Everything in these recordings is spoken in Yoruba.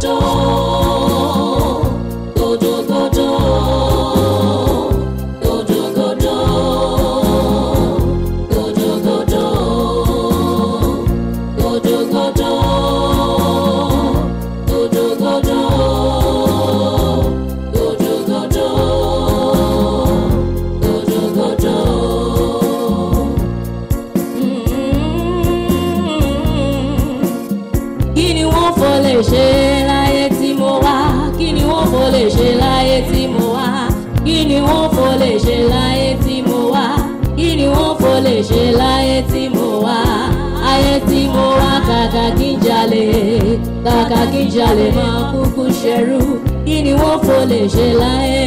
Don't. jalè máa kúkú ṣerú kí ni wọ́n fò lè ṣe láyé.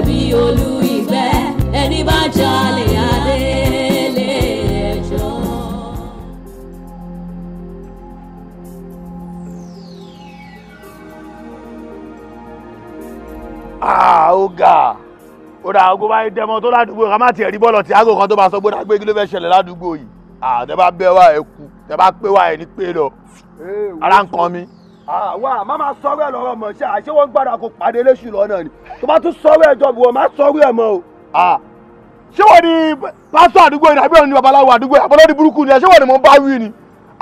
jẹ̀bi olú ìgbẹ́ ẹni bá jalè adé lé ẹjọ́. ó ga ó dà ogun bá ń dẹmọ tó ládùúgbò ká má tiẹ̀ rí bọ́ọ̀lù tí aago kan tó bá sọ gbọ́dọ̀ pé kí ló fẹ́ ṣẹlẹ̀ ládùúgbò yìí àtẹ bá bẹ wá ẹ kú tẹ bá pé wá ẹ ní pé lọ ara ń mi àwa má máa sọ̀rọ̀ ẹ̀ lọ́rọ̀ mọ̀ ṣe àṣé wọ́n gbàdá kó pàdé léṣù lọ́nà ni tó bá tún sọ̀rọ̀ ẹ̀ jọ̀bù ọ̀ má sọ̀rọ̀ ẹ̀ mọ́ o. ṣé wọ́n ní pásítọ̀ àdúgbò yìí àbí òun ni babaláwo àdúgbò yìí àbọ̀lọ́dún burúkú ni ẹ̀ ṣé wọ́n ni mo bá wí ni.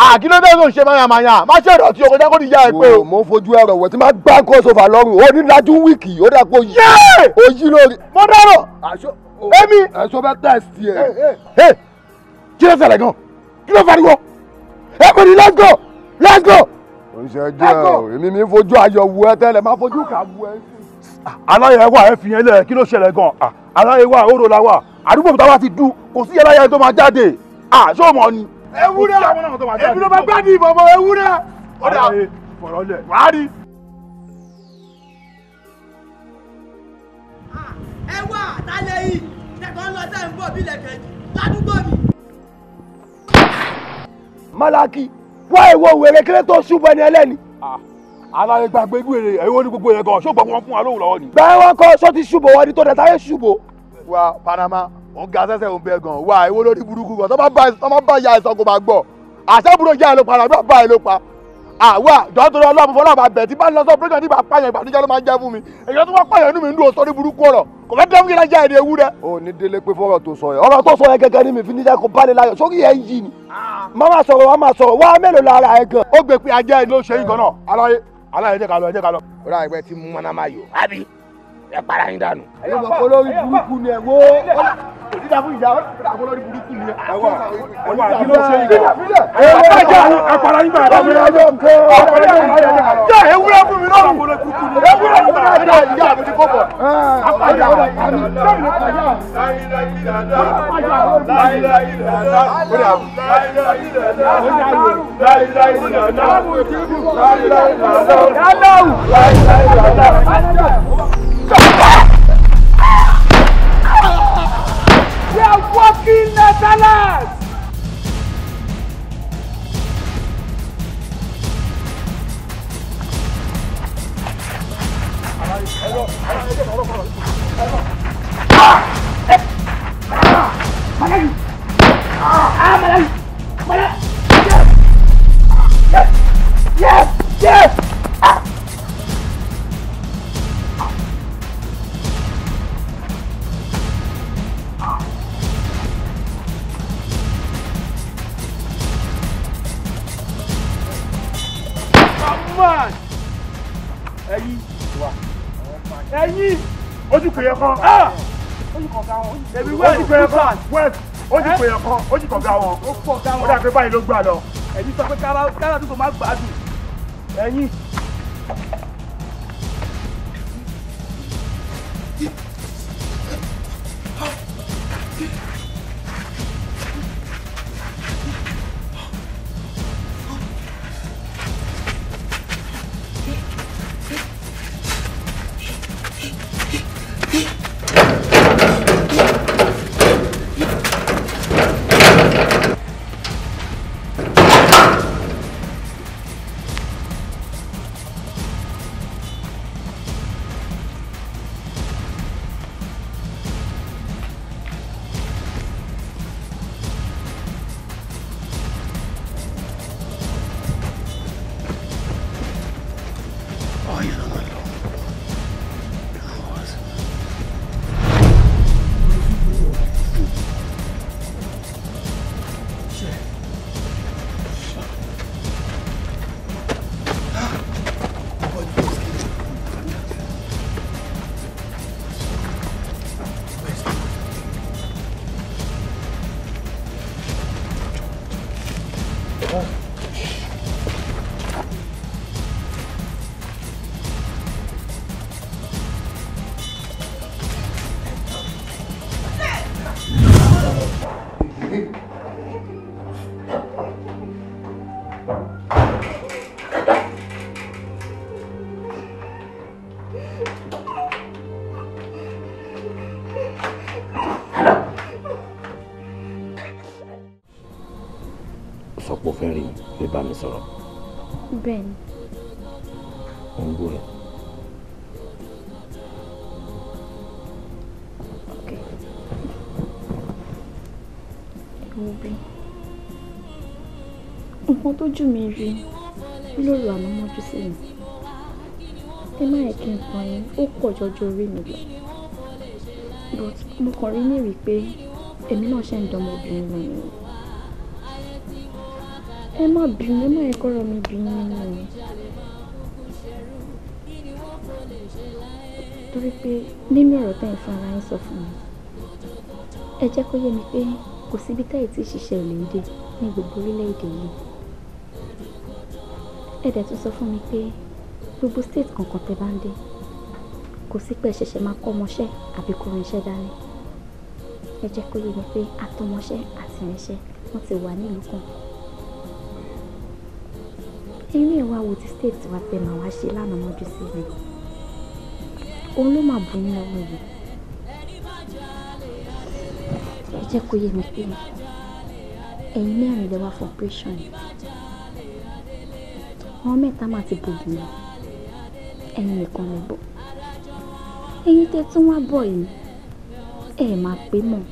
àkínọ́dé ló ń ṣe máa máa yàn má ṣe ọ̀dọ̀ tí ọkọjá kò ní yá ẹ pé o. mo fojú ẹ̀rọ wẹ̀ tí máa gbá kọ́sọ̀fà lọ́rùn ó ní lajú wíìkì ó dà pé òyì lórí. mo dárò èmi. ẹ̀sọ́ bá tẹ̀sí ẹ̀. kí ló ṣẹlẹ̀ gan-an kí ló fariwo. ẹ pè ní let's go let's go ìṣẹ́jẹ́ èmi mi fojú ayọ̀ wù ẹ́ tẹ́lẹ̀ má fojú kà wù ẹ́. aláyẹ̀ wà ẹ fi yẹn lẹ̀ kí ló ṣẹlẹ̀ gan-an aláyẹ̀ wà òrò la wà àdúgbò tí a bá ti dùn kò sí aláyẹ̀ tó máa jáde àṣọ mọ́ ni. ewúrẹ́ èmi ló máa gbádùn ìbọn mọ́ ewúrẹ́. ọ̀dà fọ̀rọ̀ lẹ̀ wàá rí. ẹ wá àtàlẹ́ yìí ṣẹ̀kọ́ ń lọ sẹ́yìn bọ̀ bílẹ̀ kejì ládùúgbò mi. Malaki wá ìwọ wèrè kéré tó ṣubú ẹni ẹlẹ́ni. Ah, aláàrẹ gbàgbé ìlú èrè ẹ̀wọ́n ní gbogbo yẹn gan ṣó gbọ̀ngàn fún wa lóhùn lọ́wọ́ ni. bẹ́ẹ̀ wọ́n kọ́ ṣó ti ṣubú wọ́n ni tó dẹ̀ta yẹ ṣubú. wa panama ò ń ga sẹ́sẹ̀ òun bẹ́ẹ̀ gan wa ìwọ lórí burúkú gan tó bá bá ya ìsọkò máa gbọ́ àṣẹ burúkú yà ló pa àwa dọ́tò ọlọ́run fọlọ́ bá bẹ̀ tí bá ń lọ sọ pírẹ́sìdẹ̀ntì ìgbà pààyàn ìbànújẹ́ ló máa ń jẹ́ fún mi èyí tó wá pààyàn inú mi ń dùn òsọ ní burúkú ọ̀rọ̀ kò fẹ́ dẹ́mú kíra jẹ́ èdè ewúrẹ́. o ní délé pé fọ̀rọ̀ tó sọ yẹn. ọ̀rọ̀ tó sọ yẹn gẹ́gẹ́ ni mi fi níjà kó balẹ̀ láyọ̀ sórí yẹn yìí ni. máma sọ̀rọ̀ wá máa sọ̀rọ̀ wá mélòó lára ẹ gan. ó gbé pé ajá ẹ ló ṣe é gan náà aláyé aláyé jẹ́ ká ẹ para yín dànù. ẹ yọ bọ lórí burúkú ni ẹ wo ìdá fún ìyá ọ̀dà bọ lórí burúkú ni ẹ. ẹwà ẹwà kí ló ṣe yìí. ẹ wọ ẹ jẹ ẹ para yín bàrà mi. ẹ jọ nǹkan ẹ para yín bàrà mi. jẹ ewúrẹ́ fún mi lọ́rùn. ewúrẹ́ fún mi lọ́rùn. ìyá mi ti kó bọ̀. apájà àmì sẹ́yìn ló pàjá. Láìláìlàdá. Láìláìlàdá. Láìláìlàdá. alert! Yes! Yes! Yes! ẹ̀yin ojú kò yẹ kan ojú kọ̀ọ̀gá wọn ojú kò yẹ kan west ojú kò yẹ eh? kan ojú kọ̀ọ̀gá wọn ó dà pé báyìí ló gbà lọ. ẹ̀yin sọ pé kára dúró má gbádùn ẹ̀yin. kan rí nǹkan tójú mi rí lóru àmọ́ mọ́jú sí mi ẹ má yẹ kí n kan yín ó pọ̀ jọjọ orí mi lọ but mo kàn rí ní rí pé èmi náà ṣe ń dánmọbìnrin lọ ni ẹ má bínú ẹ má yẹ kọ́rọ̀ mi bínú nínú mi torí pé nínú ọ̀rọ̀ tẹ́ ẹ̀ fún ara yín sọ fún mi ẹ jẹ́ kó yé mi pé kò síbi tẹ́ ẹ̀ tí ṣiṣẹ́ ò lè dé ní gbogbo orílẹ̀-èdè yìí ẹ̀dẹ̀ tún sọ fún mi pé gbogbo state kankan tẹ́ bá ń dé kò sí pé ṣẹ̀ṣẹ̀ máa kọ́ ọmọṣẹ́ àbí kó irinṣẹ́ dání ẹ jẹ́ kó yé mi pé àtọmọṣẹ́ àti irinṣẹ́ wọ́n ti wà nílùú kan inú ìwà wo ti state wa tẹ́ máa wá ṣe lánàá mọ́jú sí mi òun ló máa bù ní ọmọ yìí. jẹ́ kó yé mi pé ẹ̀yin mẹ́rin lè wá for operation yìí àwọn mẹ́ta máa ti bògì lọ ẹ̀yin nìkan lè bọ̀ ẹ̀yin tẹ́ tún wá bọ̀ yìí ẹ̀ máa pé mọ̀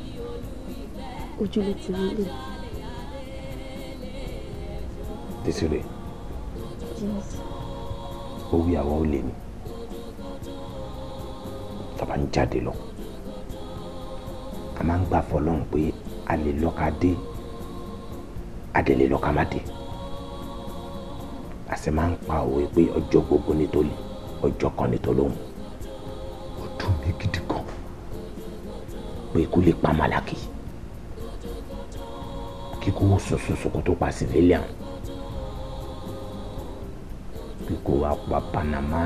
ojúlé ti rí lè. Desire. àwọn olè ni. Tàbá ń jáde lọ a máa ń gbà fọlọ́run pé a lè lọ́ka dé a dẹ̀ lè lọ́ka má dé a sì máa ń pa òwe pé ọjọ́ gbogbo nítorí ọjọ́ kan nítorí òun ó dùn mí gidi gan pé kó lè pa màlàkì kíkó sọ̀sọ̀sọ̀ kó tó pa sí lélẹ̀ àwọn kíkó wa pa panama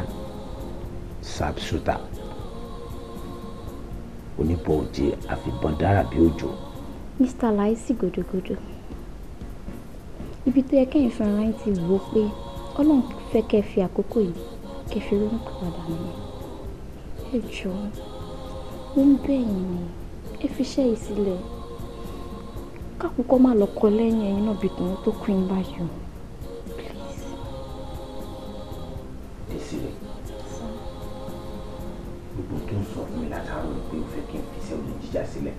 sab shooter oníbòòjì àfibọ́n dára bí òjò. Mr. Laisi gòdògòdò ibi tó yẹ kẹ́yìn fún ara yín ti wò ó pé Ọlọ́run fẹ́ kẹ́ fi àkókò yìí kẹ́ fi ronú padà nìyẹn ẹ jọ̀ọ́ ó ń bẹ̀yìn ni ẹ fi iṣẹ́ yìí sílẹ̀ kákòókò má lọ kọ lẹ́yìn ẹ̀yin náà bìtàn tó kú yín báyìí o please. èsì rẹ̀ gbogbo tó ń sọ fún mi látàárọ̀ jíjà sílẹ̀.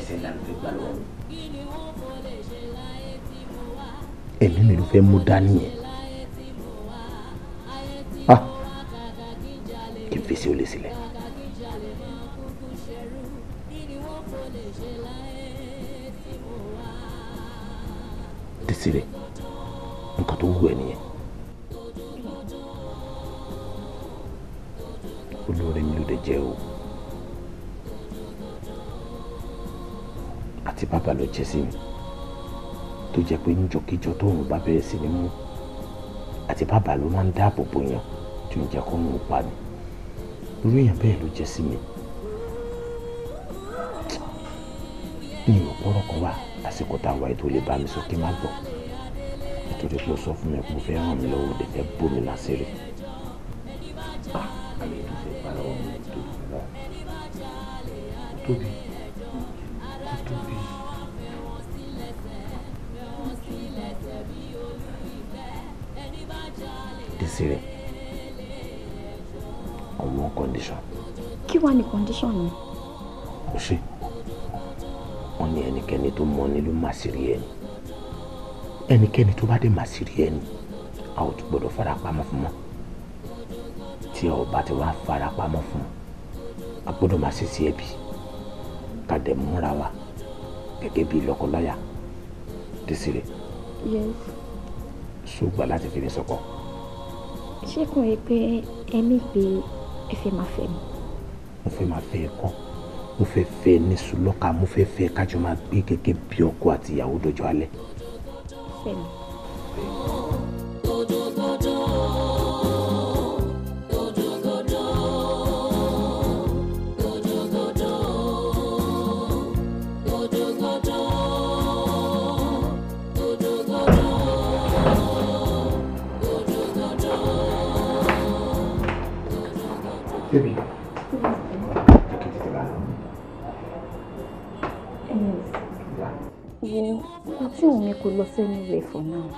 ìṣẹ̀lẹ̀ àmì fẹ́ mú dání yẹn ah. kí n fèsì ó lè sílẹ̀. Desiree nǹkan tó ń wù ẹ́ nìyẹn. olóore mi ló dé jẹ́ o àti bàbá ló jẹ́ sí mi tó jẹ́ pé níjọ́kíjọ́ tóun bá bẹ̀rẹ̀ sí ni mú àti bàbá ló máa ń dáàbò bò yàn tí ó ń jẹ́ kó ń pa mi irú èèyàn bẹ́ẹ̀ ló jẹ́ sí mi mi ò gbọ́rọ̀ kan wá àsìkò táwa ètò lè bá mi sọ kí n má gbọ́ torí pé o sọ fún mi pé o fẹ́ ràn mí lọ́wọ́ òde fẹ́ bó mi láṣìírí. àmì ètò ìfẹ́ ìpàlọ́wọ́ mi tó lọ. tóbi kó tóbi. Desire on one condition. kí one condition She. Only sí wọn ní ẹnikẹ́ni tó mọ nílùú màsírí ẹnikẹ́ni tó bá dé màá sì rí ẹni a ò tún gbọ́dọ̀ fara pamọ́ fún mọ́ tí a bá ti wá fara pamọ́ fún a gbọ́dọ̀ máa ṣe sí ẹbí ká dẹ̀ múra wa gẹ́gẹ́ bí lọ́kọláya Desire. Yes. ṣùgbọ́n láti fi mi sọ́kọ. ṣé kò rí pé ẹmí pé ẹ fẹ́ máa fẹ́ mi. mo fẹ́ máa fẹ́ ẹ kọ́ mo fẹ́ fẹ́ ẹ ní sùlọ́ka mo fẹ́ fẹ́ ẹ kájọ máa gbé gẹ́gẹ́ bí ọkọ àti ìyàwó dọjọ́ alẹ́. FM. Yes. Yeah. You know, tí òun ni kò lọ anywhere for now.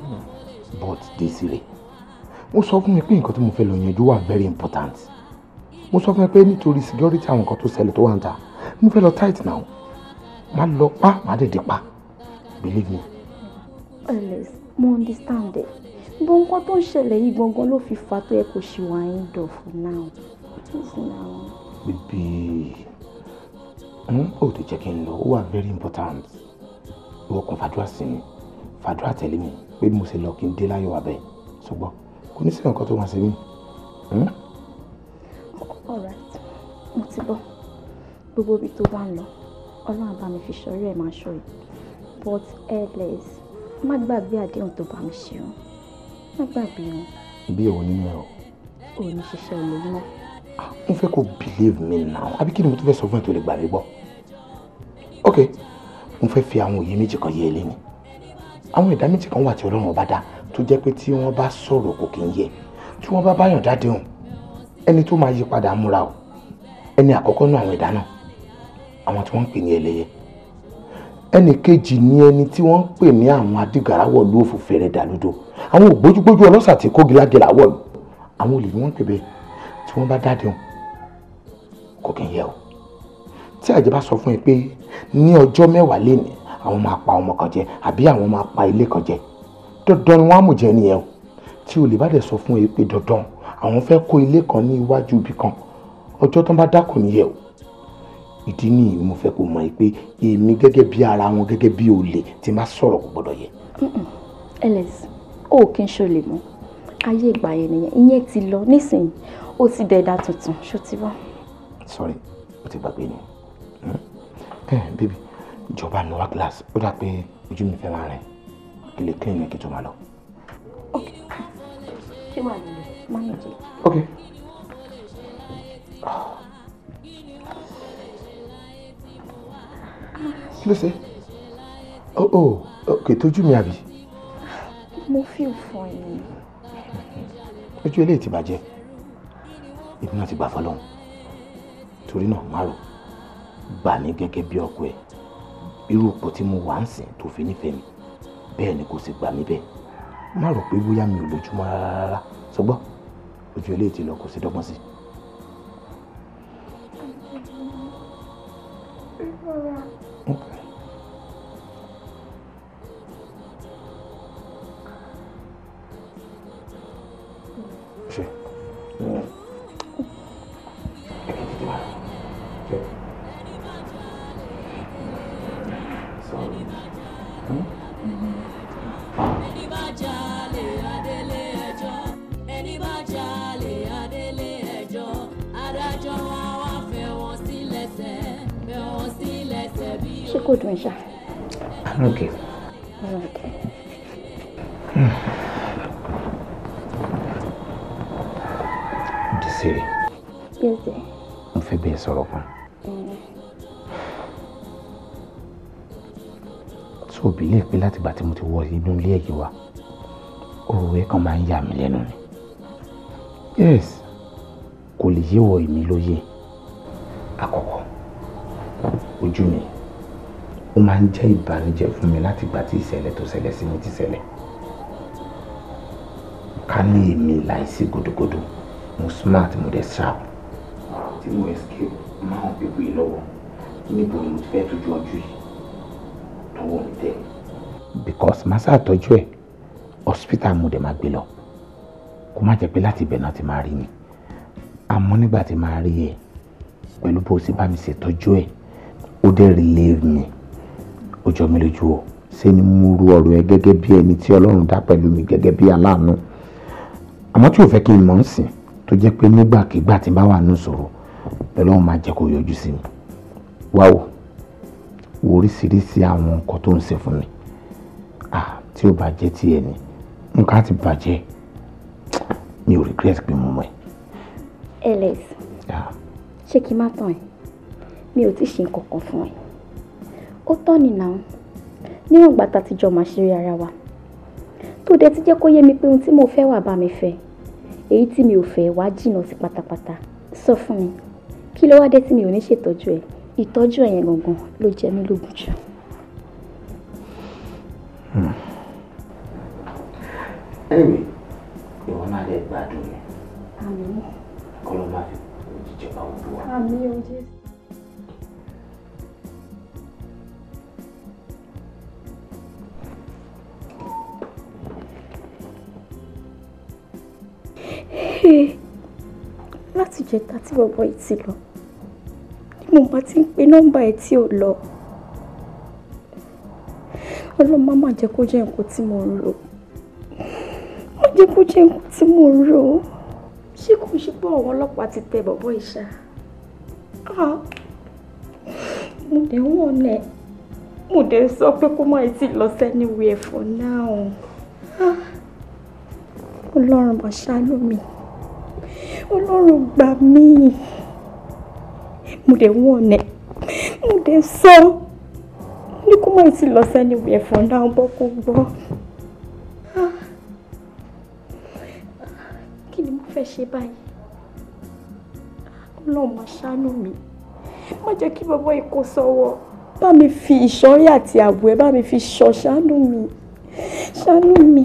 Hmm, but Desire wọ́n sọ fún mi pé nǹkan tí mo fẹ́ lọ yanjú wà very important mo sọ fún mi pé nítorí security àwọn nǹkan tó ṣẹlẹ̀ tó wà ń ta mo fẹ́ lọ tight now má lọ pa má dèdè pa believe me. Alex mo understand it bó nǹkan tó ń ṣẹlẹ̀ yìí gangan ló fi fa tó yẹ kó ṣe wà ń dọ̀ for now. bíbí hmm, ó ti jẹ́ kí n lọ ó wà very important ìwọ kan fàdúrà sí mi fàdúrà tẹ̀lé mi pé mo ṣe lọ kí n dé láyọ̀ abẹ́ ṣùgbọ́n kò ní sí nǹkan tó máa ṣe mí. Hmm? alright mo ti bọ̀ gbogbo ibi tó bá ń lọ ọlọ́run bá mi fi ṣọ́rí ẹ̀ máa ṣọ́ yìí but airless má gbàgbé àdéhùn tó bá mi ṣe o má gbàgbé o. bí èwo nínú ẹ o. ò ní ṣiṣẹ́ olóyún mọ́. n ah, fẹ́ kó believe me now àbí kí ni mo tún fẹ́ sọ fún ẹ tó lè gbà mí gbọ́. okay mo fẹ́ fi àwọn òye méjì kan yé ilé e ni àwọn ìdá méjì kan wà tí ọlọ́run ọba dá tó jẹ́ pé tí wọ́n bá sọ̀rọ̀ kò kí ń yẹ tí wọ́n bá báyàn dáde hàn ẹni tó máa yí padà múra o ẹni àkọ́kọ́ náà àwọn ìdá náà àwọn tí wọ́n ń pè ní ẹlẹ́yẹ ẹnì kejì ni ẹni tí wọ́n ń pè ní àwọn adigarawọ̀ ló fò fẹ́rẹ̀ dàlúdò àwọn ògbójúgbójú ọlọ́sà ti kó gilagila wọ̀ lù àwọn olè ni wọ́n ń pè bẹ́ẹ̀ tí wọ́n bá dáde hàn kò kí ń yẹ o tí àjẹ́ sọ fún ẹ pé ní ọjọ́ mẹ́wàá lénìí àwọn máa pa ọmọ kan jẹ àbí àwọn máa pa ilé kan jẹ dandan ni wọ́n á mú jẹ nìyẹn o tí olè bá dẹ̀ sọ fún ẹ pé dandan àwọn fẹ́ kó ilé kan ní iwájú ibì kan ọjọ́ tó ń bá dákò nìyẹn o ìdí nìyí mo fẹ́ kó mọ̀ ẹ́ pé èmi gẹ́gẹ́ bí ara wọn gẹ́gẹ́ bí olè tí máa sọ̀rọ̀ kò gbọ́dọ̀ yẹ. ls o kì í ṣọlẹ mọ ayé ìgbà yẹn nìyẹn ìyẹn ti lọ nísìnyí ó ti dẹ̀dá tuntun ṣó ti wá. sorry o ti gbàgbé ni ẹ eh, bíbí ìjọba ní wá kíláàsì ó dà pé ojú mi fẹ́ máa rìn kí lè kí ẹ̀yìn kí tó máa lọ. ok kí ló ṣe oh oh ok tójú mi àbí. mo fi òfò ẹ̀yìn. ojú eléyìí ti bàjẹ́ èmi náà ti gbà fọlọ́run torí náà má rò gbà mí gẹ́gẹ́ bí ọkọ ẹ̀ irú ipò tí mo wà ń sìn tó fi nífẹ̀ẹ́ mi bẹ́ẹ̀ ni kò sì gbà mí bẹ́ẹ̀ má rò pé bóyá mi ò lójúmọ́ rárá ṣùgbọ́n ojú eléyìí ti lọ kò sí dọ́gbọ́n sí i. ó máa ń jẹ́ ìbànújẹ́ fún mi láti gbà tí ìṣẹ̀lẹ̀ tó ṣẹlẹ̀ sí mi ti ṣẹlẹ̀ ká ní èmi láìsí gòdògòdò mo smart mo dẹ̀ sharp tí mo escape máa ń pèpè lọ́wọ́ níbo ni mo ti fẹ́ tójú ọjọ́ yìí tọwọ́ mi tẹ̀. because màá ṣàtọ́jú ẹ̀ hospital mo dẹ̀ máa gbé lọ kó má jẹ́ pé láti ibẹ̀ náà ti máa rí mi àmọ́ nígbà tí màá rí ẹ pẹ̀lú bó o ṣe bá mi ṣètọ́jú ẹ̀ ó dẹ̀ rí lé ó mi lójú o ṣé ni mo ru ọ̀rọ̀ yẹn gẹ́gẹ́ bí ẹni tí ọlọ́run dá pẹ̀lú mi gẹ́gẹ́ bí aláàánú àmọ́ tí ò fẹ́ kí n mọ̀ ń sìn tó jẹ́ pé nígbàkigbà tí n bá wà nù sọ̀rọ̀ ọlọ́run máa jẹ́ kó yọjú sí mi wá o wo oríṣiríṣi àwọn nǹkan tó ń ṣe fún mi ah tí o bá jẹ́ tiẹ̀ ni nǹkan á ti bàjẹ́ mi ò regret pé mo mọ̀ ẹ́. alex ṣé kí n má tàn ẹ́ mi ò tí ì ṣe nǹkan kan fún ẹ ó tọ́ nìna o níwọ̀n ìgbà tá a ti jọ máa ṣeré ara wa tó dẹ̀ ti jẹ́ kó yé mi pé ohun tí mo fẹ́ wà bá mi fẹ́ èyí tí mi ò fẹ́ wá jìnnà sí pátápátá sọ fún mi kí ló wá dé tí mi ò ní ṣètọ́jú ẹ̀ ìtọ́jú ẹ̀yẹn gangan ló jẹ mí lógún jù. ẹ̀mí hmm. ìwọ náà lè gbádùn mi kọ́ ló máa fi ìjọba wọ́n wá. àmì ojú. láti jẹta tí bọ̀bọ̀ yìí ti lọ ni mo bá ti ń pe nọ́mbà ẹ̀ tí ò lọ ọlọ́run má má jẹ́ kó jẹ́ nǹkan tí mo ń rò má jẹ́ kó jẹ́ nǹkan tí mo ń rò ṣé kò ṣe pé àwọn ọlọ́pàá ti tẹ bọ̀bọ̀ ìṣá ah, mo dẹ̀ ń wọ̀n ẹ̀ mo dẹ̀ sọ pé kó má ti lọ sẹ́niwẹ̀ẹ́ for now. Ah ọlọ́run mà ṣàánú mi ọlọ́run gbà mí mo dẹ̀ wọ̀n ẹ̀ mo dẹ̀ sọ ní kó má ti lọ sẹ́ni wẹ̀ fọ́n dáhùn bọ́ kó gbọ́. kí ni mo fẹ́ ṣe báyìí ọlọ́run mà mi má jẹ́ kí bọ́bọ́ ikú sọ́wọ́ bá mi fi ìṣọ́rí àti ààbò bá mi fi ṣọ́ ṣàánú mi ṣàánú mi.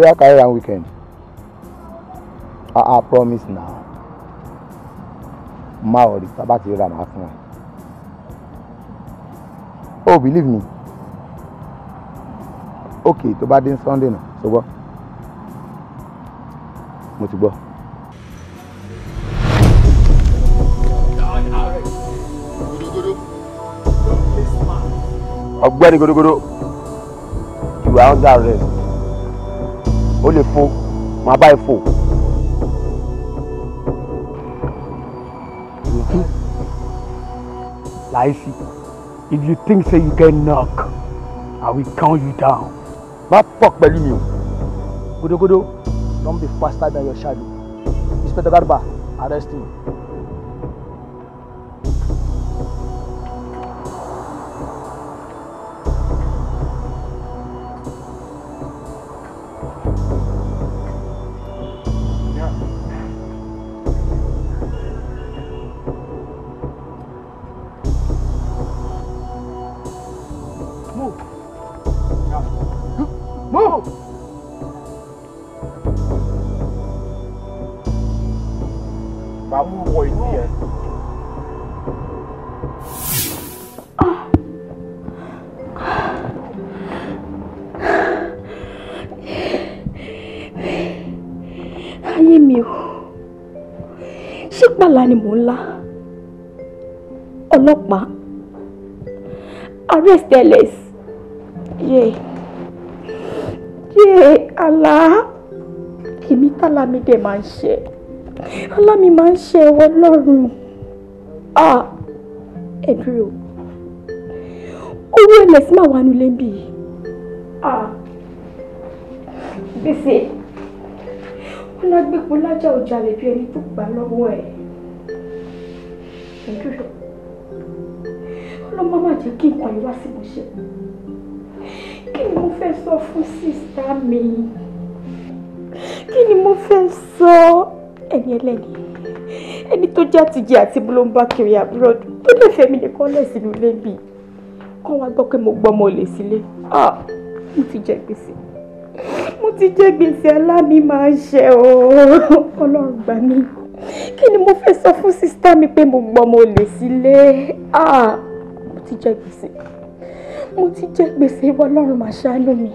prayer carry am weekend ah ah promise na má ọ̀rì sábà ti rà máa fún ẹ oh believe me ok tó bá dé sunday náà ṣùgbọ́n mo ti gbọ́. ọ̀gbẹ́ni Godogodo you are under arrest o lè fo màá bá ẹ fò. Laisi, if you think say you can knock, I will count you down. Má pọ̀ pẹ̀lú mi o. Godogodo, don't be faster than your shadow. Inspector Garba, arrest him. ọlá ni mò ń lá ọlọ́pàá arrest ls yé yé àlá èmi tálá mi dẹ̀ máa ń ṣe àlá mi máa ń ṣe ẹwọ́ lọ́rùn ẹ̀dúró owó ls máa wà nílé bí gbèsè wọn lágbèpọ̀ lájà ò jalè bí ẹni tó gbà lọ́wọ́ ẹ̀ ìṣẹ́jú lọ ọlọ́mọ má jẹ́ kí nǹkan yìí wá sí mo ṣe kí ni mo fẹ́ sọ fún sísá mi kí ni mo fẹ́ sọ ẹni ẹlẹ́ni ẹni tó já ti jẹ àti bó ló ń bá kiri abroad tó lè fẹ́ mi nìkan lẹ̀ sínú ilé bíi kọ́ wa gbọ́ pé mo gbọ́ ọmọ olè sílé ah mo ti jẹ gbèsè mo ti jẹ gbèsè alámi máa ń ṣe o ọlọ́run gbà mí kí ni mo fẹ́ sọ fún sísítà mi pé mo gbọ́ mo lè sílé ah, mo ti jẹ gbèsè mo ti jẹ gbèsè ìwọ ọlọ́run mà ṣàánú mi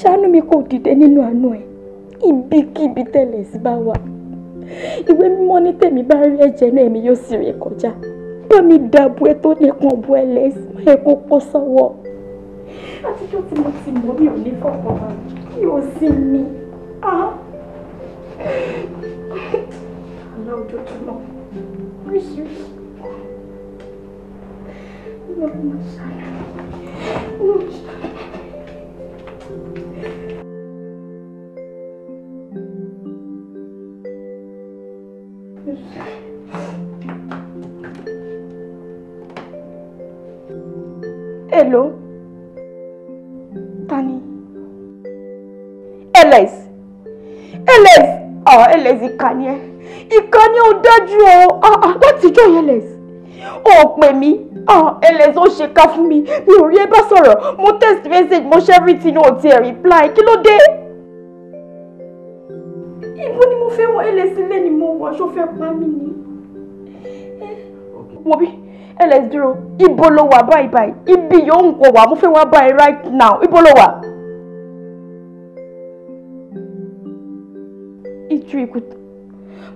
ṣàánú mi kò dìde nínú àánú ẹ ibikíbi tẹ̀lẹ̀ sí bá wà ìwé mímọ́ ní tèmi bá rí ẹ̀jẹ̀ náà èmi yóò sì rè kọjá bá mi dàbò ẹ tó nìkan bu ẹ lẹ́sìn má yẹ kó pọ́ sọ́wọ́ àtijọ́ tí mo ti mọ̀ mi ò ní fọkànbalẹ̀ mi sinmi. Ah. 너좀 할수 있어. 너무 사랑. 너무 사랑. Hello. Tani. Elez. Elez. Oh, ah, Elez, ìkà ni ìkànnì ò dájú o ah, ah, látijọ́ yẹn lẹ́sì ó pè mí ah, ls ó ṣe ká fún mi mi ò rí ẹ bá sọ̀rọ̀ mo text message mo ṣe everything ó tiẹ̀ reply kí ló dé. ibo ni mo fẹ́ wọ ls ilé ni mo wọ aṣọ fẹ́ pa mí ni. wo bí ls dúró ibo ló wà báyìí báyìí ibi yóò ń kọ wà mo fẹ́ wá báyìí right now ibo ló wà. ìtú ikú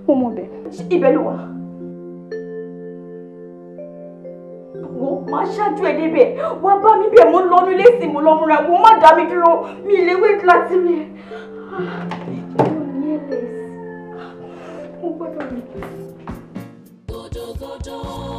mo mọ bẹ̀. ibẹ̀ ló wà. wo máa ṣáájú ẹ débẹ̀ wá bá mi bẹ̀ mo lọ nílé sí mo lọ múra wo má dá mi dúró mi lè wait láti rí ẹ. mo gbọ́dọ̀ rí. gòdògòdò.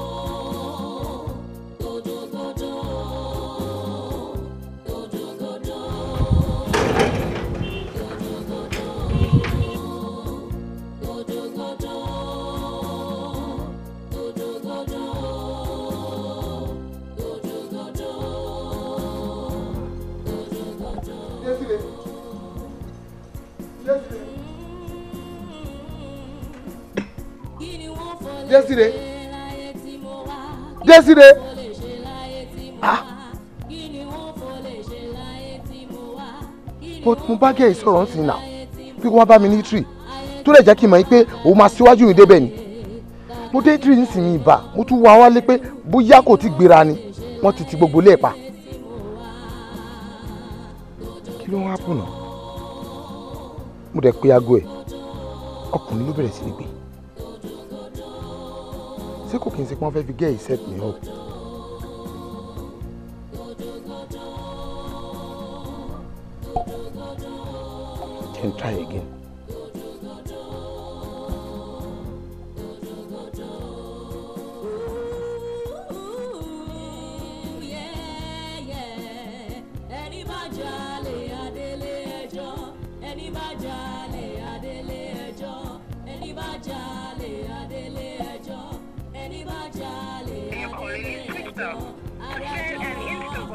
Désiré Désiré ah but mo bá gẹ̀ ìsọ̀rọ̀ ń sìn náà pé wọ́n bá mi ní tree tó lè jẹ́ kí n mọ̀ pé òun máa síwájú mi débẹ̀ ni mo dé tree ń sìn ìbà mo tún wá wálé pé bóyá kò ti gbéra ni wọ́n ti ti gbogbo lẹ́ẹ̀pa kí ló ń wá pọ̀nà mo dẹ̀ pé aago ẹ̀ ọkùnrin ló bẹ̀rẹ̀ sí ní gbé ṣé kò kì í ṣe pé wọ́n fẹ́ fi gẹ́ set me up. Then try again.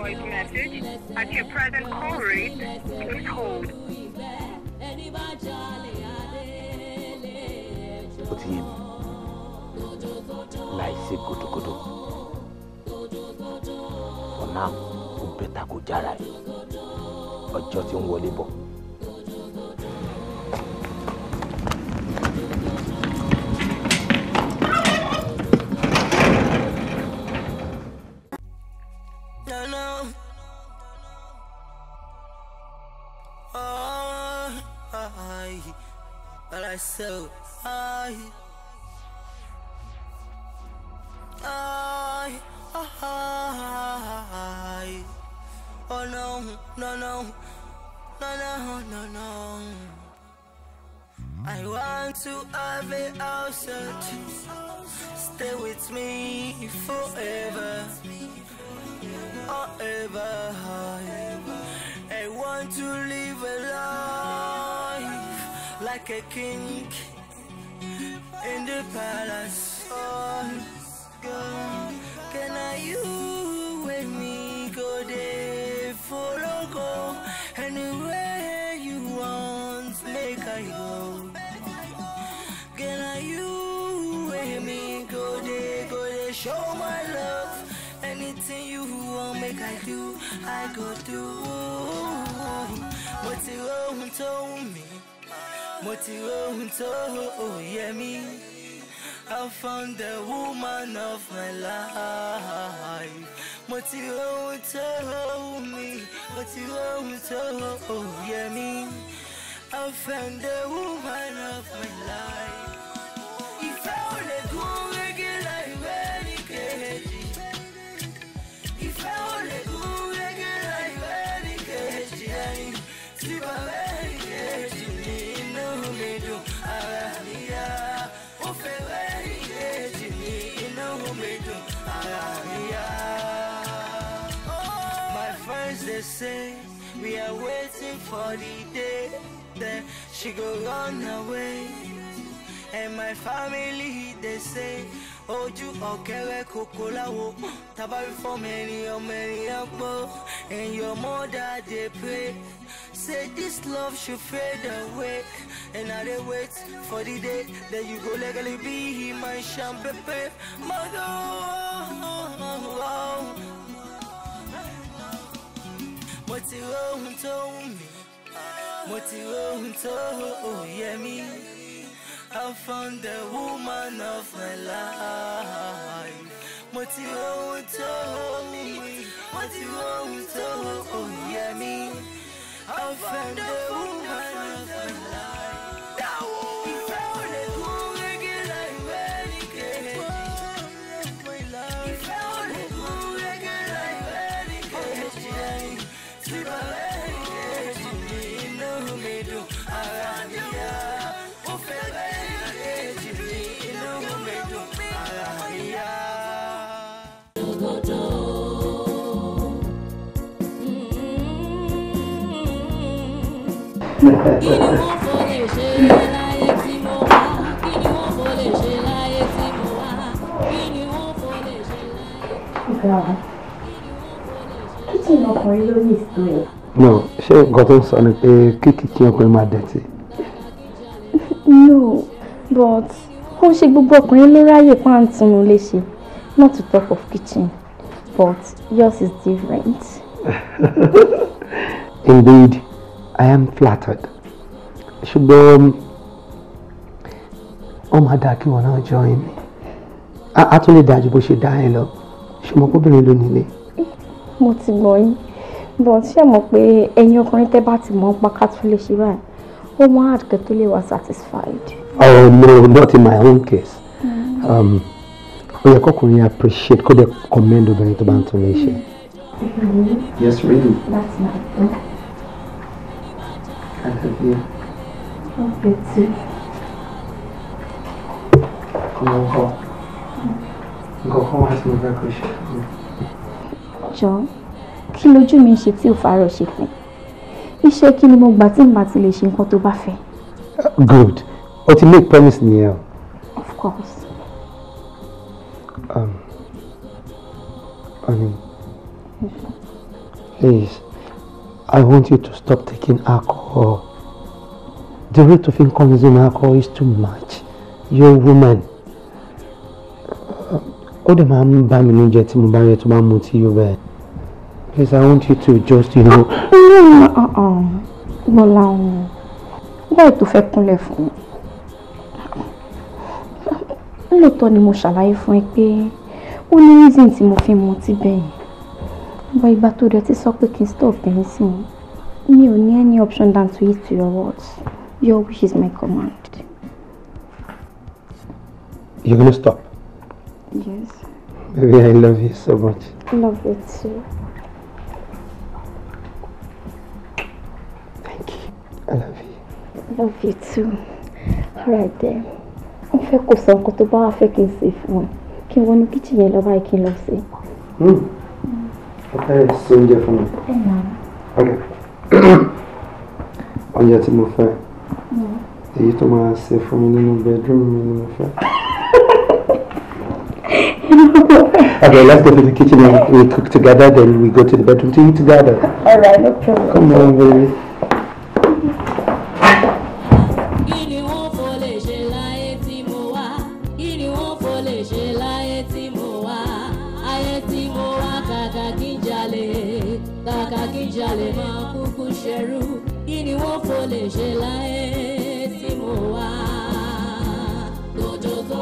voice message at your present call rate. Please hold. ó ti yé mi láì ṣe gòdògòdò ọ̀nà ó bẹ̀ta kó jára ẹ̀ ọjọ́ tí ń wọlé bọ̀. Stay with me forever Forever I want to live a life Like a king In the palace àti ohun tó yẹ mí. I found the woman of my life. Mo ti ohun tó wù mí, mo ti ohun tó yẹ mí. I found the woman of my life. waiting for the day that eh, she go run away. And my family, they say, ojú ọ̀kẹ́rẹ́ kòkó wo, tábàrí fọ́ọ̀mù ènìyàn many gbọ́ and your mother they pray say this love should fade away and i they wait for the day that you go legally be my champagne mother. Oh, oh, oh, oh. oh you want tó wù mí you, ti tó yẹ me? I found the woman of my life What you want tó wù mí mo ti tó yẹ me? I found the woman. kíchìn ọkùnrin ló ní ìsinmi. no ṣé nǹkan tó ń sọ ni pé kí kíchìn ọkùnrin máa dẹ̀tí. no but ó ṣe gbogbo ọkùnrin ló ráyè pàǹtùnú léṣe not to talk of kitchen but yours is different. indeed. I am flattered ṣùgbọ́n wọ́n máa dáa kí wọ́n náà join mi a tún lè dájú bó ṣe dá ẹ lọ ṣùgbọ́n kóbìnrin ló nílé. mo ti gbọ́ yín but ṣé mọ̀ pé ẹ̀yin ọkùnrin tẹ́ bá ti mọ̀ ọ́n pa ká tún lè ṣe báyìí ó mọ àdùkẹ́ tó lè wà satisfied. oh no not in my own case. Um, ó yẹ kọkùnrin appreciate kó dẹ̀ commend obìnrin tó bá ń tún lè ṣe. yes really. that's nice. Antonia. Oh, Betsy. Come on, Nǹkan kan wá sí mo fẹ́ kó ṣe fún mi. Jọ, kí lójú mi ṣe tí ò fárọ̀ ṣe fún? Iṣẹ́ kí ni mo gbà tí màá ti lè ṣe nǹkan tó bá fẹ́? Good. O ti make promise nìyẹn o. Of course. Um, honey, please. I want you to stop taking alcohol. The rate of income using alcohol is too much. You're a woman. Ó dẹ̀ máa ń bá mi ní jẹ́ to mo bá yẹ tó bá mu Please, I want you to just, you know. Bọ́lá ọ̀hún, No tó Why kúnlẹ̀ fún mi. Lóòótọ́ ni mo ṣàlàyé fún ẹ pé ó ní reason tí mo fi mu tí bẹ́yìn bọ ìgbà tó dẹ̀ ti sọ pé kí n stop ẹ̀yìn sí mi mi ò ní any option than to heed to your words your wish is my command. you're gonna stop. yes. baby i love you so much. love you too. thank you i love you. love you too. all right then. wọ́n fẹ́ kó sọ nǹkan tó bá wà fẹ́ kí n ṣe fún wọn kí kin wọnú kíchìn Hmm fẹ́ ṣe oúnjẹ fún mi. oúnjẹ tí mo fẹ́ èyí tó máa ṣe fún mi nínú bedroom mi ni mo okay, let's go to the kitchen and we cook together, then we go to the bedroom to eat together. All right, no problem. Come on, baby. ṣe láyé tí mo wá lójoojúmọ́.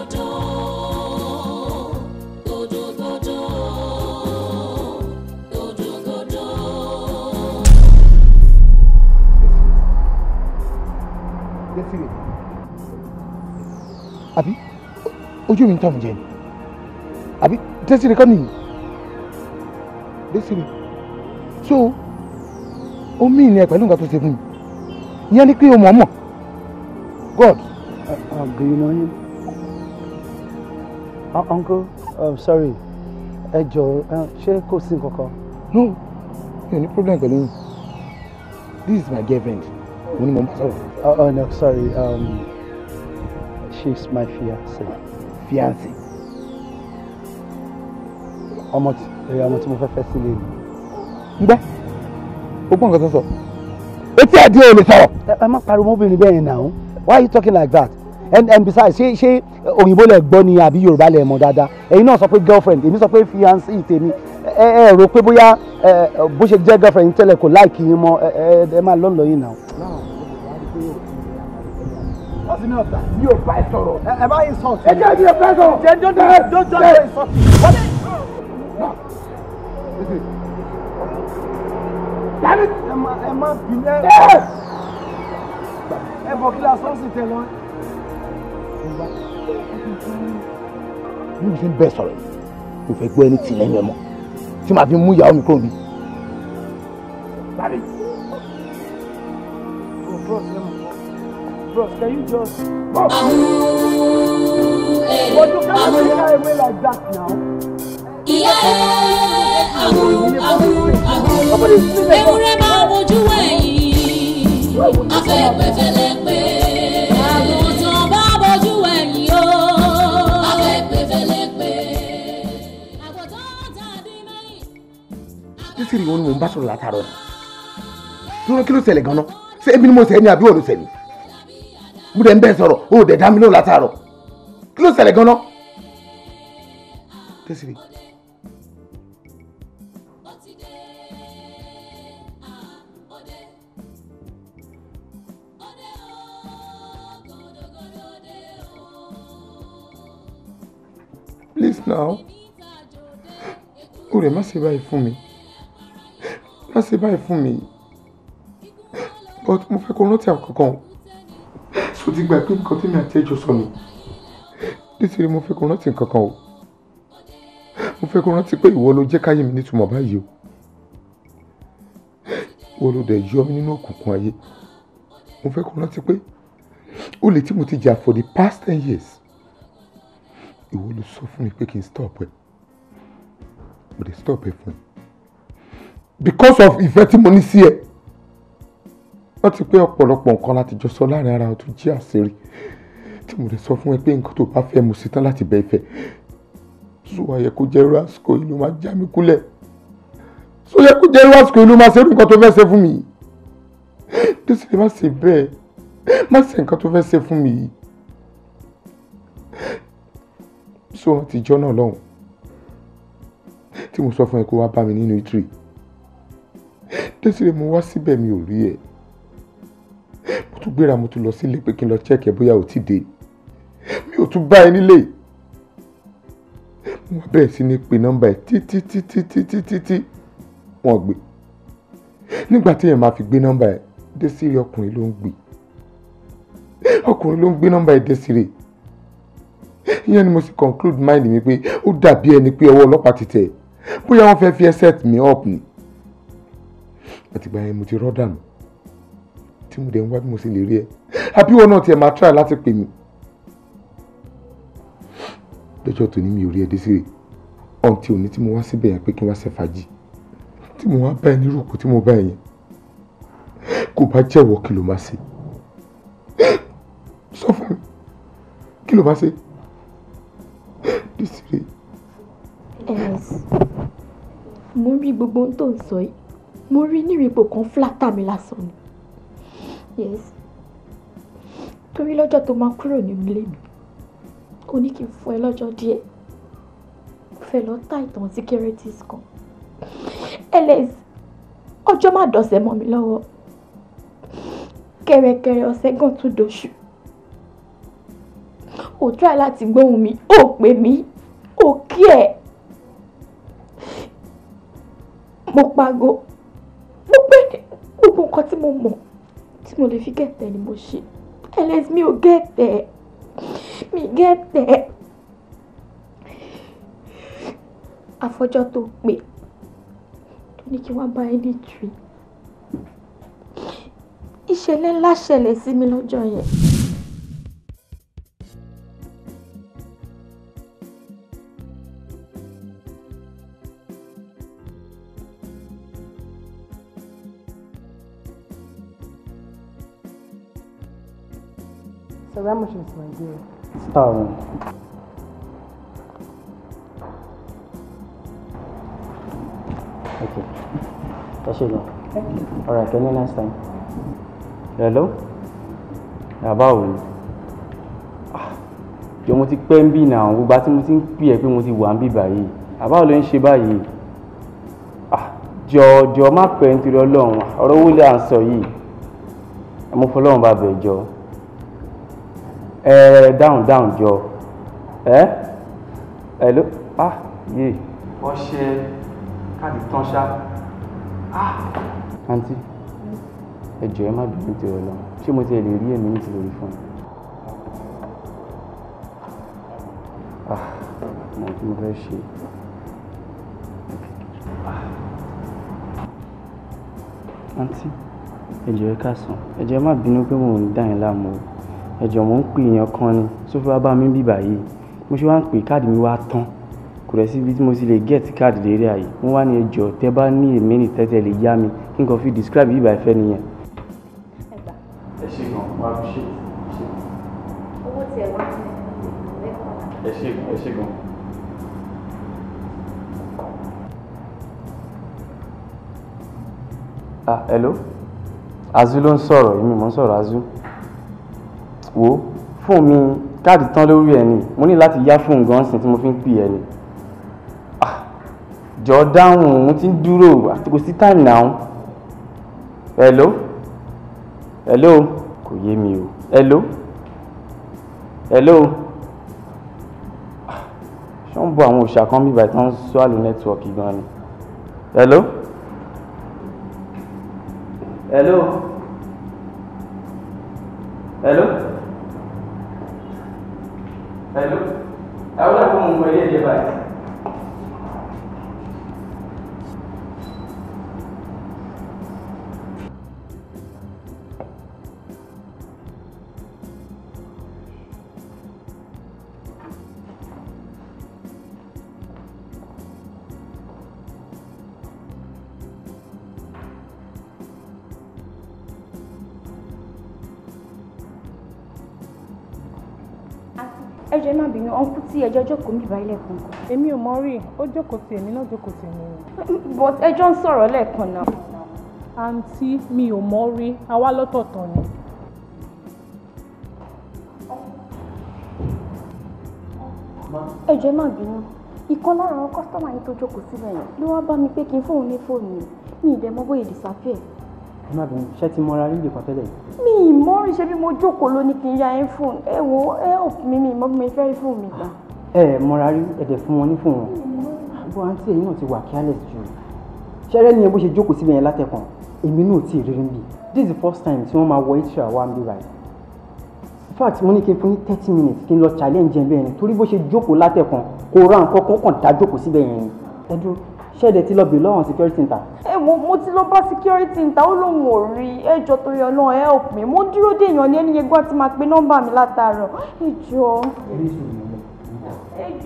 àbí ojú mi ń tàn jẹ ni àbí tẹ́sí rẹ̀ kọ́ nìyí tẹ́sí so omi ìní ẹ̀ pẹ̀lú nǹkan tó ṣe fún mi ìyẹn ni pé o mọ̀ mọ̀ God. Uh, um, do you know him? uncle uh, sorry ẹ jọ̀ọ́ uh, ṣé kò sí nǹkan kan. no mi ò ní problem pẹ̀lú yín this is my girlfriend mo ní mo bá sọ̀rọ̀. oh uh, uh, no sorry um, she is my fiance. fiance. ọmọ tí eh, ọmọ tí mo fẹ́ fẹ́ sílé mi. ń gbẹ́ o gbọ́ nǹkan tó sọ etí ẹ̀dín ò lè sọ̀rọ̀. ẹ má pariwo obìnrin bẹ́ẹ̀ náà why are you talking like that and and besides ṣé ṣé òyìnbó lẹ gbọ́ ni àbí yorùbá lẹ mọ̀ dáadáa ẹ̀yin náà sọ pé girlfriend èmi sọ pé fiancé tèmi ẹ ẹ rò pé bóyá bó ṣe jẹ́ girlfriend tẹ́lẹ̀ kò láìkì yín mọ́ ẹ ẹ ẹ máa lọ́nà lọ́yìn náà. ọ̀sìn náà ta mi ò bá ẹ sọ̀rọ̀ ẹ bá yín sọ̀rọ̀ ẹ jẹ́ mi ò bá ẹ sọ̀rọ̀ jẹ́ jọ́jọ́ jọ́jọ́ ẹ sọ̀rọ̀ ẹ má bínú ẹ ẹ bọ̀ kí la sọ́ọ̀sì tẹ lọ. mo ṣe ń bẹ́ẹ̀ sọ̀rọ̀ yìí kò ẹni tì lẹ́nu tí màá fi mú ìyàwó mi kúrò oh, mi. Bros, can you just... Bros, but you can't take her away like that now. Yeah, I will, I will, I ewúrẹ́ máa wojú ẹ̀yìn afẹ́pẹ́ fẹ́lẹ́ pé àgùntàn ìwọ ni mò ń bá sọ̀rọ̀ látàárọ̀ dúró kí ló ṣẹlẹ̀ gan-an ṣé èmi ni mo ṣẹ̀ ní àbí òòlù ṣẹ̀ mo dẹ̀ ń bẹ́ẹ̀ sọ̀rọ̀ o dá mi lóhùn látàárọ̀ kí ló ṣẹlẹ̀ gan-an. please now ọ̀rẹ́ má ṣe báyìí fún mi má ṣe báyìí fún mi but mo fẹ́ kó rántí àwọn so ti gbà pé nǹkan tí mi àti ẹjọ́ sọ ni nítorí mo fẹ́ kó rántí nǹkan kan o mo fẹ́ kó rántí pé ìwọ ló jẹ́ káyé mi nítumọ̀ báyìí o ìwọ ló dẹ̀ yọ mí nínú òkùnkùn ayé mo fẹ́ kó rántí pé olè tí mo ti jà for the past ten years ìwọ ló sọ fún mi pé kí n stop ẹ mo dey stop ẹ fún ẹ because of ìfẹ́ tí mo ní sí ẹ wọ́n ti pé ọ̀pọ̀lọpọ̀ nǹkan láti jọ sọ láàrin ara ọtún jí àṣírí tí mo lè sọ fún ẹ pé nǹkan tó bá fẹ́ mo sì tán láti bẹ ìfẹ́ so àyẹ kó jẹ́ irú àsìkò yìí ló máa já mi kulẹ̀ so yẹ kó jẹ́ irú àsìkò yìí ló máa ṣe irú nǹkan tó fẹ́ ṣe fún mi tó sì lè má ṣe bẹ́ẹ̀ má ṣe nǹkan tó fẹ́ ṣe fún mi so àtijọ́ náà lọ́hùn tí mo sọ fún ẹ kó wá bá mi nínú ìtìrì Desire mo wá síbẹ̀ mi ò rí ẹ mo tún gbéra mo tún lọ sílé pé kí n lọ chẹ́ẹ̀kì ẹ bóyá ò ti dé mi ò tún bá ẹ nílé mo bẹ̀rẹ̀ sí ní pe nọ́mbà ẹ títí títí títí títí wọn gbé nígbà tí èèyàn máa fi gbé nọ́mbà ẹ Desire ọkùnrin ló ń gbé ọkùnrin ló ń gbé nọ́mbà ẹ Desire ìyẹn ni mo sì conclude mind mi pé ó dàbí ẹni pé ọwọ́ ọlọ́pàá ti tẹ̀ bóyá wọ́n fẹ́ fi ẹ́ set me up ni àtìgbà yẹn mo ti rọ́ dànù tí mo dẹ̀ ń wá bí mo ṣe lè rí ẹ àbí wọn náà tiẹ̀ máa try láti pè mí. lọ́jọ́ tòní mi ò rí ẹdí síre ọ̀ǹtí òní tí mo wá síbẹ̀ yẹn pé kí n wá ṣẹ̀fàjì tí mo wá bá ẹ rúkú tí mo bá ẹ yẹn kò bá jẹ́wọ́ kí ló máa ṣe sọ fún mi kí ló máa ṣe. mo rí gbogbo ohun tó ń sọ yìí mo rí nírìpò kan fúlátà mi lásán ni yes torí lọ́jọ́ tó máa kúrò nínú ilé mi ó ní kí n fún ẹ lọ́jọ́ díẹ̀ mo fẹ́ lọ ta ìtàn securities kan ls ọjọ́ má dọ̀sẹ̀ mọ́ mi lọ́wọ́ kẹrẹkẹrẹ ọ̀sẹ̀ gan tún doṣù ò try láti gbóhùn mi ò pè mí ò kí ẹ̀. mo pago mo pé gbogbo nǹkan tí mo mọ̀ tí mo lè fi gẹ̀tẹ̀ ni mo ṣe ẹlẹ́sìn mi ò gẹ̀tẹ̀ mi gẹ̀tẹ̀ afọjọ́ tó pè tó ní kí wọ́n bá ẹni tù í ìṣẹ̀lẹ̀ ńlá ṣẹlẹ̀ sí mi lọ́jọ́ yẹn. how much is my bill? Okay. That's it. Thank you. All right. Can you next time? Hello. Báwo ni? Jọ mo ti pẹ́ ń bì náà, gbogbo àti mo ti ń pè ẹ́ pé mo ti wà ń bì báyìí. Àbáwo ló ń ṣe báyìí? Jọ̀ọ́ ah, jọ̀ọ́ má pẹ́ nítorí Ọlọ́run, ọ̀rọ̀ owó lè à ń sọ yìí. Mo fọlọ́run bá bẹ̀ jọ ẹ dáhùn dáhùn jọ ẹ ẹ ló ah yé. ọṣẹ káàdì tán ṣá ah. àǹtí ẹ jọ ẹ má bínú tí ọ lọ ṣé mo ti ẹ lè rí èmi ní ti lórí fún un. ah mo kí mo fẹ́ ṣe. àǹtí ẹ jọ ẹ ká sàn ẹ jọ ẹ má bínú pé mò ń dá yín láàmú o ẹ̀jọ̀ mò ń pè èèyàn kan ni tó fi wá bá mi bí báyìí mo ṣe wá ń pè káàdì mi wá tán kò rẹ̀ síbi tí mo ti lè gẹ̀ẹ́tì káàdì lérí àyè wọ́n wá ní ẹjọ́ tẹ́ bá ní èmi ní tẹ́tẹ́ lè yá mi kí n kàn fi describe bí ìbàfẹ́ nìyẹn. ẹ ṣe gan wá fi ṣe. owó tiẹ̀ wá sí ẹ ṣe gan ẹ ṣe gan. ah hello azu ló ń sọ̀rọ̀ èmi mò ń sọ̀rọ̀ azu wò fóònù mi káàdì tán lórí ẹ̀ ni mo ní láti yá fóònù gan sin tí mo fi ń pè ẹ́ ni ah, jọ dáhùn òun ti ń dúró àtìkò sí time now hello hello kò yé mi o hello hello ah, ṣé ń bọ àwọn òòṣà kan bíbá tí wọ́n ń sọ àlò nẹ́tíwọ́ọ̀kì gan ni hello hello hello. hello? Entendeu? Aí é o Leco, como ele ẹ jẹ́ má bínú ọ̀nkú tí ẹjọ́ jókòó mi bá ilẹ̀ kan. èmi ò mọ rí i ó jókòó tì èmi náà jókòó tì èmi. but ẹjọ́ ń sọ̀rọ̀ lẹ́ẹ̀kan náà. àǹtí mi ò mọ rí àwa lọ́tọ̀ọ̀tọ̀ ni. ẹ jẹ́ má bínú ìkan lára àwọn kọ́sítọ́mà yìí tó jókòó síbẹ̀ yẹn ló wá bá mi pé kí n fóun ní fóònù mi ìdẹ́mọ́ bóyá disappear má bẹ̀rù ṣé ti mọra rí nìkan tẹ́lẹ̀. mi ì mọ bí mo jókòó ló ní kí n ya ẹ fóònù ẹ wo ẹ ò fún mi mi ìmọ̀ bí mo fẹ́ rí fóònù mi gbà. ẹ mọra rí ẹ̀dẹ̀ fún wọn ní fún wọn bó àǹtí ẹ̀yìn náà ti wà careless jù ṣẹ́rẹ́ ni bó ṣe jókòó síbi yẹn látẹ̀kàn èmi náà ti rírí mi this is the first time tí wọ́n máa wọ ìtura wa ń bí ra yìí in fact mo ní kí n fún ní thirty minutes kí n lọ challenge ẹ̀ bẹ́ẹ̀ ni torí bó ṣe jókòó látẹ̀kàn kó ra nǹkan kọ́kàn dá jókòó síbẹ̀ yẹn ni ẹ dúró ṣẹ́ẹ̀dẹ̀ ti lọ bèèrè lọ́wọ́ security nta. ẹ mo mo ti lọ bá security nta ó lóun ò rí ẹjọ tó yọ náà ẹ ò pè mo dúró dé èèyàn ní ẹni yẹn gbọ́ ti máa pe nọ́mbà mi látàárọ̀ ẹjọ. ẹjọ ẹjẹ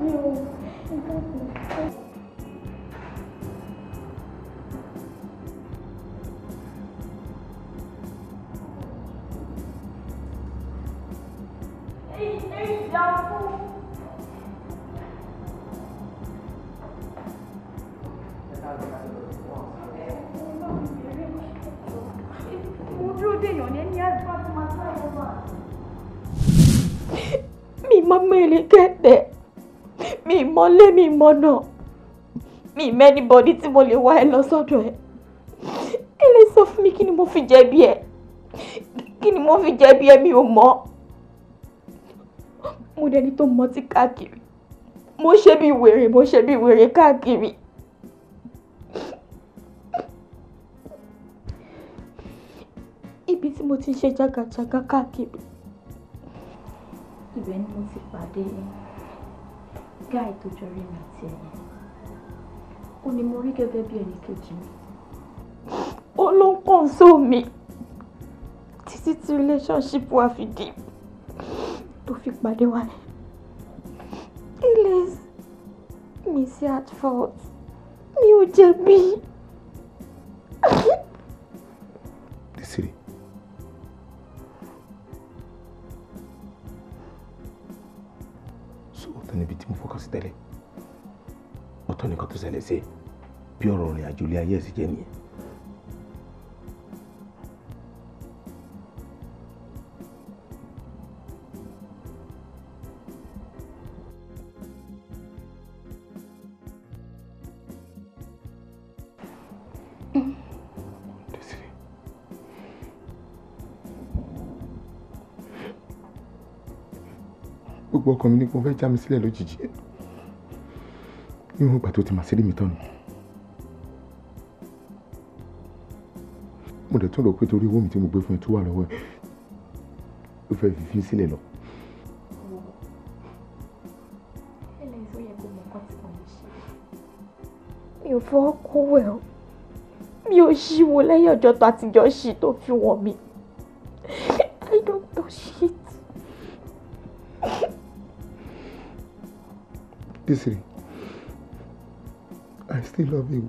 bí o. Ei, ei, já mo dúró déèyàn ní ẹni àgbà tó máa tó ẹ̀wọ̀n wà. mi mọ́ mẹ́rin kẹ́tẹ́ mi mọ́lé mi mọ́nà mi mẹ́nibọ́dí tí mo lè wá ẹ lọ sọ́dọ̀ ẹ ẹ lè sọ fún mi kí ni mo fi jẹ̀bi ẹ kí ni mo fi jẹ̀bi ẹ mi ò mọ̀ mo dẹni tó mọtí káàkiri mo ṣe bí wèrè mo ṣe bí wèrè káàkiri. níbi tí mo ti ṣe jàgàjàgà káàkiri. ibẹ̀ ni mo ti pàdé gáì tó jọrí mi àti ẹ̀yẹ ó ní mo rí gẹ́gẹ́ bí ẹnì kejì mi. ó ló ń kàn só mi títí tí relationship wa fi dì tó fi pàdé wa ni. he lays me sí at fault mi ò jẹ̀bi. Desiree ọ̀tọ̀ níbi tí mo fọkàn sí tẹ́lẹ̀ ọ̀tọ̀ nìkan tó ṣẹlẹ̀ sí bí ọ̀rọ̀ ìrìn àjò ilé ayé ẹ̀ sì jẹ́ nìyẹn gbogbo ọkàn mi ní kó fẹ́ já mi sílẹ̀ lójijì níwọ̀n ìgbà tó ti mà sí rí mi tán ni. mo dẹ̀ tún rò pé torí owó mi tí mo gbé fún ẹ tó wà lọ́wọ́ ẹ ló fẹ́ fi fi sílẹ̀ lọ. mi ò fọwọ́ kówó ẹ̀ mi ò ṣíwò lẹ́yìn ọjọ́ tó àtijọ́ ṣì tó fi wọ̀ mí. Bisri, I still love you.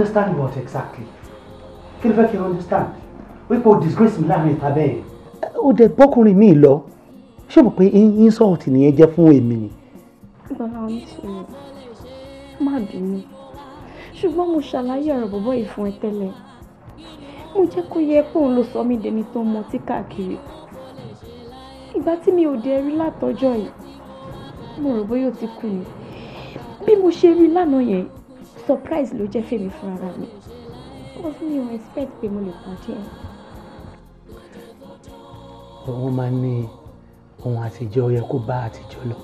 understand what exactly kí ló fẹ́ understand We put disgrace in láàrin ìta bẹ́ẹ̀. ó dẹ bọ́kùnrin mi lọ ṣé o mọ̀ pé insult nìyẹn jẹ́ fún èmi ni. bàbá mi sọ̀rọ̀ má bínú ṣùgbọ́n mo ṣàlàyé ọ̀rọ̀ bobo yìí fún ẹ tẹ́lẹ̀ mo jẹ́ kó yẹ pé òun ló sọ mí dẹni tó mọ tí káàkiri ìgbà tí mi ò dé rí látọjọ́ yìí mo rò bóyá ti kú ni bí mo ṣe rí lánàá yẹn surprise ló jẹ́ fèmí fúnra mi because mi ò expect pé mo lè pàdé ẹ. òun máa ní ohun àtijọ́ yẹ kó bá àtijọ́ lọ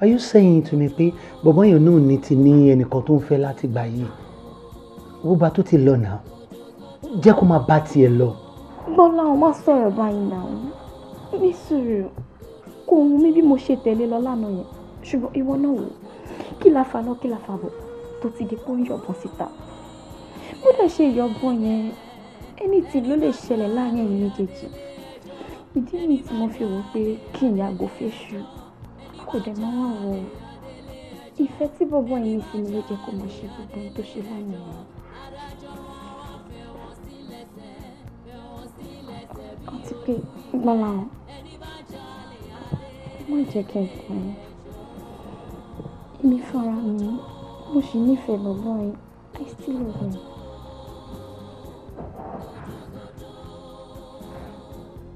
are you saying to me pé bọ̀bọ́ yẹn náà ní ti ní ẹnìkan tó ń fẹ́ láti gbà yìí owó bá tó ti lọ náà jẹ́ kó máa bá tiẹ̀ lọ. bọ́lá wọn má sọ̀rọ̀ báyìí náà ní sùúrù kò ń mí bí mo ṣe tẹ̀lé lọ lánàá yẹn ṣùgbọ́n ìwọ náà wò kí la fa náà kí la fa bọ̀ tó ti di pé ó ń yọ̀bọ̀n síta bó dẹ̀ ṣe yọ̀bọ̀n yẹn anything ló lè ṣẹlẹ̀ láàrin ẹ̀yin méjèèjì ìdí mi tí mo fi wò pé kí n yàgò fẹ́ṣu kò dẹ̀ máa wà wọ ìfẹ́ tí bọ́bọ́ yìí fi mi ló jẹ́ kó máa ṣe gbogbo ohun tó ṣe lánàá yẹn. àti pé gbọ́nla hàn jẹ́ kí n kàn yín èmi fara mi mo sì nífẹ̀ẹ́ bàbá yẹn I still love him.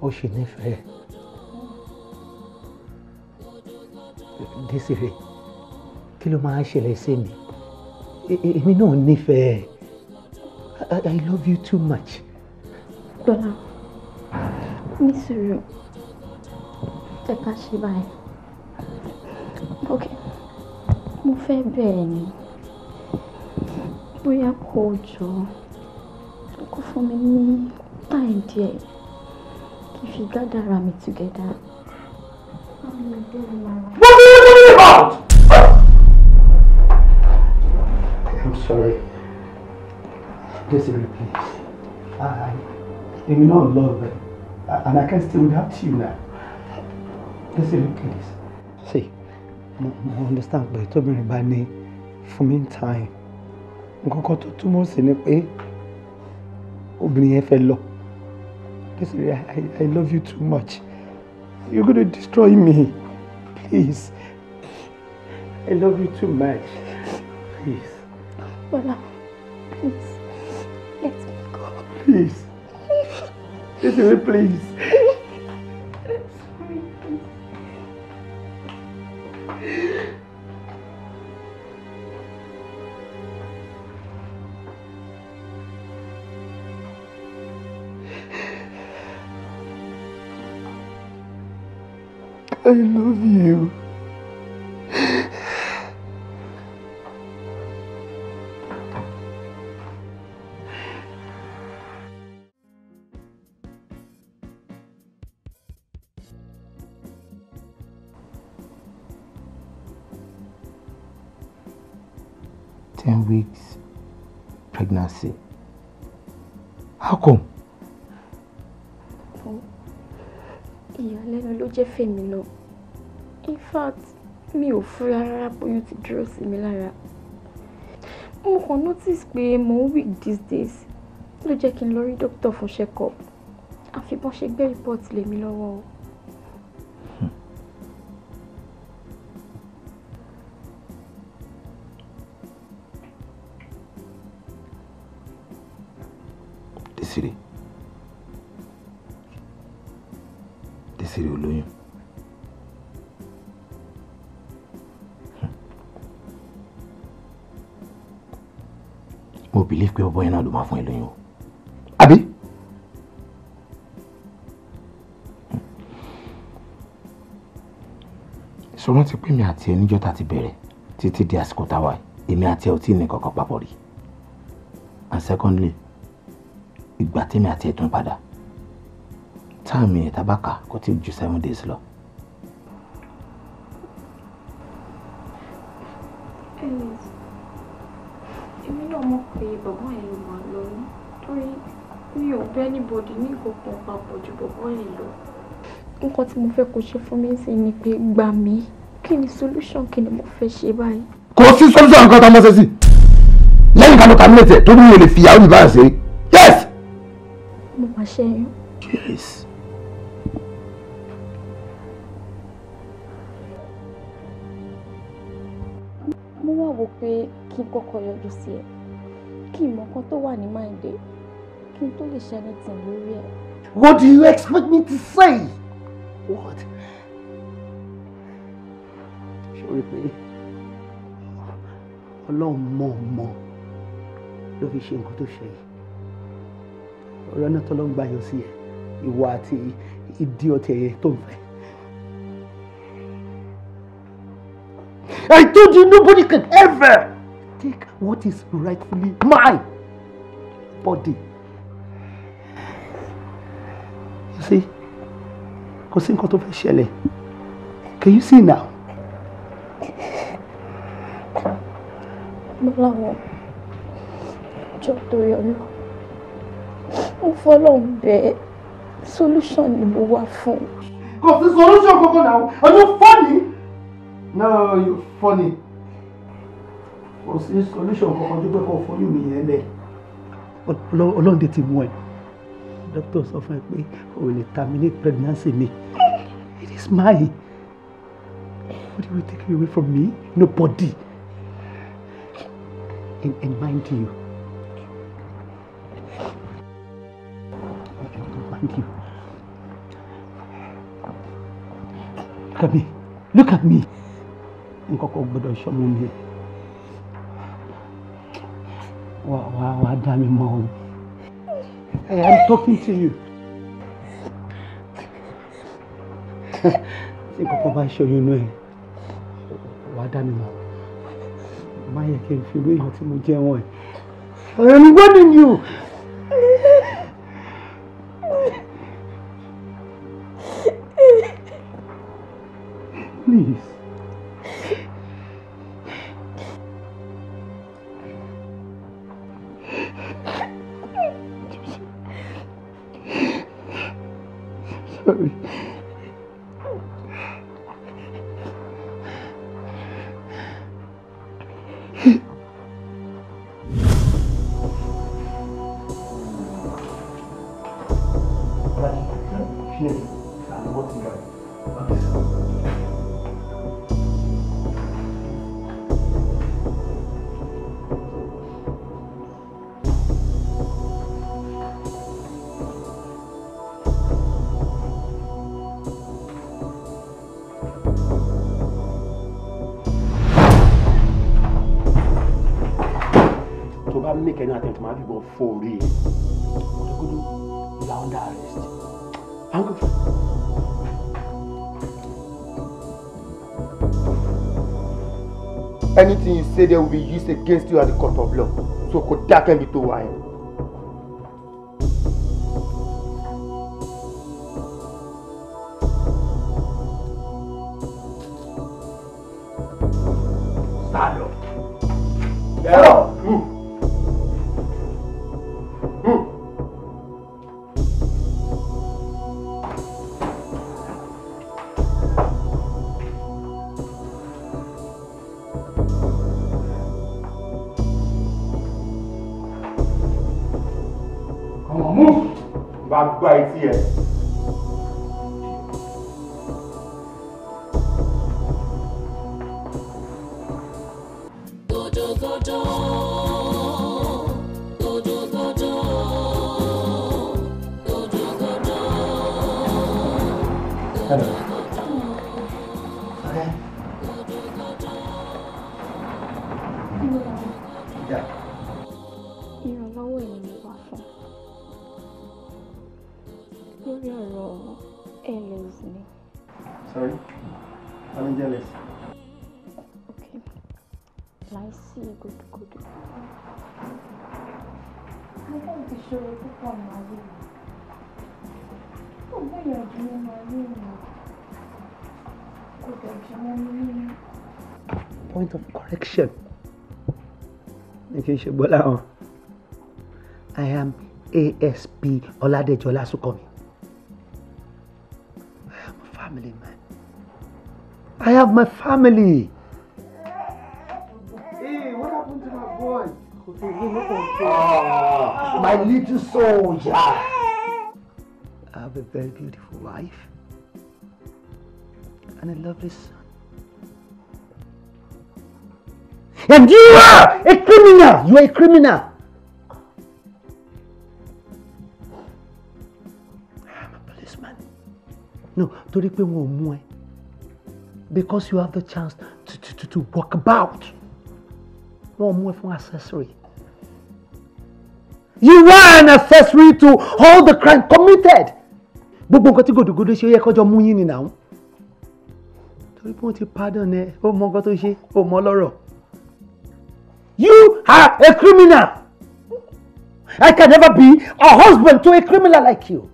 ó sì nífẹ̀ẹ́ Desire kí ló máa ṣẹlẹ̀ sí mi e, e, èmi náà nífẹ̀ẹ́ I love you too much. Dọ́là mi sọ̀rọ̀ jẹ́ ká ṣe báyìí. Ok, mo fẹ́ bẹ̀rẹ̀ ni bóyá kò jọ kó fún mi ní time díẹ̀ kí n fi gather ara mi together. What are you talking about? I'm sorry. Desiree, please. I, I'm not in love, and I can't stay without you now. Desiree, please. See, mo understand pé tóbìnrin bá ní fún mi time nǹkan kan tó túmọ̀ sí ni pé obìnrin yẹn fẹ́ lọ this is I, I love you too much you're gonna destroy me please I love you too much please. Bọ́lá please let me go. please. just This is please. I love you. Ten weeks pregnancy. How come? ìyàlẹ́nu ló jẹ́ fèmí náà fact mi ò fura rárá pé oyún ti dúró sí mi lára mo kàn notice pé mo ń weak these days ló jẹ́ kí n lọ rí dókítà fún check up àfi bọ́n ṣe gbé report lèmi lọ́wọ́ o. ọbọ yẹn náà ló máa fún ẹ lóyún o àbí. ìṣòro ti pé mi àti ẹ níjọ́ tá ti bẹ̀rẹ̀ títí di àsìkò táwa èmi àti ẹ ò tí ì ní kankan and secondly ìgbà tèmi àti ẹ tún padà táàmì ẹ̀ tábàkà kò tí ì ju seven days lọ. mo fẹ́ kó ṣe fún mi sí ni pé gbà mí kí ni solution kí ni mo fẹ́ ṣe báyìí. kò sí solution nǹkan tá a mọ̀ sí lẹ́yìn kanú kàmínẹ̀tì tó ní olè fi ìyàwó mi ṣe yes. mo máa ṣe yín. yes. mo wá wò pé kí n kọ́kọ́ yọjú sí ẹ kí n mọ tó wà ní máìndé kí n tó lè ṣe anything lórí ẹ. What do you expect me to say? what? ṣé o rí pé ọlọ́run mọ̀ mọ̀ ló fi ṣe nǹkan tó ṣe yìí ọ̀rọ̀ náà tọ́lọ́ ń gbà yọ sí ẹ̀ ìwọ I told you nobody can ever take what is rightfully my body. You see? kò sí nǹkan tó fẹ́ ṣẹlẹ̀ can you see now. mo láwọn ọjọ́ tó yọ lọ mo fọlọ́run bẹ́ẹ̀ solution ni mo wá fún. kò sí solution kankan náà are you funny? no you funny kò sí solution kankan tó pẹ́ kọ́ fún yìí nìyẹn lẹ̀. ọlọ́run tètè mú ẹ doctor sọ fún ẹ pé o lè terminate pregnancy mi it is mine nobody will take you away from me nobody and, and mind you mind you look at me look at me nǹkan kan gbọ́dọ̀ ṣọmọ mi wàá wàá dá mi mọ́ o. Hey, I'm talking to you. Tí kankan bá show you know. What wà á dá mi mọ̀. Má yẹ kí n I am warning you. anything you say there will be used against you at the court of law so kò can be too. wáyé. Bọ́lá hàn. I am ASP Ọládẹjọ Lásùkọ̀mí. I am a family man. I have my family. Hey, what happened to my boy? Ah, my little soldier. I have a very beautiful wife and a lovely son. And you are a criminal. You are a criminal. I'm a policeman. No, Tori, pé wọn ò Because you have the chance to, to, to, to walk about. Wọn ò mú accessory. You are an accessory to all the crime committed. Gbogbo nǹkan tí gòdògòdò ṣe yẹ kọjọ mú yín ni now. Torí pé wọ́n ti pardon ẹ, ó mọ nǹkan tó ṣe, ó mọ lọ́rọ̀. You are a criminal. I can never be a husband to a criminal like you.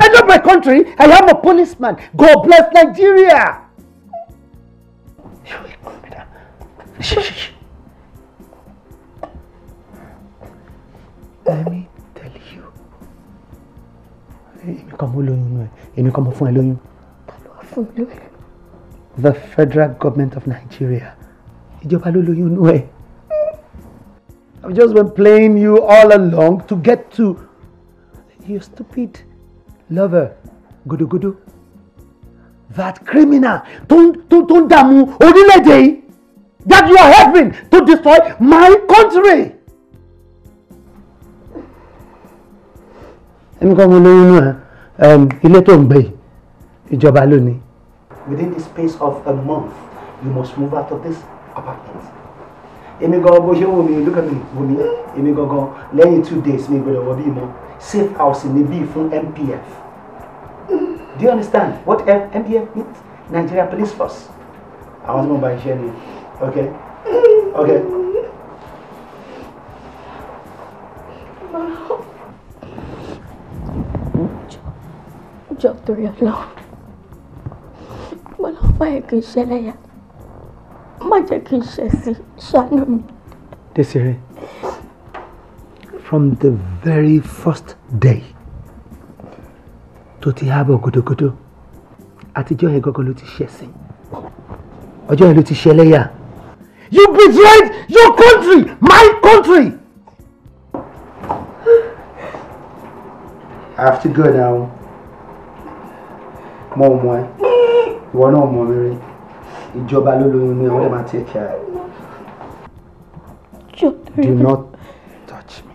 I love my country. I am a policeman. God bless Nigeria. You're a criminal. Let me tell you. Èmi kọ́ mo lóyún nù ẹ̀. Èmi kọ́ mo fún ẹ lóyún. The federal government of Nigeria ìjọba ló lóyún inú ẹ̀. I've just been playing you all along to get to your stupid lover godogodo that criminal tó tó ń dààmú orílẹ̀-èdè yìí that you are helping to destroy my country. èmi kọ́ mo lóyún inú ẹ̀ um, ilé tó ń gbé ìjọba lónìí. Within the space of a month, you must move out of this upper eight èmi gan bó ṣe wù mí look at me wù mí èmi gangan lẹ́yìn two days mi gbọ́dọ̀ wọ bí mọ́ safe house ni bí fún MPF do you understand what MPF means Nigeria Police Force àwọn tí mo bá iṣẹ́ ni ok ok. jọ torí ọlọ́run mo lọ bá ẹgbẹ́ ìṣẹ̀lẹ̀ yàtọ̀ má jẹ́ kí n ṣẹ̀ sí ṣàánú mi. Desiree, from the very first day tó ti hábọ̀ gòdògòdò àtijọ́ yẹn gọ́gọ́ ló ti ṣẹ̀ sí ọjọ́ yẹn ló ti ṣẹlẹ́yà. You betrayed your country, my country. I have to go now. Mo mọ̀ ẹ́, ìwọ náà mọ̀ mi rí ìjọba ló lóyún ní àwọn ẹ̀ máa take do not touch me.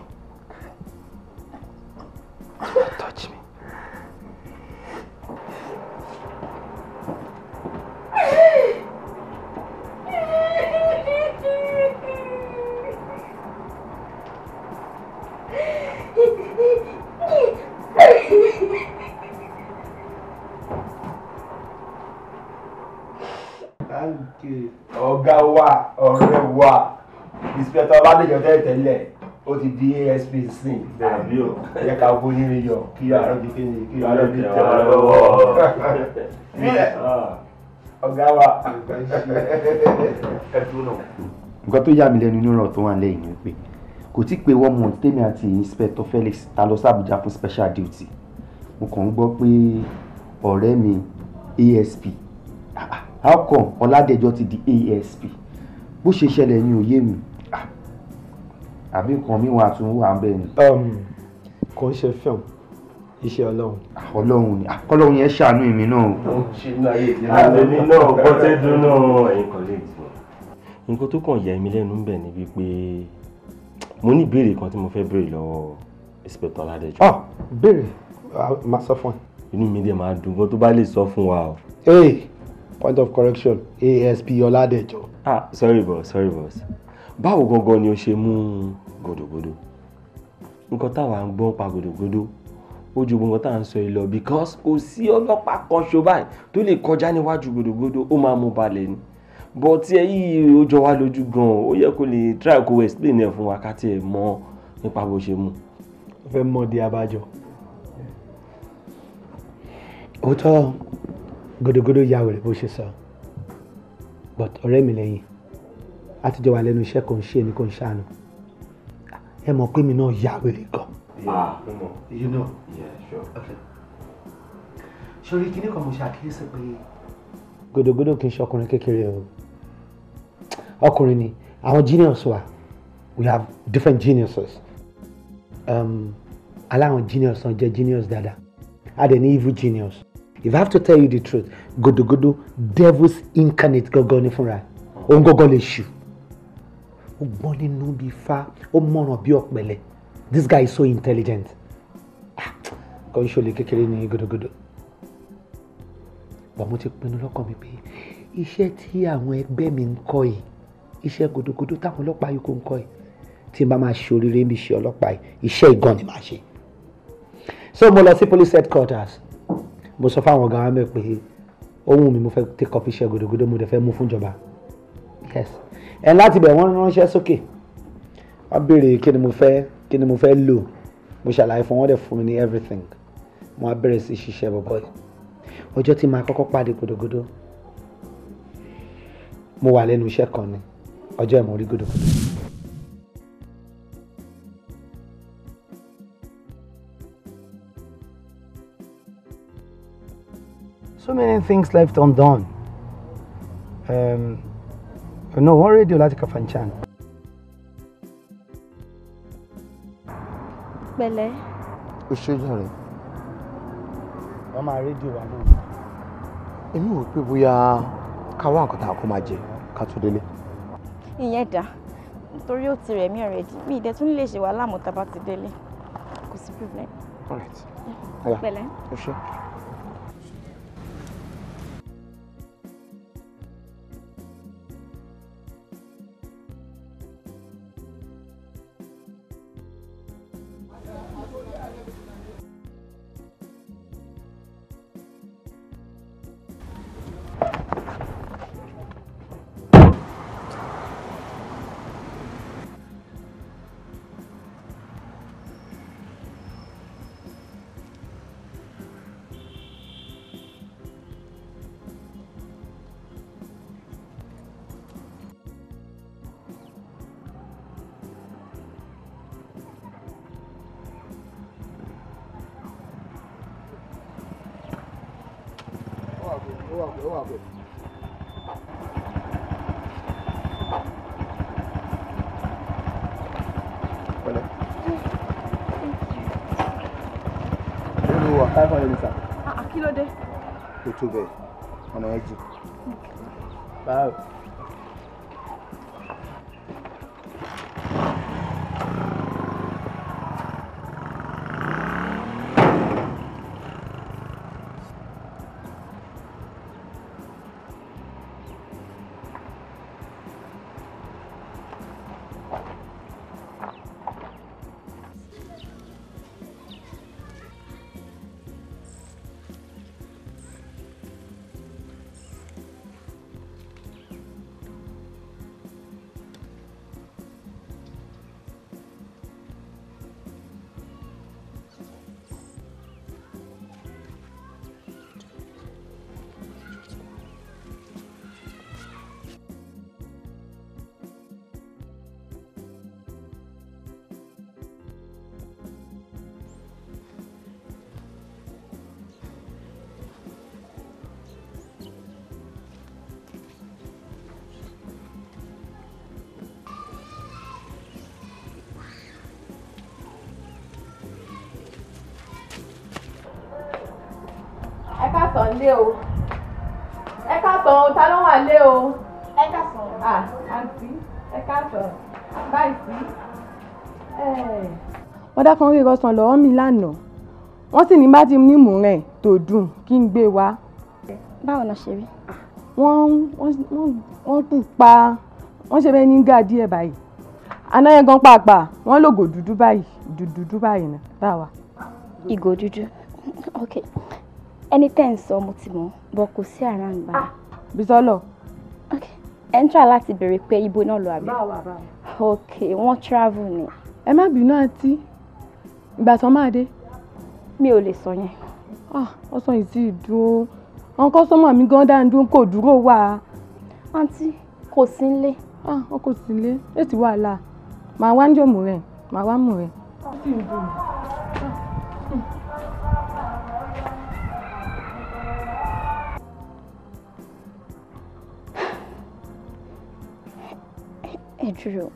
ọ̀rẹ́ wa inspector ọládèjọ tẹ́lẹ̀ ó ti di asp sin bẹ́ẹ̀ yẹ ká bóyá ní yọ kí àárọ̀ bí kí ni kí àárọ̀ bí tẹ̀ wọ́n lọ́wọ́ ah. ọ̀gá wa nǹkan tó yà mí lẹ́nu nínú ọ̀rọ̀ tó wà lẹ́yìn ni pé kò tí pé one month tèmi àti inspector Felix ta lọ sí Àbújá fún special duty mo kàn ń gbọ́ pé ọ̀rẹ́ mi asp ah, ah, how come Ọládẹjọ ti di asp bó ṣe ṣẹlẹ̀ ni òye mi ah, àbí nǹkan mi wà tún wà ń ni. Um, kò ń ṣe fẹ́hùn iṣẹ́ ọlọ́run. Ah, ọlọ́run ni àkọlọ́run ah, yẹn ṣàánú èmi náà. ó àlèmi náà bọ́tẹ́dún náà ẹ̀yìn kan nǹkan tó kàn yà mí lẹ́nu ń bẹ̀ ni wípé mo ní ìbéèrè kan tí mo fẹ́ béèrè lọ́wọ́ inspector Ládẹ́jọ́. ọ béèrè máa sọ fún ẹ. inú mi dẹ̀ máa dùn gan tó bá lè sọ fún wa o. hey point of correction ASP Ọládẹ́jọ́ ah sorry boss sorry boss báwo gangan ni o ṣe mú gòdògòdò nǹkan táwa ń gbọ́n pa gòdògòdò ó ju gbogbo tá à ń sọ yìí lọ because kò sí ọlọ́pàá kan ṣọba tó lè kọjá níwájú gòdògòdò ó máa mú balẹ̀ ni but ẹ yìí ó jọ wá lójú gan ó yẹ kó lè try kó explain ẹ fún wa ká tiẹ̀ mọ̀ nípa bó ṣe mú. ó fẹ́ mọ̀ di abájọ. òótọ́ gòdògòdò ya bó ṣe sọ. So but ọ̀rẹ́ mi lẹ́yìn àtijọ́ wa lẹ́nu iṣẹ́ kan ṣe èmi kan ṣàánú ẹ mọ̀ pé mi náà yà wèrè gan. Ah, you know sori kìíní kan mo ṣe àkíyèsí pé. gòdògòdò kì í ṣe ọkùnrin kékeré o ọkùnrin ni àwọn genius wa we have different geniuses um, aláwọn genius náà jẹ́ genius dáadáa a dẹ̀ ní evil genius if i have to tell you the truth gòdògòdò devils incarnate gangan ni fúnra òun gangan lè ṣù ó gbọ́n nínú bíi fa ó mọ̀ràn bíi ọ̀pẹ̀lẹ̀ this guy is so intelligent kò ń ṣòlè kékeré ní gòdògòdò bọ̀ mo ti pinnu lọ́kàn mi pé iṣẹ́ tí àwọn ẹgbẹ́ mi ń kọ́ yìí iṣẹ́ gòdògòdò táwọn ọlọ́pàá yòókù ń kọ́ yìí tí n bá máa ṣe oríire níbi iṣẹ́ ọlọ́pàá yìí iṣẹ́ ìgan ni màá ṣe so mo lọ sí police headquarters mo sọ fáwọn ọ̀gá wa mẹ́ pé ohun mi mo fẹ́ take up iṣẹ́ gòdògòdò mo dẹ̀ fẹ́ mú fúnjọba yes ẹ̀ láti bẹ̀ wọ́n ránṣẹ́ sókè wọ́n béèrè kí ni mo fẹ́ kí ni mo fẹ́ lò mo ṣàlàyé fún wọn dẹ̀ fún mi ní everything mo á bẹ̀rẹ̀ sí ṣiṣẹ́ bọ̀bọ̀ yìí ọjọ́ tí màá kọ́kọ́ pàdé gòdògòdò mo wà lẹ́nu iṣẹ́ kan ni ọjọ́ ẹ̀ mo gòdògòdò. so many things left undone um, No, what radio? láti Kafanchan. pẹ̀lẹ́. o ṣe jàre. wọ́n máa rédíò wa náà. èmi ò pé bóyá ká wá nǹkan tá a kó máa jẹ ká tó délé. ìyẹn dá nítorí ó ti rẹ̀ mí already mi ìdẹ tún lè ṣe wàhálà mọ́ tá a bá ti délé kò sí problem. all right. pẹ̀lẹ́. o wà bẹ̀ ó wà bẹ̀. Voilà. Hello, wa five hundred meter. Ah, ah, kí ló dé? Kò tó bẹ́ẹ̀, ọ̀nà ẹ̀ jù. Báwo. lé o ẹ káàsán o ta ló wà lé o. ẹ káàsán. à àǹtí ẹ káàsán báyìí sí. ọ̀dà kan rí ìrọsàn lọ́wọ́ mi lánàá wọ́n sì ní bá ti ní mú rẹ̀ tó dùn kí n gbé wá. báwo la ṣe rí. wọ́n wọ́n kú pa wọ́n ṣe bẹ́ẹ̀ ní gà díẹ̀ báyìí anáyẹ̀gán pàápàá wọ́n lògò dúdú báyìí dúdú báyìí náà báwa. ìgò dúdú ẹni tẹ́ ń sọ mo ti mọ̀ bọ̀ kò sí around bá. Ah. Bisọ́lọ̀. ẹ ń try láti béèrè pé ibo náà lọ àbí. báwa báwa. ok wọ́n travel ni. ẹ má bínú àǹtí ìgbà tán máa dé. mi ò lè sọ yẹn. Ah, ọsàn yìí ti dúró àwọn kọ́sọ́mọ̀ mi gan dáadúró kò dúró wá. àǹtí kò sí nílé. Ah, ọ kò sí nílé èsì wàhálà màá wá ń jòmù rẹ màá wá mù rẹ. ó sì ń dùn dúró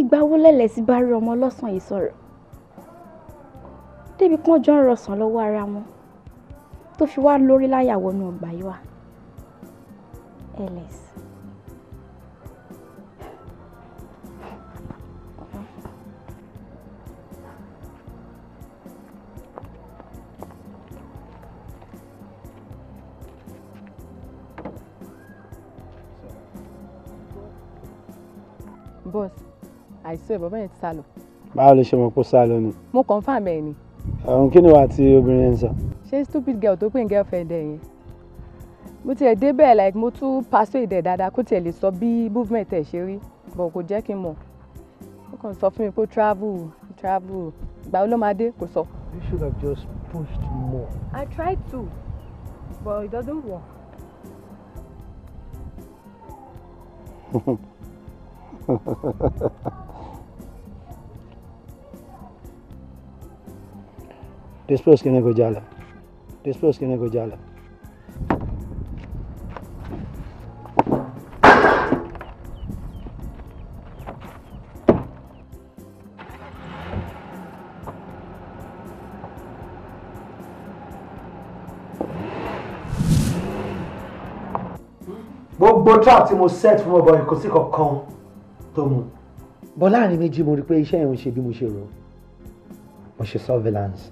ìgbà wo lẹ́lẹ̀ ti bá rí ọmọ ọlọ́sàn yìí sọ̀rọ̀ débi pọ́n jọ ń rọ̀sàn lọ́wọ́ ara wọn tó fi wá lórí láyàwó ọgbà yìí wá ẹlẹ́sì. àìsàn bàbá yẹn ti sá lọ. báwo lè ṣe mọ̀ pé sá lọ ni. mo confirm ẹ̀ ni. ọ̀hún kí ni wàá ti obìnrin yẹn sọ. ṣé stupid girl tó pè ń girlfriend ẹ̀ yẹn. mo tiẹ̀ débẹ̀ like mo tún persuade ẹ̀ dáadáa kó tiẹ̀ lè sọ bí movement ẹ̀ ṣe rí but kò jẹ́ kí n mọ̀. ó kàn sọ fún mi pé travel travel ìgbà wo kò sọ. you should have just pushed more. I tried to but it doesn't work. Ha ha ha ha ha. dispose kene ko jala dispose kene ko jala gbogbo trap tí mo set fún ọbọ yìí kò sí kankan tó mu. bọ́lá àrin méjì mo rí i pé iṣẹ́ yẹn ń ṣe bí mo ṣe rò mo ṣe surveillance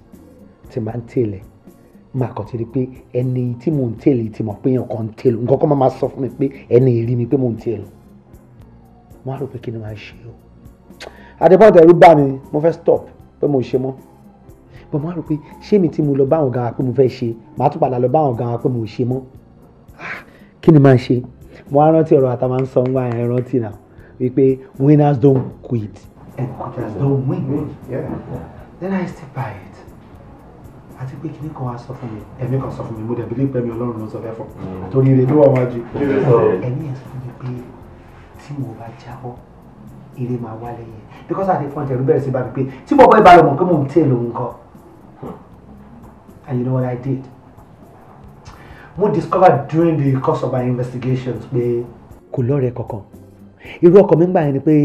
tí máa ń tèlè máa kàn ti rí pé ẹni tí mò ń tèlè ti mọ̀ pé èèyàn kan ń tèlè nǹkan kan máa sọ fún mi pé ẹni rí mi pé mò ń tèlè wọ́n á rò pé kí ni màá ṣe o àdébọ̀n tẹ̀rù bá mi mo fẹ́ stop pé mo ṣe mọ́ pé mo á rò pé ṣé mi tí mo lọ bá àwọn gan-an pé mo fẹ́ ṣe màá tún padà lọ bá àwọn gan-an pé mo ṣe mọ́ ah, kí ni màá ṣe mo á rántí ọ̀rọ̀ àtàwọn ń sọ ń wá ẹ̀ rántí náà wípé winners don't quit and eh, others don't win. Yeah. Then I stay by it àti pé kìnnì kan wá sọ fún mi ẹ̀mí kan sọ fún mi mo dẹ̀ bílí pẹ́mi ọlọ́run ló sọ fẹ́ fún mm. torí ire ló wà wájú ẹ̀mí yẹn sọ fún mi pé tí mo bá jáwọ́ ire máa wá lẹ́yìn because àti fún ọ̀tẹ̀rù bẹ̀rẹ̀ sí bá mi pé tí bọ́bọ́ ìbá lọ mọ̀ pé mò ń tẹ̀ lòun kọ́ and you know what I did mo discover during the course of my investigations pé. kò lọ́rẹ̀ẹ́ kankan irú ọkọ mi ń gbà yẹn ni pé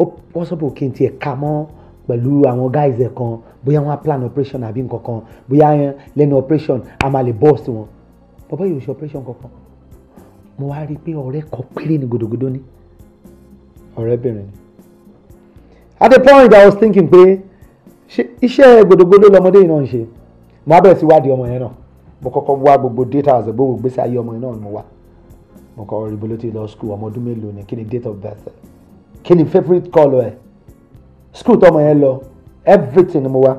ó possible kí n tiẹ̀ ka mọ́ pẹ̀lú àwọn guys kan bóyá wọ́n á plan operation àbí nǹkan kan bóyá eh, lẹ́nu operation a máa lè bọ́ọ̀sì wọn bàbá yóò ṣe operation kankan mo wá rí i pé ọ̀rẹ́ kan péré ni gòdògòdò ni ọ̀rẹ́bìnrin ni at the point I was thinking pé iṣẹ́ gòdògòdò lọmọdé yìí náà ń ṣe mo á bẹ̀rẹ̀ sí wádìí ọmọ yẹn náà mo kọ́kọ́ wá gbogbo data àti gbogbo gbèsè ayé ọmọ yẹn náà ni mo wá mo kọ́ rí bolo ti lọ school ọmọ ọdún mélòó ni kí ni date of birth kí ni favourite colour ẹ̀ school tọmọ yẹn lọ everything ni mo wá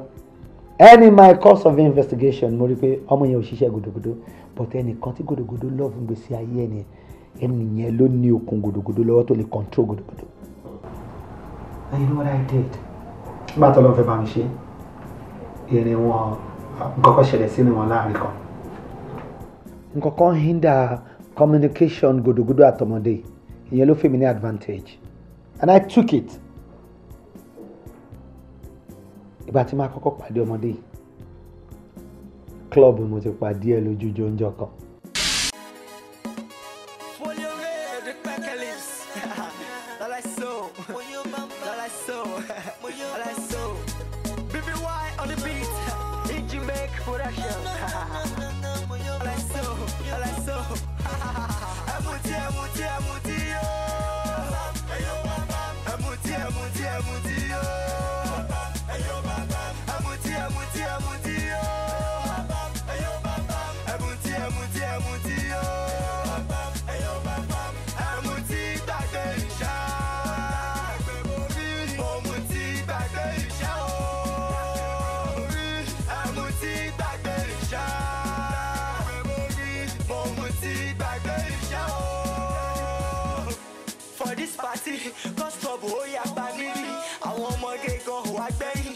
any my course of investigation mo rí i pé ọmọ yẹn ò ṣiṣẹ́ gòdògòdò but ẹnìkan tí gòdògòdò love gbèsè ayé ẹni ẹnìyẹn ló ní okun gòdògòdò lọ́wọ́ tó lè control gòdògòdò. and you know what i did. nígbà tó lọ fẹ́ bá mi ṣe irin wọn nǹkan kan ṣẹlẹ̀ sínú wọn láàrin kan. nǹkan kan hinder communication gòdògòdò àtọmọdé ìyẹn ló fẹ́ mi ní advantage and i took it ìgbà tí máa kọ́kọ́ pàdé ọmọdé yìí club mo ti pàdé ẹ lójújọ oúnjẹ kan sí kọ́sítọ́ọ̀bù ó yà pa níbí àwọn ọmọge gan ò wá gbẹ́yìn.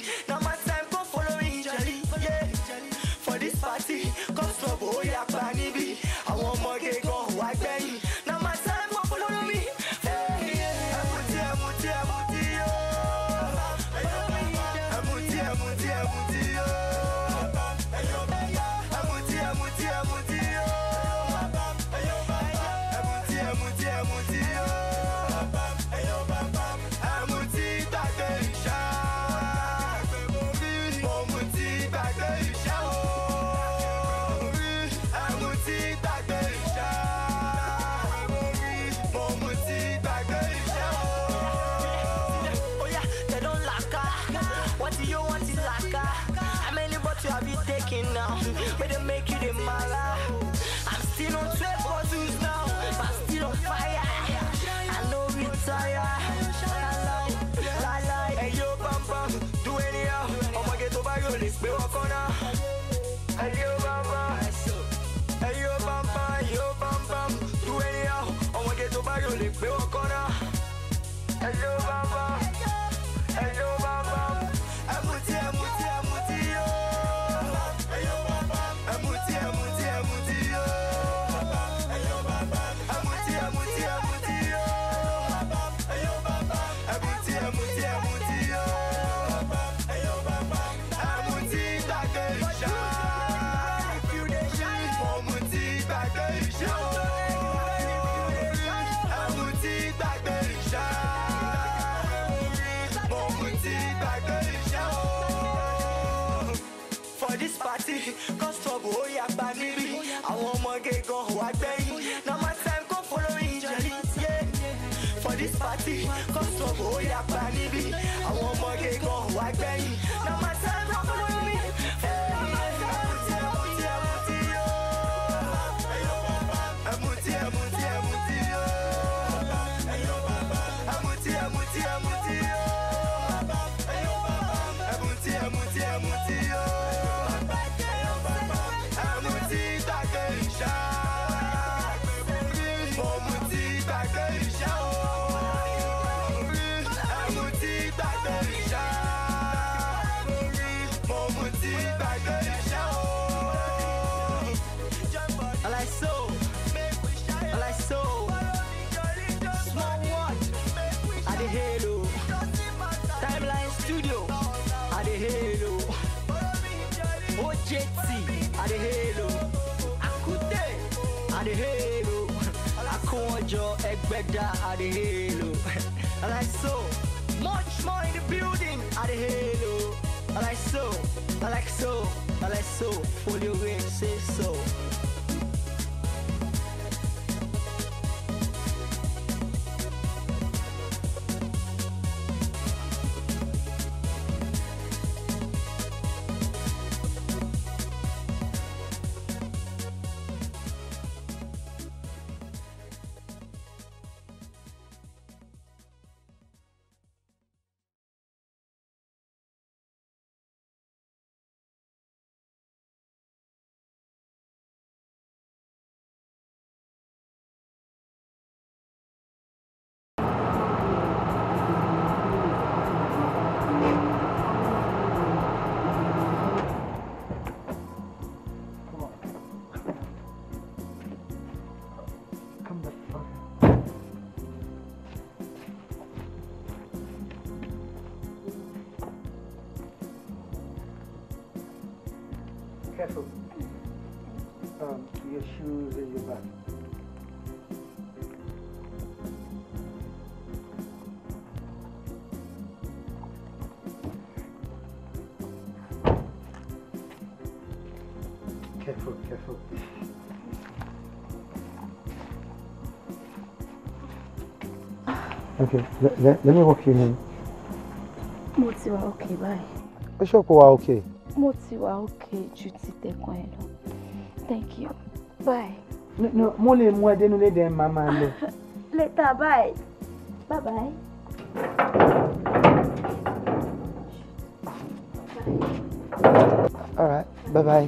them mala. I'm still on 12 bottles now, but still on fire. I know retire. La la, hey yo, bam bam, do anyhow. I'm to get your list, be on now. Hey yo, bam bam. Hey yo, bam bam, yo, bam bam, do anyhow. I'm to get your list, be on now. Hey yo, bam bam. Hey yo, better at the halo. like so, much more in the building at the halo. like so, like so, like so, pull your weight, say so. Okay, let, let, let me walk you in. Motiwa, okay bye. Ó ṣọ̀pọ̀ wà okay. Motiwa, okay ju ti tẹ̀kan Thank you. Bye. No, no, mo lè mú ẹ dénú lé dẹ̀ máa Later, bye. Bye bye. All right, bye bye.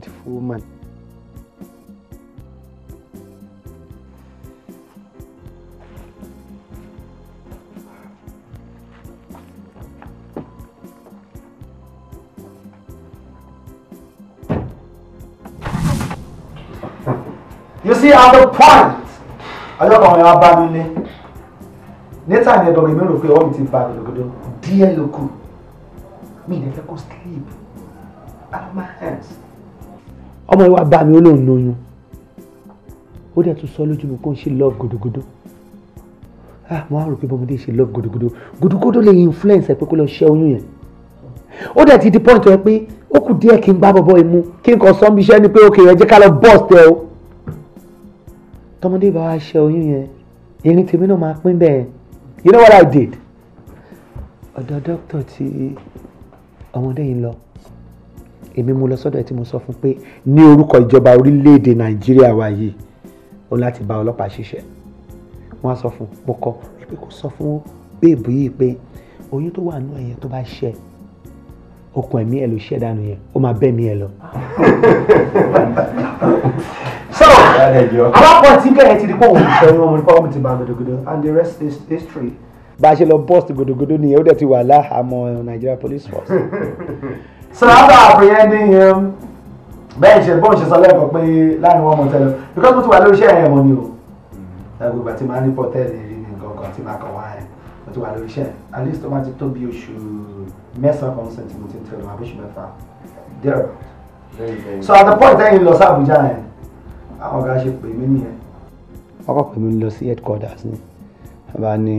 beautiful woman. You see, at the point, I ọ̀rẹ́ wa bá mi lé. Níta ni ẹ̀dọ̀ mi rò pé ọwọ́ mi ti ba gòdògòdò díẹ̀ lókù. Mi ìdẹ́fẹ́ kó sleep out of my hands ọmọ ìwà bá mi ó lóun lóyún ó dẹ̀ tún sọ lójú mi pé ó ń ṣe love gòdògòdò ah mo á rò pé bọ́mọdé ṣe love gòdògòdò gòdògòdò lè influence ẹ pé kó lọ ṣẹ́ oyún yẹn ó dẹ̀ ti di point ẹ pé ó kù díẹ̀ kí n gbá bọ́bọ́ imú kí n kàn sọ bí iṣẹ́ ni pé òkè yẹn jẹ́ ká lọ bọ́ọ̀sì tẹ o tọmọdé bá wa ṣẹ́ oyún yẹn irin tèmi náà máa pín bẹ́ẹ̀ you know what I did ọ̀dọ̀ dókítà tí ọmọdé yìí lọ èmi mo lọ sọ́dọ̀ ẹ tí mo sọ fún pé ní orúkọ ìjọba orílẹ̀-èdè nàìjíríà wa yìí ó láti bá ọlọ́pàá ṣiṣẹ́ wọ́n á sọ fún mo kọ pé kò sọ fún bẹ́ẹ̀bù yìí pé oyún tó wà nù ẹ̀yẹ tó bá ṣẹ okùn ẹ̀mí ẹ̀ ló ṣẹ́ dànù yẹn ó máa bẹ́ẹ̀ mi ẹ̀ lọ. sọ̀rọ̀ alápọ̀ tí bẹ́ẹ̀ ti di pọ̀ wọ́n ti wọn nípa wọn ti bá gòdògòdò and the rest is history. bá a ṣe lọ bọ́ọ̀sì gòdògòdò nìyẹn ó dẹ̀ ti wà láhàámọ́ nàìjíríà police force so after apprehending him bẹ́ẹ̀ ṣe bọ́ọ̀ ṣe sọ lẹ́kọ̀ọ́ pé láàrin wọn mọ̀ tẹ́lẹ̀ because mo ti wà lórí iṣẹ́ yẹn mọ́ ni o ẹgbẹ́ ìgbà tí màá ní pọ́tẹ́ẹ̀lì rí ní nǹkan kan tí màá kàn wá mo ti wà lórí iṣẹ́ at least ó máa ti tó bí oṣù mẹ́sàn-án kan sẹ́ńtì mo ti ń tẹ̀lé àbí mẹ́fà there so at the point tẹ́yìn lọ sí Àbújá yẹn àwọn ọ̀gá ṣe pè mí nìyẹn. wọ́n kọ́ pè mí lọ sí headquarters ni bàbá ni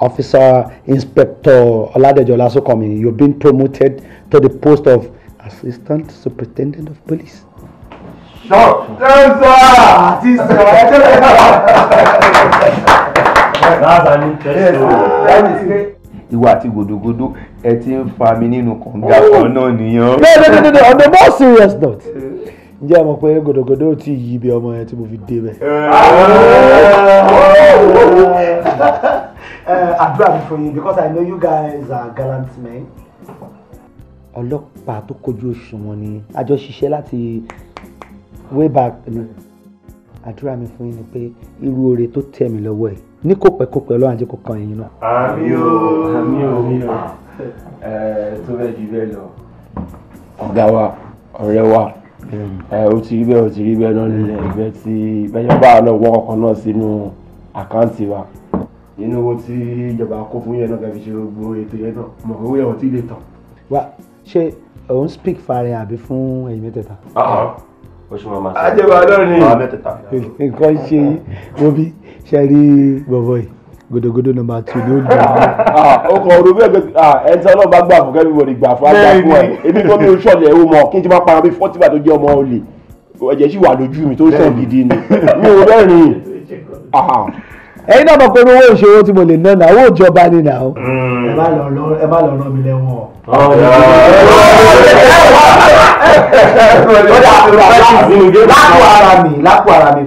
Officer Inspector Oladejola Sokomi, you've been promoted to the post of Assistant Superintendent of Police. Shock! Yes, sir! That's an interesting ìwà àti gòdògòdò ẹ ti ń fa mi nínú kànga kan náà nìyẹn. no no no no on the more serious note ǹjẹ́ ẹ mọ̀ pé gòdògòdò ò tí ì yí ibi ọmọ yẹn tí mo fi dé bẹ́ẹ̀. Ah! Eh, àdúrà mi for you because I know you guys are gallant men. ọlọ́pàá tó kojú òṣùwọ̀n ni a jọ ṣiṣẹ́ láti way back ni àdúrà mi fún yín ni pé irú oore tó tẹ̀ mí lọ́wọ́ ẹ̀ ní kò pẹ́ kò pẹ́ Ọlọ́run á jẹ́ kó kan ẹ̀yin náà. àmín o àmín o àmín o eh, tó bẹ́ẹ̀ jù bẹ́ẹ̀ lọ. ọ̀gá wa ọ̀rẹ́ wa eh, ó ti rí bẹ́ẹ̀ ó ti rí bẹ́ẹ̀ náà nílẹ̀ ìgbẹ́ tí bẹ́ẹ̀ yọ bá a náà wọ́n kọ̀ọ̀kan náà sínú àkáǹtì wa nínú owó tí ìjọba kó fún yẹn náà kẹfì ṣe gbogbo ètò yẹn náà mọ̀ owó yẹn ò tí lè tán. wá ṣé ò speak farin àbí fún ẹ̀yin mẹ́tẹ̀ẹ̀ta. oṣù mama sọ ajẹ́ bá lọ́rùn ní àwọn mẹ́tẹ̀ẹ̀ta. nǹkan ṣe yí wọ́n bí ṣe rí bọ̀bọ̀ yìí gòdògòdò nọ́mbà tù ni ó dùn. ó kọ ọdún bẹ́ẹ̀ pé ẹ̀ńtẹ́ náà bá gbà fún kẹ́mi wọ̀lì gbà fún àgbà fún ẹ̀ èmi kọ́ mi ò ṣọ̀lẹ̀ ẹ̀wò mọ̀ kí n ti máa para bí fọ́tìbà tó jẹ́ ọmọ olè ẹ̀jẹ̀ sì wà lójú mi tó sàn gidi ni mi ò rẹ́rìn-ín ẹ̀yin náà mọ̀ pé owó ìṣòro tí mo lè ná náà owó ìjọba ni náà. Mm. ẹ bá lọ ẹ bá lọ rán mi lẹ́wọ̀n. lápò ara mi lápò ara mi.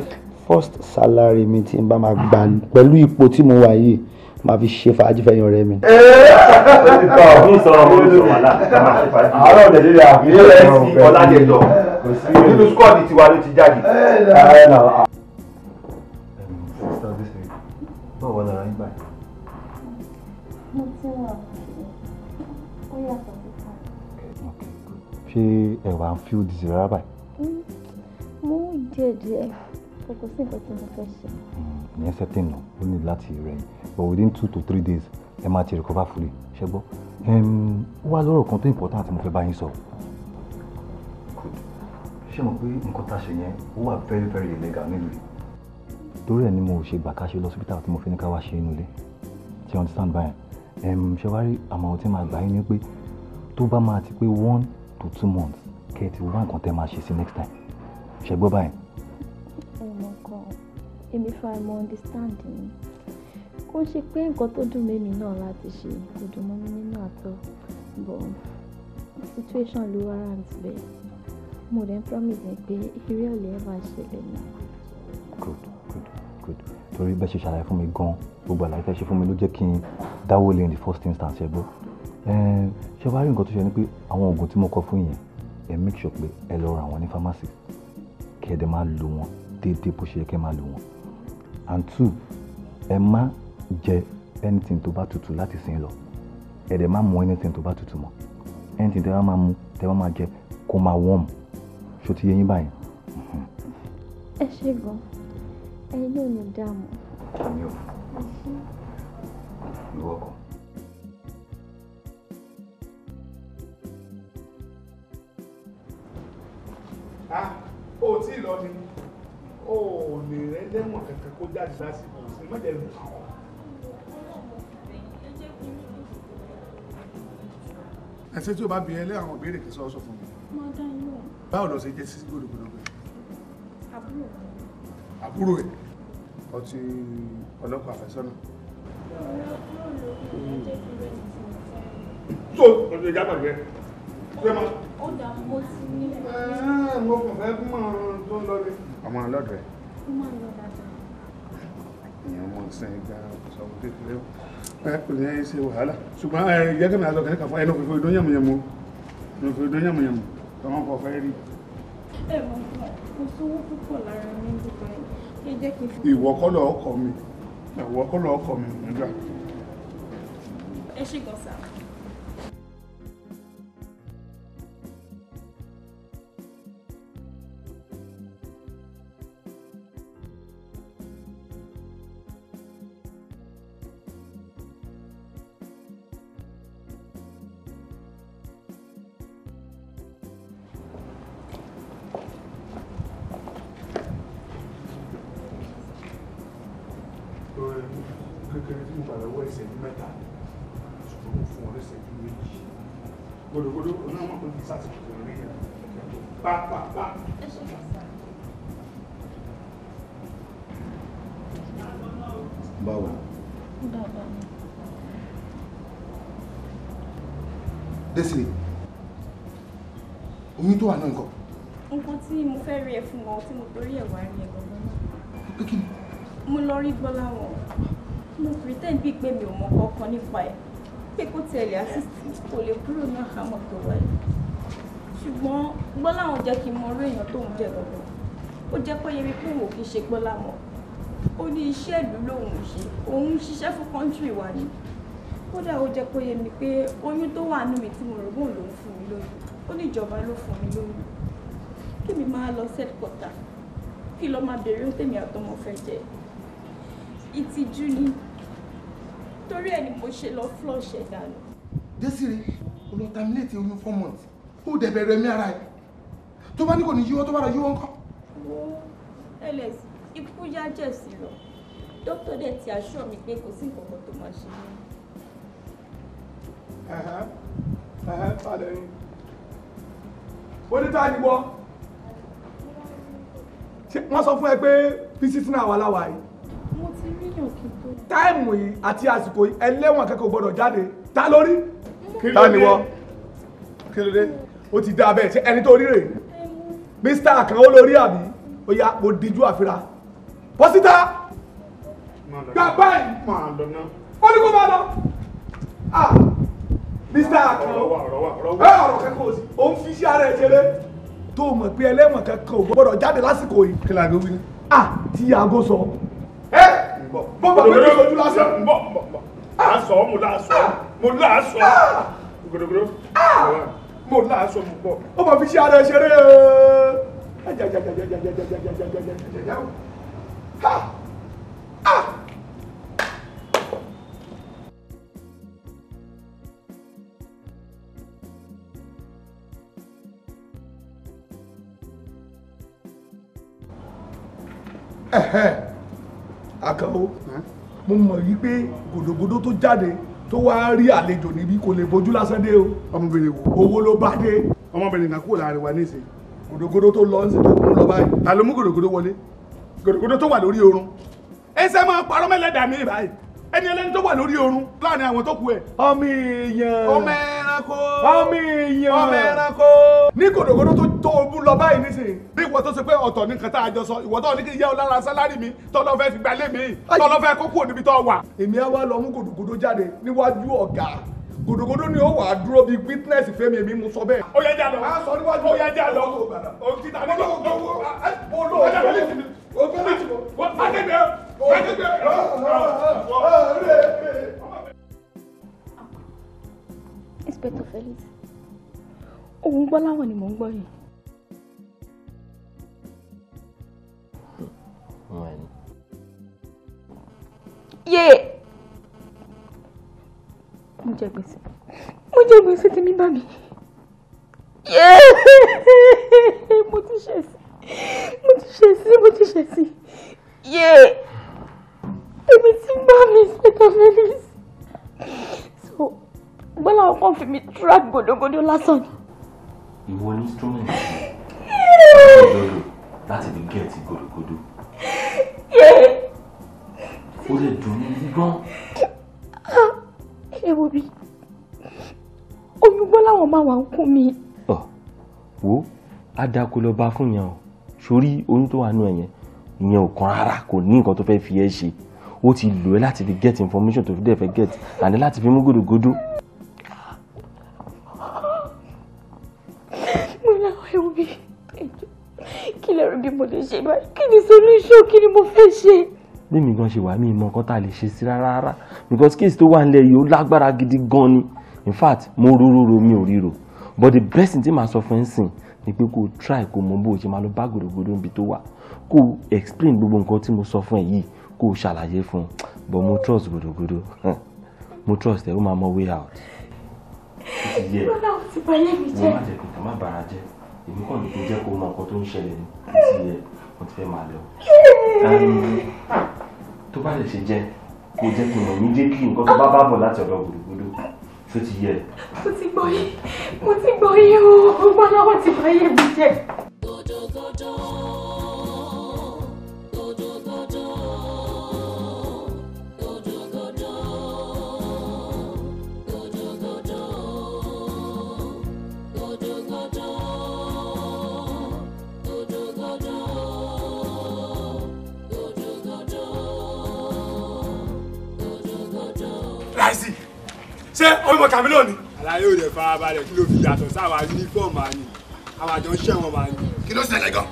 first salary mi tí n bá máa gbà pẹ̀lú ipò tí mo wà yìí máa fi ṣe fàájì fẹ́yìn ọ̀rẹ́ mi. mi sọ̀rọ̀ mi sọ̀rọ̀ wàhálà àárọ̀ nàìjíríà ilé rẹ̀ sí ọ̀làjẹ̀dọ̀ nínú skọ́ọ̀dì tiwa ló ti jáde. ṣé ẹ̀wà ń fi òdì sí rárá báyìí. Mm, mo ń jẹ díẹ̀ kò sí nǹkan tí mo fẹ́ ṣe. Mm, ìyẹn certain nù ó ní láti rẹ̀ but within two to three days ẹ máa ti recover fully ṣe gbọ́. ó wá lọ́rọ̀ kan tó important mo fẹ́ bá yín sọ. ṣé mo pé nǹkan tá a ṣe yẹn ó wà very very illegal nílùú yìí. torí ẹ̀ ni mo ṣe gbà ká ṣe lọ́sibítà tí mo fi ní ká wá ṣe inú ilé ṣe understand báyẹn ṣe wá rí àmọ̀ràn tí màá gbà yín ni pé tó bá máa ti pé one to two months kẹ́ We won't wá nǹkan tẹ́ máa next time ṣe gbọ́ báyìí. ọmọ oh kan èmi fara mọ understanding kó ṣe pé nǹkan tó dùn mẹ́mi náà láti ṣe kò dùn me mi at all. but situation ló warrant bẹ́ẹ̀ mo dẹ̀ ń promise ni he eré ọ̀lẹ́ ẹ̀ máa ṣẹlẹ̀ good good good torí bẹ́ẹ̀ better, ṣàlàyé fún mi gan-an gbogbo àlàyé fẹ́ ṣe fún mi ló jẹ́ kí n dáwọ́ in the first instance ẹ̀ gbọ́ eh, ṣé wàá rí nǹkan tó ṣe ni pé àwọn oògùn tí mo kọ fún yín ẹ make sure pé ẹ lọ ra wọn ní pharmacy kí ẹ dẹ̀ máa lò wọn déédéé bó ṣe yẹ kẹ́ máa lò wọn and two ẹ má jẹ anything tó bá tutù láti sìn lọ ẹ dẹ̀ má mu anything tó bá tutù mọ́ anything tẹ́ bá máa mu tẹ́ bá máa jẹ kó máa warm ṣó ti yé yín báyìí. ẹ ṣe gan ẹyin ò ní dààmú. ìwọ kan. ó tí ì lọ ni ó lè rẹ lẹ́wọ̀n kankan kó jáde lásìkò sí mọ́jẹ̀lú. ẹsẹ tí o bá bí ẹ lé àwọn ìbéèrè kí sọ sọ fún mi. mo dá yín lọ. báwo ló ṣe jẹ sí gbòdògbòdò pé. àbúrò. àbúrò ẹ ọtí ọlọ́pàá àfẹ́sọ́nà. tó o lè jábọ̀ rẹ. ó dà mo sí nílẹ̀ mo kàn fẹ́ mọ̀ tó ń lọ rí. ọmọ ọlọ́dọ̀ ẹ̀. ó máa ń lọ dáadáa. èèyàn mọ̀ sẹ́yìn gba sọ̀rọ̀ kékeré o. ẹ kò ní í ṣe wàhálà ṣùgbọ́n ẹ jẹ́ kí mi àlọ́ kẹ́kẹ́ fún ẹ lọ́kùnrin fún ìdún yàmùyàmù lọ́kùnrin fún ìdún yàmùyàmù tọ́wọ́n kọ fẹ́ rí. ẹ mọ̀ kò sówó púpọ̀ lára mi nígbà yẹn jẹ́ kí n. ìwọ́kọ́lọ̀ ọkọ̀ mi ìwọ́kọ́lọ̀ ọkọ̀ mi nígbà. ẹ ṣe gọ̀ọ́sà. nǹkan tí mo torí ẹ̀ wá rí ẹ̀ gangan náà. ni. mo lọ rí gbọ́lá wọn mo pretend bíi pé mi ò mọ kankan nípa ẹ̀ pé kó tiẹ̀ lè assist kò lè kúrò ní àhámọ́ tó wà yìí ṣùgbọ́n gbọ́lá wọn jẹ́ kí n mọ orí èèyàn tó ń bẹ̀ gangan ó jẹ́ pé yẹmi pé òun kì í ṣe gbọ́lá wọn ó ní iṣẹ́ ìlú lòun ṣe òun ṣiṣẹ́ fún kọ́ńtírì wa ni kódà ó jẹ́ kó yé mi pé oyún tó wà nínú mi tí mo rògbòn lòún fún mi lóyún ó ní ìjọba ló fún mi lóyún kémi máa lọ sẹ́dkọ́tà kí lọ máa bèrè ń tèmi àtọmọ fẹ́ jẹ ìtìjú ni torí ẹ̀ ni mo ṣe lọ flush ẹ̀ dànù. Désiré o lọ terminate oyún four months o dẹ̀ bẹ̀rẹ̀ mí ara ẹ̀ tó bá ní kò ní yíwọ́ tó bá lọ yíwọ́ ńkọ́. wo ls ikú yá jẹ̀sí lọ dókítà dẹ̀ ti aṣọ mi pé kò sí nǹkan kan tó máa ṣe mí. ẹ̀hẹ́ ẹ̀hẹ́ padà yín. onítàdìbọ̀ wọ́n sọ fún ẹ pé bísítì náà wà láwàá yìí. mo ti rí yàn kí n tó. táìmù yìí àti àsìkò yìí ẹlẹ́wọ̀n kẹ́kọ̀ọ́ gbọ́dọ̀ jáde ta lórí. ta ni wọ́n kí ló dé ó ti dá bẹ́ẹ̀ ṣe ẹni tó rí rè mr Àkànó lórí àbí ó yá mo díjú àfira bọ́sítà gbà báyìí ó ní kó máa lọ ah, mr Àkànó ẹ ọ̀rọ̀ kẹ́kọ̀ọ́ sí òun fi iṣẹ́ ara ẹ̀ ṣeré tó mọ̀ pé ẹlẹ́wọ̀n kankan ò gbọ́dọ̀ jáde lásìkò yìí. kí la gbé wí ni. a ti yàgò sọ. ẹ bó bá mi ní sojú lásán. n bọ n bọ láàsọ mo láàsọ mo láàsọ gbọdọgbọdọ mo láàsọ mo bọ. ó mọ̀ fi ṣe ara ṣeré. àkànwó mo mọ̀ yí pé gòdògòdò tó jáde tó wá rí àlejò níbí kò lè bójú lásán dé o. ọmọbìnrin wo owó ló bá dé. ọmọbìnrin kan kúrò láàrin wa nísìnyí. gòdògòdò tó lọ ńsìn tó kún lọ báyìí. ta ló mú gòdògòdò wọlé gòdògòdò tó wà lórí oorun. ẹsẹ̀ máa parọ́ mẹ́lẹ́dàá mi báyìí ẹni ẹlẹ́ni tó wà lórí oorun láàrin àwọn tó kù ẹ̀. ọmọ èèyàn ọmọ ẹranko ọmọ èèyàn ọmọ ẹranko ní gòdògòdò tó tó o mú lọ báyìí nísìnyí bí ìwọ tó ṣe pé ọ̀tọ̀ ní nǹkan tá ìwọ tó ní kí n yẹ ọ lára sálárì mi tọ́lọ́ fẹ́ fi gba lé mi tọ́lọ́ fẹ́ kó kúrò níbi tó wà. èmi á wá lọ mú gòdògòdò jáde níwájú ọ̀gá gòdògòdò ni ó wà á dúró bíi witness fẹ́mi èmi mú sọ bẹ́ẹ̀. Inspector Felix òun gbọ́ láwọn ni mò ń gbọ́ yìí. yé mo jẹ gbèsè mo jẹ gbèsè tí mi bá mi yé mo ti ṣe sí mo ti ṣe sí mo ti ṣe sí yé èmi ti bá mi ṣètò fẹ́lẹ́sì so gbọ́dọ̀ kàn fi mi track gòdògòdò lásán ni ìwọ ní instrument lọ́lọ́ láti fi gẹ̀ẹ́tì gòdògòdò ó lè dùn ní gan. ẹ wo bí oyún gbọ́ láwọn máa wà ń kún mi. ọ wo adako lọ bá fún yẹn o sórí oyún tó wà nù ẹ yẹn ìyẹn ò kan rárá kò ní nǹkan tó fẹ́ fi ẹ ṣe ó ti lò ẹ́ láti fi get information tó fi dẹ̀ fẹ́ get àní láti fi mú gòdògòdò. kí lè rí bí mo lè ṣe báyìí kí ni solution kí ni mo fẹ́ ṣe. lémi gan ṣe wà mí mọ nǹkan tá a lè ṣe sí rárá rárá because case tó wà nílẹ̀ yìí ó lágbára gidi gan ni in fact mo rororo mi ò ríro but the best thing tí màá sọ fún ẹ sìn ni pé kó o try kó o mọ bó o ṣe máa lọ bá gbòdògbòdò níbi tó wà kó o explain gbogbo nǹkan tí mo sọ fún ẹ yìí kó o ṣàlàyé fún un but mo trust gbòdògbòdò mo trust ẹ ó máa mọ way out. bọ́lá ò ti bàyẹ̀ mi jẹ́. mo má jẹ́ kó o má bàrà jẹ́ èmi kàn lè fi jẹ́ kó mọ nǹkan tó ń ṣẹlẹ̀ ní ti yẹ mo ti fẹ́ máa lọ. tó bá lè ṣe jẹ́ kó jẹ́ kí n mọ̀ mí jẹ́ kí nǹkan tó bá bá bọ̀ láti ọ̀dọ̀ gbòdògbòdò tó ti yẹ. mo ti gbọ́ yé mo ti gbọ́ yé o gbọ́dọ̀ wọ́n ti bá yé mi jẹ́. gbòdògbòdò. ṣé ọmọ kàmílò ni. àlàyé ò lè fara balẹ̀ kí ló fi yàtọ̀ sáwà uniform máa ní àwọn àjọ ń ṣẹ̀wọ̀n máa ní. kí ló ṣẹlẹ̀ gan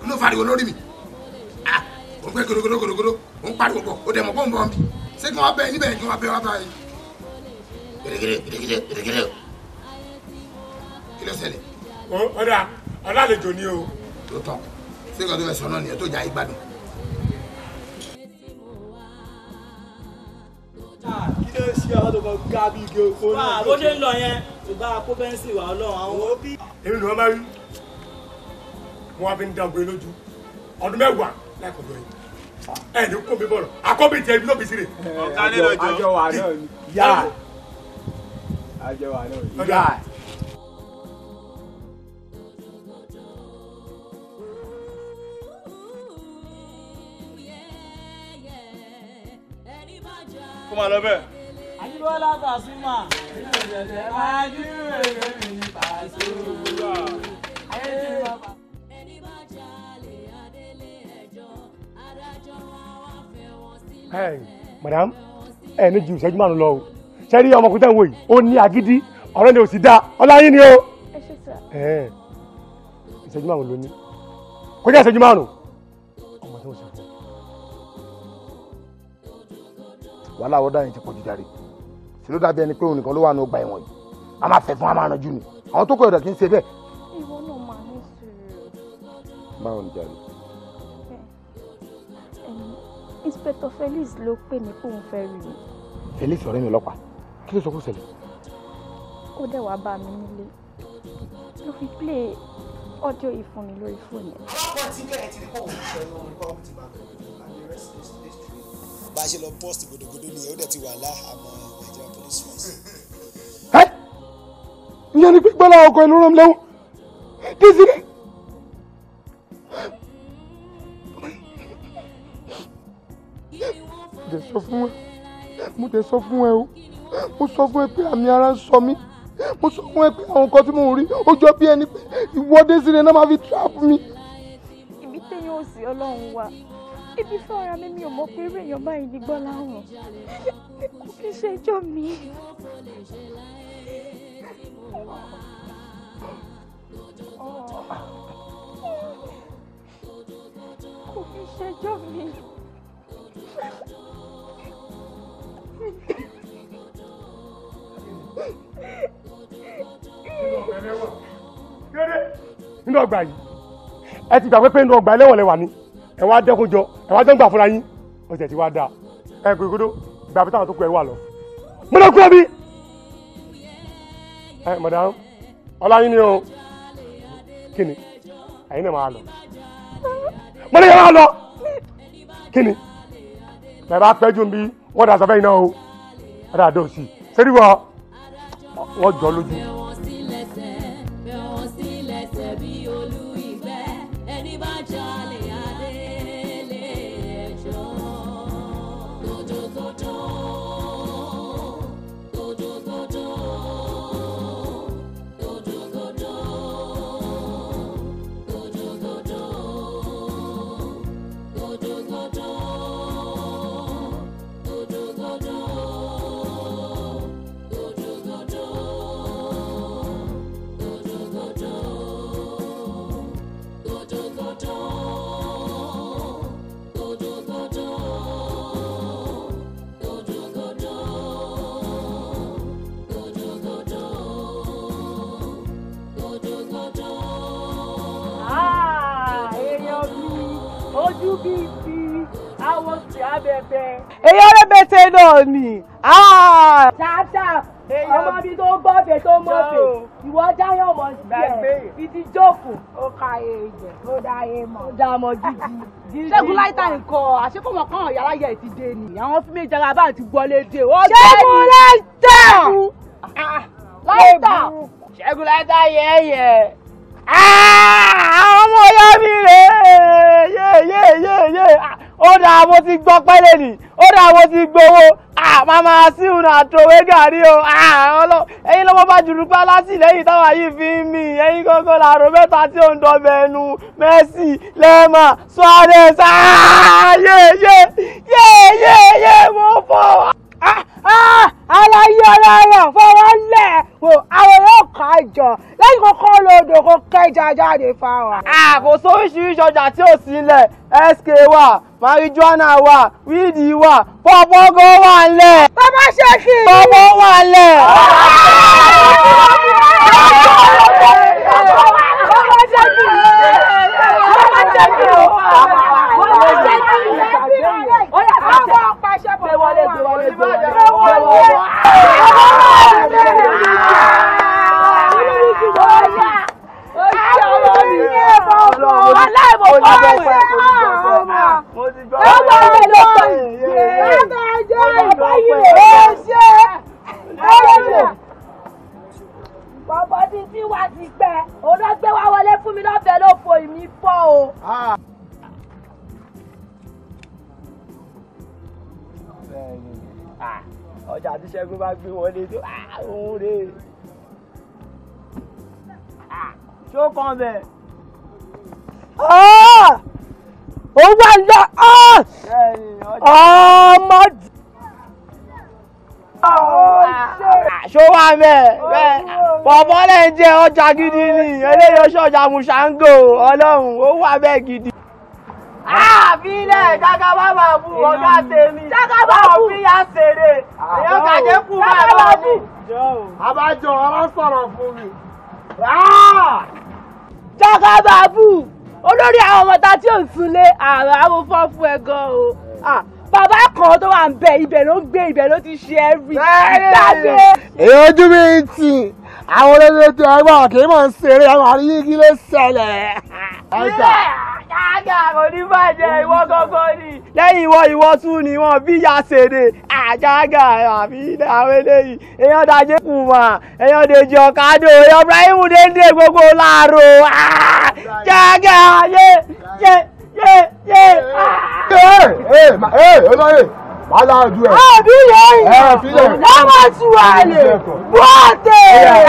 kí ló fariwo lórí mi ò ah, ń pẹ́ gòdògòdògòdò ò ń pariwo bọ̀ ó dẹ̀ mọ̀ bọ́ọ̀ bọ́ọ̀ mi ṣé kí wọ́n bẹ níbẹ̀ kí wọ́n bẹ wá báyìí. gèrègèrè gèrègèrè gèrègèrè o kí ló ṣẹlẹ̀. ọ̀dà ọ̀làlejò ni o. tó tán ṣé kí ọdún ẹ̀sán náà nìyẹn ṣe ń ṣe àwọn tó kọ ga bí igi oko náà. bó ṣe ń lọ yẹn ṣùgbọ́n akó bẹ́ńsì wà ọlọ́run àwọn òbí. èmi ni wọ́n máa rí wọn á fi ń da ògbé lójú ọdún mẹ́wàá láìpẹ́ lọ́yìn ẹ ní kó mi bọ̀rọ̀ akọ́bí jẹ ibi lóbi sílẹ̀. ọ̀kálẹ̀ lọ́jọ́ àjọ wà náà ni yá àjọ wà náà ni yá. kó máa lọ bẹ́ẹ̀ àjíbọ́lá Pasuma. inú Pasuma. Hey, madam ẹ ní ju ìṣẹ́jú márùn-ún lọ o ṣe rí ọmọkùnrin tẹ̀ ń wò yìí ó ní agídí ọ̀rẹ́ ni ò sì dáa ọláyín ni o. ẹ ṣe sá. ìṣẹ́jú márùn-ún ló ní kó jẹ́ ìṣẹ́jú márùn-ún ọmọ tí wọ́n ṣe fún un. wàhálà ọ̀dà yẹn ti pọ̀ jù jàre ṣe ló dàbí ẹni pé òun nìkan ló wà ní ọgbà ẹ̀wọ̀n yìí a máa fẹ́ fún a máa ranjú ni àwọn tó kọ ọ̀dọ̀ kì í ṣe bẹ́ẹ̀. ìwọ náà máa ní sùúrù. báwo ni jàre. inspector Felix ló pè mí pé òun fẹ́ rí mi. Felix ọ̀rẹ́ mi ọlọ́pàá kí ló sọ kó ṣẹlẹ̀. ó dẹ̀ wá bá mi nílé ló fi play audio ìfúnni lórí fóònù. ọlọ́pàá ti bẹ̀rẹ̀ ti rí kó òun fẹ́ lọ́wọ́ nípa ọkùnrin tí bá fẹ́ bá a ṣe lọ post gbòdògbòdò nìyẹn ó dẹ̀ ti wà láhàámọ́ ẹ́ ìyẹn ni pípẹ́ láwọn ọkọ̀ ìlú rán lẹ́wọ̀n Desire. Jẹ sọ fún ẹ, mo jẹ sọ fún ẹ o, mo sọ fún ẹ pé àmì ara ń sọ mí, mo sọ fún ẹ pé àwọn nǹkan tí mo rí ó jọ ẹni pé ìwọ Desire náà máa fi trap mi. Ibi téèyàn ò sí Ọlọ́run wà ibi fún ara mi mi ò mọ pé eré èèyàn báyìí ní gbọ́ láwọn kò kí ṣe ẹjọ́ mi. kò kí ṣe ẹjọ́ mi. nínú ọgbà yìí ẹ ti gbàgbé pé nínú ọgbà ẹlẹ́wọ̀n lẹ wà ní ẹ wá dẹ́kun jọ ẹ wá dẹ́ngbà fúnra yín ọ̀sẹ̀ tí wá dáa ẹ kò ìgbódò gbà bí táwọn tó kú ẹ wà lọ. mo lọ kú ẹbí. ẹ madam ọlá yín ni o kí ni ẹ̀yin náà máa lọ. mo ní kí ẹ máa lọ kí ni bẹ́ẹ̀ bá pẹ́ jù ń bí wọ́n dà sọ́fẹ́ yìí náà o ẹ dà dọ̀ sí i wọ́n jọ lójú. ò ní. ṣáṣá ọmọ bíi tó bọ́ọ̀bẹ tó mọ̀ọ́bẹ ìwọ jáyọ̀ mọ̀ díẹ̀ ìdí jókòó ó ka èèyàn ó dá e mọ̀ ó dá ọmọ gidi. ṣẹ́gun láìta nǹkan àṣekọ̀mọ̀ kan yàrá yẹ ti dé ni àwọn fún méjì ara bá ti wọlé dé. Ah, ṣẹ́gun láìta láìta ṣẹ́gun láìta yẹ̀yẹ̀ àwọn ah, ọmọ ọyọ́ mi rèé yé yé yé yé ah, ó dáa mo ti gbọ́ pẹ́lẹ́ nìí ó dà wo ti gbowó màmá síhùn náà àtòwé gàrí o ọlọ ẹ̀yin lọ́mọ bá jùlọ pa látìlẹ́yìn táwa yìí fi ń mì ẹ̀yin gangan làrò mẹ́ta tí ò ń dọbẹ ẹnu Messi Lema Suarez yé yé yé yé yé mo fọ aláyé ọlọ́rọ̀ fọwọ́ lẹ̀ wò àwọn yóò kà á jọ lẹ́yìn kọ́kọ́ lòdò kó kẹjà jáde fáwọn. kò sóríṣiríṣi ọjà tí ò sílẹ̀ sk wà marijuana wà wíìdì wà pọpọgọ wà lẹ̀. bàbá ṣe kí ni. pọpọ wà lẹ̀. bàbá ṣe kí ni. bàbá ṣe kí ṣẹ́ bọ̀ wọlé gbé wọlé gbé wọlé gbé wọlé. Aláìmọ̀ fọ́ọ̀mù ẹ̀ hàn. Ọgbà ẹ̀ lọ sí. Ọgbà ẹ̀ lọ sí. Bọ̀bọ̀ ti tí wá ti pẹ́, òun lọ gbé wá wọlé fún mi lọ́bẹ̀ẹ́ ló fò ìmí fọ́ o. Ah, ọjà tí Ṣẹ́gun bá gbé wọlé tó ah, òun rè é ṣó kan bẹ̀. ó ah, wà lọ ọmọ ṣó wà mẹ́ bẹ́ẹ̀ pọ̀pọ́ lẹ́yìn jẹ́ ọjà gidi ni eléyìí ó ṣọjà mùsàǹgò ọlọ́run ó wà bẹ́ẹ̀ gidi àbílẹ̀ dága bá máa bu ọ̀gá tèmi dága bá bu ọ̀bí yá ṣeré èèyàn kàdé kú bẹ́ẹ̀ lọ́wọ́ mi. abájọ ọ̀rọ̀ sọ̀rọ̀ fún mi. dága bá bu olórí àwọn ọmọ ta tí ò súnlé àrà mo fọ́ fún o bàbá kan tó wà ń bẹ ibẹ̀ ló ń gbé ibẹ̀ ló ti ṣe everything. èyí ojú mi ti àwọn olóyè tí ẹ gbọ́ kì í mọ̀ ń ṣeré àwọn àríyí kí ló ṣẹlẹ̀. àjàgà kò ní ìwọ gọ́gọ́ ni lẹ́yìn ìwọ ìwọ tún ni wọ́n bí ya ṣèdè àjàgà àbí àwọn eléyìí èèyàn dajé kù mà èèyàn dèjì ọ̀kadò èèyàn Ibrahim dédé gbogbo láàárọ̀ jàgà yé yé yé yé. olóyè do wàhálà ojú ẹ. àbí yẹn yìí lọ́wọ́ tí wà lè bọ́ọ̀tẹ̀.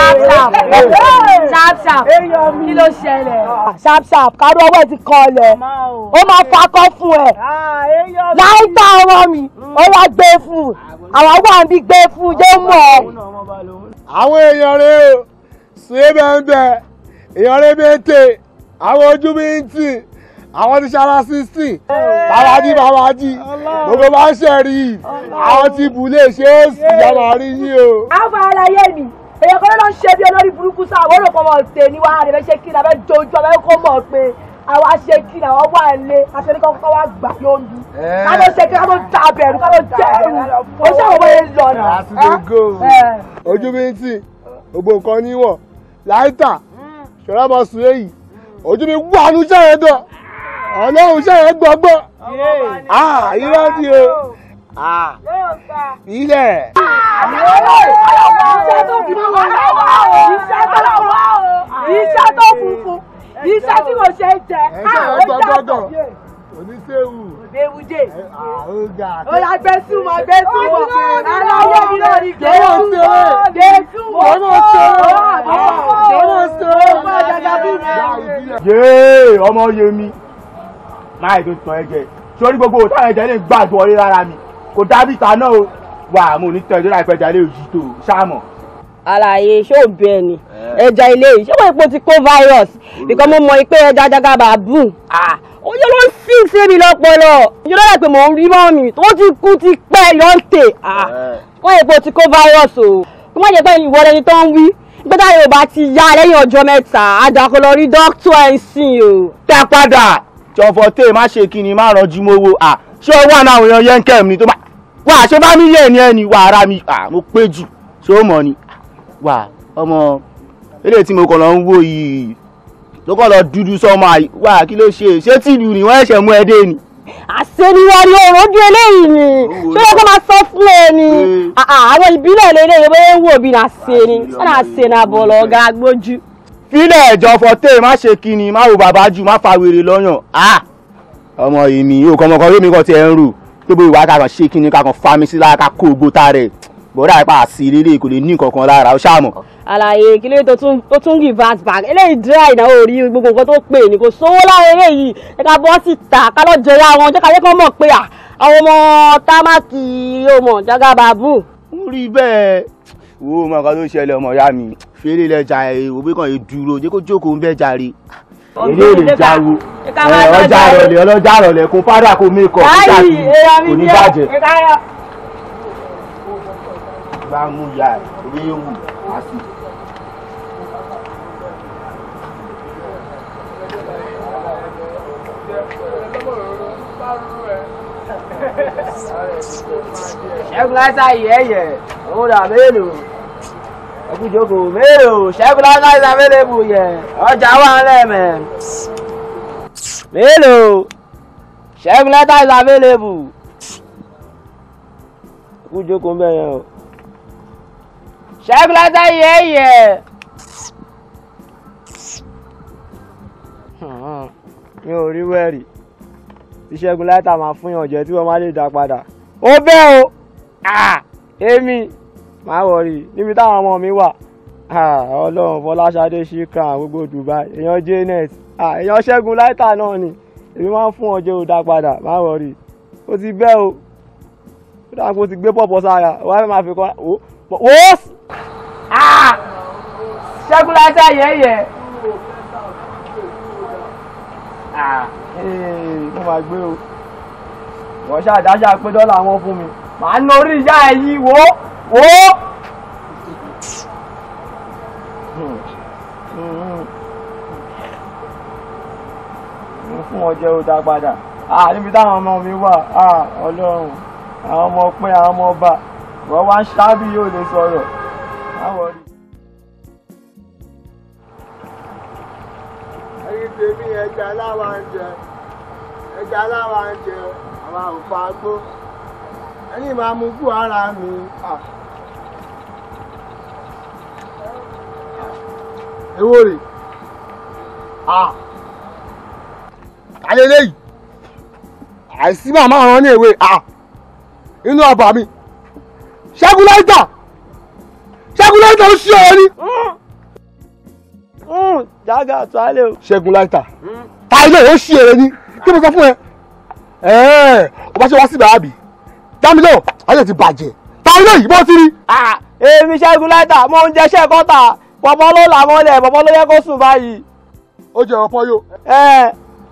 sharp sharp kí ló ṣẹlẹ̀. sharp sharp kárí ọwọ́ ẹ ti kọlẹ̀ ó máa fakọ́ fún ẹ láìta ọmọ mi ó wá gbé fún àwa wà níbi gbé fún jẹ́ mọ́. àwọn èèyàn rẹ o ṣé bẹ́ẹ̀ bẹ́ẹ̀ èèyàn rẹ bẹ́ẹ̀ tè àwọn ojú mi ń tì àwọn ti ṣara sixteen babaji babaji gbogbo bá ń ṣẹ̀rí àwọn ti bù lè ṣe é sì yàrá rí yín o. àwọn àlàyé mi èèyàn kan ló ń ṣe bí olórí burúkú sáà àwọn olùkọ́ mọ̀ ọ̀tẹ̀ ni wàá rẹ̀ fẹ́ ṣe kí ni àbẹ́ jojú àbẹ́ kó mọ̀ pé àwa ṣe kí ni àwọn wà lé aṣọ ní kọ́kọ́ wá gbà yóò lu ká ló ṣe kí ká ló ta bẹ̀rù ká ló jẹ́ ẹ̀rù ó ṣe àwọn ọmọye lọ nà. Ah! Eh! ojú mi ti gbogbo nǹkan níwọ̀n láìta hmm. ṣọlá mọ̀ sùn èyí ojú mi wà lójú ẹ̀rọ dán ọlọ́run ṣe é gbọ́gbọ́ irọ́ ni o ilẹ̀. iṣẹ́ tó funfun iṣẹ́ tí mo ṣe jẹ àwọn ah, iṣẹ́ tó yẹ oníṣẹ́wù. òdewújẹ. àrùgà. olàgbẹ́sùmọ̀ gbẹ́sùmọ̀ aláyé mi náà ni gbẹ́sùmọ̀ gbẹ́sùmọ̀ ọ̀nà ṣe ọ̀nà ṣe ọmọ jàgàbí. yéé ọmọ yẹmi máa ètò ìtàn ẹ̀jẹ̀ sórí gbogbo òtá ẹ̀jẹ̀ lè gbàdúrà rí rárá mi kò dábì ta náà o wà mo ní tẹ̀ ìdúrà ìpẹja lè yí tó sáàmọ̀. àlàyé ṣé ò bẹ ni ẹja ilé yìí ṣé wọn ipò ti kó virus because mo mọ pé ẹja jagaba bù ojú ló ń sì sébi lọpọlọ ojú lọ́dọ̀ pé mò ń rí mọ́mì tó ti kú ti pẹ́ yọ̀ǹtẹ̀ wọ́n ipò ti kó virus o kí wọ́n jẹ́ pé ìwọ́n ẹni tó ń wí gbọ́dọ̀ yorùbá ti yá lẹ́yìn ọjọ́ mẹ́ta àdàkọ lọ rí dókítà ẹ̀ sìn o. tẹ padà jọ̀fọ̀ tè má ṣe kí ni má ranjú mowó à ṣé ó wà náà èèyàn yẹn kẹ́ mi tó má wà ṣé bá mi yẹ̀ ni ẹni wà ara mi à mo pé jù ṣé ó mọ̀ ni wà ọmọ eré tí mo kàn lọ ń wò yìí tó kàn lọ dúdú sọmọ àyè wà kí ló ṣe ṣé tìlú ni wọ́n ẹ̀ṣẹ̀ mú ẹ dé ni àṣeniwari ọ̀rọ̀ dún eléyìí ni ṣé wọ́n kọ́ máa sọ fún ẹ ni àwọn ìbílẹ̀ lélẹ́yìn bóyá ń wò bí na ṣe ni wọ́n náà ṣe na bọ̀ lọ́ọ́ gbójú fílẹ̀ ẹ̀jọ̀ fọ́tẹ́ má ṣe kíni má wo bàbá jù má fa wèrè lọ́yàn ọmọ èmi yóò kọ́ ọmọkan lómi kan ti ẹ̀ ń rò pé bóyá ìwà kakàn ṣe kíni kakàn fa mi sí lára kakó ògbóta rẹ̀ bọ́dà ipa àṣírí lè kò lè ní nǹkan lára ó ṣàmọ̀. àlàyé kílé tó tún tó back eléyìí dry náà ò gbogbo nǹkan tó pè ní kò sówó lára eléyìí ẹ ká bọ́ síta ká lọ́ọ́ jẹrẹ àwọn jẹ́ ká yẹ kán mọ̀ pé àwọn ọmọ támákì yóò mọ̀ jágàbàbù. ó rí bẹ́ẹ̀ wo mọ nǹkan tó ṣẹlẹ̀ ọmọ ìyá mi fèrè lẹ́jà ẹ̀ òbí kan yìí dúró jẹ́ kó jókòó ń bẹ́ jàre. èlé lè jáwo ọjà rọlẹ̀ ọlọ́jà rọlẹ̀ kún fádà kó mẹ́kọ̀ nígbà tí kò ní bàjẹ́. bá a mú ìyá ẹ̀ òbí yóò wù á sí. Thank you ṣẹ́gun láìsà yẹ̀yẹ̀ òun dà mélòó ẹkú jókòó mélòó ṣẹ́gun láìsà mélòó yẹ̀ ọjà wà lẹ́mẹ̀ mélòó ṣẹ́gun láìsà mélòó ẹkú jókòó ń bẹ̀ yẹn o ṣẹ́gun láìsà yẹ̀yẹ̀. mi ò rí wẹ́rì tí Ṣẹ́gun Láìtà máa fún yàn jẹ́ tí wọ́n má lè dá padà ó Ah, èmi máa wọ̀rì níbi táwọn ọmọ mi wà ah, ọlọ́run fọláṣadé ṣìkan gbogbo dubai èèyàn jnet ah, èèyàn ṣẹ́gun láìta náà ni èmi máa ń fún ọjọ́ òdà padà máa wọ̀rì ó ti bẹ́ o ó dà kó ti gbé pọ̀pọ̀ sára wàá fẹ́ máa fi kọ́ wò ó ṣẹ́gun láìta yẹ̀yẹ̀ eh, mo máa gbé o wọ́n ṣáà dáṣà pé dọ́là wọn fún mi màá na orí ìyá ẹ yí wò ó wò ó. mo fún ọ jẹ́ ó dá padà níbi táwọn ọmọ mi wà ọlọ́run àwọn ọmọ pín àwọn ọmọ ọba wọ́n wá ń ṣáàbì yóò lè sọ̀rọ̀ láwọ̀ rí. ẹyin tèmi ẹja aláwa ń jẹ ẹja aláwa ń jẹ àwọn àwòfà gbó ẹni máa mú kú ara mi. èwo rè ayẹlẹ́yìí àìsí màmá ọ̀ràn ní èwe inú ọba mi ṣẹ́gun láìta ṣẹ́gun láìta ó ṣí ọ̀rọ̀ ni. jágà tó a lè o. ṣẹ́gun láìta ta ilé ó ṣí ọ̀rọ̀ ni kí mo sọ fún ẹ ọba ṣe wá síbẹ̀ àbí dámilọ ayé ti bàjẹ́ táwọn eléyìí bọ́ sí ni. èmi ṣẹ́gun láìta mo ń jẹ́ṣẹ́ kọ́ta pọ̀pọ́ ló là mọ́lẹ̀ pọ̀pọ́ ló yẹ kó sùn báyìí. ó jẹ ọ̀pọ̀ yó.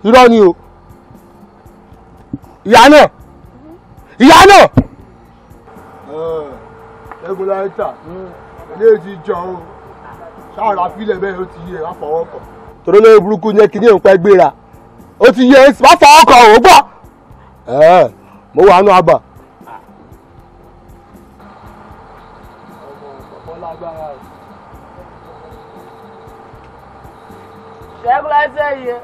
irọ́ ni o ìyá náà ìyá náà. ṣẹ́gun láìta ilé ti jọ o ṣáàrà fílẹ̀ bẹ́ẹ̀ ó ti yé wá fọwọ́ kàn. torí olóyè burúkú yẹn kì í ní òǹpẹ́ gbéra ó ti yé wá fọwọ́ gbọ́. mo wà á nù abà. That's what I tell you.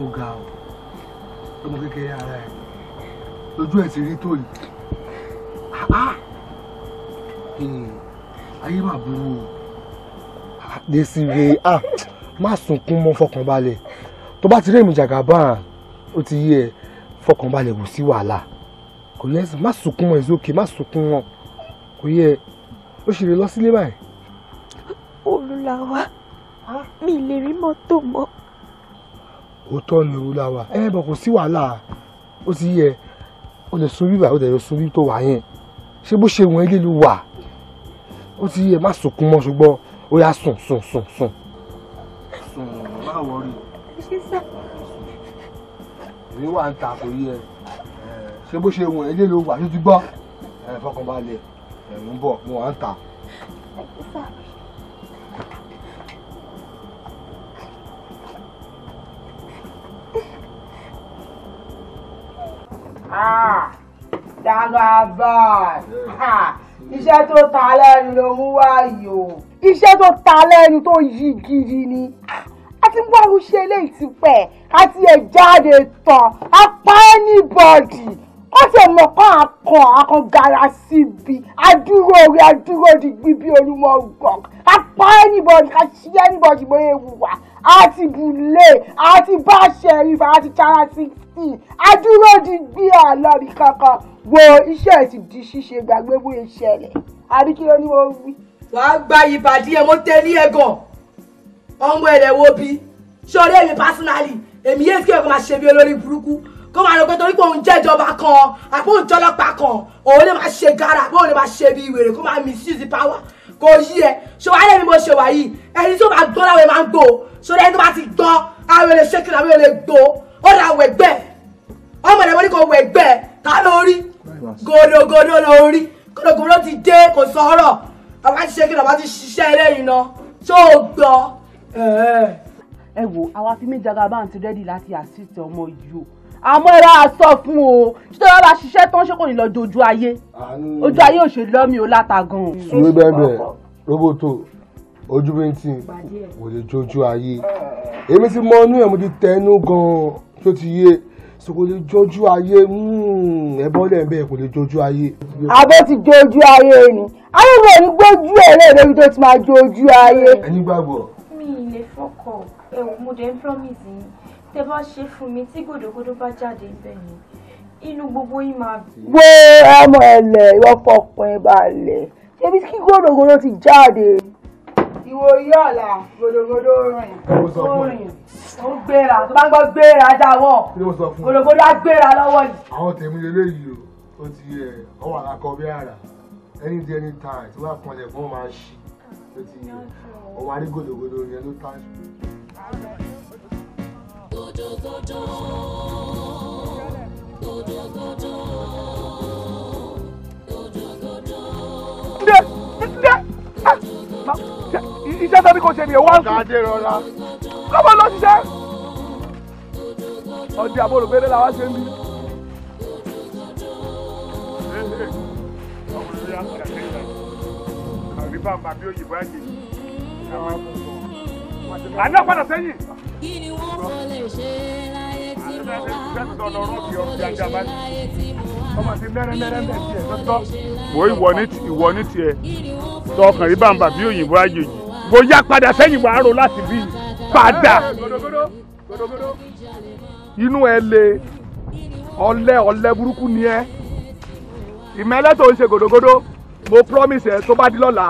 ó ga ọ lọmọ kékeré ara ẹ lójú ẹ ti rí tó yìí hmm. ayé mà burú o. Desire ah má sunkún mọ́ fọkànbalẹ̀ tó bá ti rí èmi jàgàbá ó o yé ẹ fọkànbalẹ̀ kò sí wàhálà kò yẹ ẹsẹ má sunkún wọn it's okay má sunkún wọn kò yẹ ó ṣe lè lọ sílé báyìí. olùlàwà mi lè rí mọ́tò mọ́. òótọ́ ni olùlàwà ẹ bọ̀ kò sí wàhálà ó ti yẹ o lè sun bíbà o lè sun bíbà tó wà yẹn ṣé bó ṣe wọ̀n ilé ló wà ó ti yẹ má sunkún mọ́ ṣùgbọ́n ó yá sùn sùn sùn sùn. sùn má wọrí. ṣé sá. wà ń ta kò yẹ ṣé bó ṣe wọ̀n ilé ló wà ṣé ti gbọ́ ẹ fọkànbalẹ̀ ẹ ń bọ̀ mo wà ń ta. Dagabad iṣẹ́ tó ta lẹ́nu ló mú wáyé o. iṣẹ́ tó ta lẹ́nu tó yí gidi ni a ti ń wá irúṣẹ́ eléyìí ti pẹ́ a ti ẹ̀ jáde tán a pa anybody ó ṣe mọ̀ kán akàn akàn gara síbi adúró orí adúró di gbígbí olúmọ gbọ̀n ká pa anybody ká ṣí anybody bóyá ewu wà a ti bulé a ti bá ṣẹ̀rífà á ti chara sixty adúró di gbí àlọ́bì kankan wo iṣẹ́ ti di ṣíṣe gbàgbé bóyá ṣẹlẹ̀ àríkìlẹ̀ ni wọ́n wí. wàá gba ìbàdí ẹ mo tẹ ní ẹgàn ọmọ ẹ̀rẹ̀ wo bí ṣọ́ọ́rẹ́ mi personally èmi yéé kí ẹ̀kọ́ máa ṣe bí olórí burúkú kó máa rò pé torí pé òun jẹ́jọba kan àpò òun jọlọ́pàá kan òun lè máa ṣe gara àpò òun lè máá ṣe bí wèrè kó máa misuse power kò yí ẹ ṣòwò ayé mi mo ṣe wà yìí ẹni tó bá gbọ́ láwọn ẹ̀ máa ń gbò sórí ẹni tó bá ti gbọ́ àwọn èlé ṣékìlì àwọn èlé gbò ó ra wẹ̀gbẹ́ ọmọ rẹ̀ wọ́n ní kò wẹ̀gbẹ́ ta lórí gòdògòdò lórí gòdògòdò ti dé kò sọ̀rọ̀ àwọn àti ṣékìlì àwọn àti ṣiṣẹ́ eléyìí náà tó gbọ́ ẹ wo àwa fi mí jaga bá ń ti rẹ́dì láti assist ọmọ yìí o àmọ́ ẹ̀rọ àsọ fún o títí ọ̀rọ̀ bá ṣiṣẹ́ tán ṣé kò ní lọ ju ojú ayé ojú ayé òṣèlú lọ́mí o láta gan. sùúrù bẹ́ẹ̀ bẹ́ẹ̀ roboto ojú bí n tì kò lè jojú ayé èmi ti mọ inú ẹ̀ mo ti tẹnu gan-an tó ti yé so kò lè jojú ayé hmm, ẹ̀bọ́n lẹ̀ bẹ́ẹ̀ kò lè jojú ayé. àbó ti jojú ayé ni àwọn ọmọ mi gbójú ẹ̀ lẹ́yìn lórí tó ti máa jojú ayé. ẹni gbàgbọ́. mi ì lè fọkọ̀ ẹ̀wọ̀n mo dé tẹ bá ṣe fún mi tí gòdògòdò bá jáde ibẹ̀ yẹn inú gbogbo yín máa bí. wé ọmọ ẹlẹ ìwọ fọkàn balẹ̀ ṣebí kí gòdògòdò ti jáde. ìwò yọ̀ọ̀la gòdògòdò rìn ó rìn ó gbéra tó bá ń gbọ́ gbéra dáwọ́ gòdògòdò á gbéra lọ́wọ́ yìí. àwọn tèmi lélẹ́yìí o ó ti yẹ ọwọ́ àlàkọ bí àrà ẹni di ẹni tàn tí wọ́n á pọnlẹ̀ fún wọn máa ṣí ó ti yẹ ọwọ́ arígòdògòdò rìn ẹ ló tàn sí. Gòdògòdò. Gòdògòdò. Gòdògòdò. Ǹjẹ́ ǹjẹ́ iṣẹ́ tàbí kò ṣe ni ẹ̀wọ́n. Gàdé rọra. Kọ́mọ lọ ṣiṣẹ́. Ọdí àbúrò bẹ́ẹ̀ la wá ṣe ń bí. Ọkùnrin yà kàkẹ́ ìgbà. Àrí bàbá bí òyìnbó àjèjì. Àwọn akọ̀kọ̀ àná padà sẹ́yìn. kí ni wọ́n kò lè ṣe láyé tí mo wá kí ni wọ́n kò lè ṣe láyé tí mo wá. ọmọ ti mẹ́rẹ́ mẹ́rẹ́ mẹ́rẹ́ tiẹ̀ tọ́tọ́. wo ìwọ ní tiẹ̀ tọkàn rí bàǹbà bí òyìnbó àjèjì bóyá padà sẹ́yìn wàá rò láti bí padà. inú ẹ le ọ̀lẹ ọ̀lẹ burúkú ni ẹ ìmẹ́lẹ́ tó ń ṣe gòdògòdò mo promise ẹ tó bá di lọ́la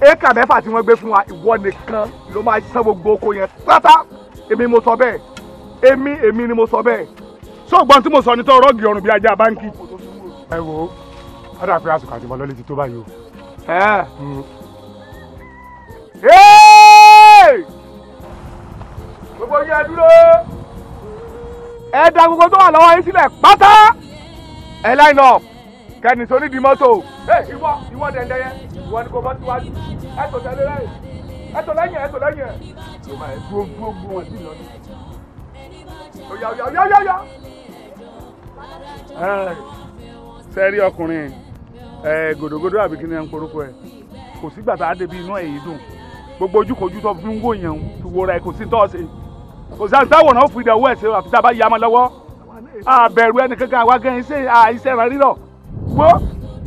éka mẹ́fà tí wọ́n gbé fún wa ìwọ nìkan ló máa san gbogbo oko yẹn pátá èmi mo sọ bẹ́ẹ̀ èmi èmi ni mo sọ bẹ́ẹ̀. sọ́gbọ́n tí mo sọ ni tó rọ́ọ̀gì ọrùn bíi ajá báńkì. ẹ wo ọ̀dà pé àsùkò àti mọ́lọ́lẹ́ ti tó báyìí o. Hmm. gbogbo yẹn dúró ẹ da gbogbo tó wà lọ́wọ́ yín sílẹ̀ pátá ẹ line up kẹ́nìtò nídìí mọ́tò. ẹ ìwọ ìwọ dẹ̀ndẹ̀ yẹn ìwọ ni kò bọ́ síwájú ẹ tò tẹ́lẹ̀ lẹ́yìn ẹ tò lẹ́yìn ẹ tò lẹ́yìn ẹ. dúró dúró gbó wọn sí lọ ní. ọ̀yà ọ̀yà ọ̀yà ọ̀yà. ẹ sẹ́rí ọkùnrin ẹ gòdògòdò àbí kí ni ẹ ń porúkọ ẹ kò sígbà tá a débi inú ẹ̀yìn dùn gbogbo ojúkojú tó fi ń wò yẹn ti wo ra ẹ kò sí tọ́ọ̀sì kò sí àtàwọn náà fún ìdánwò ẹ̀ ṣe àfi tá a bá yá ọmọ lọ́wọ́ àbẹ̀rù ẹnìkankan àwa gan iṣẹ́ àìṣẹ́ ra rírọ̀ wo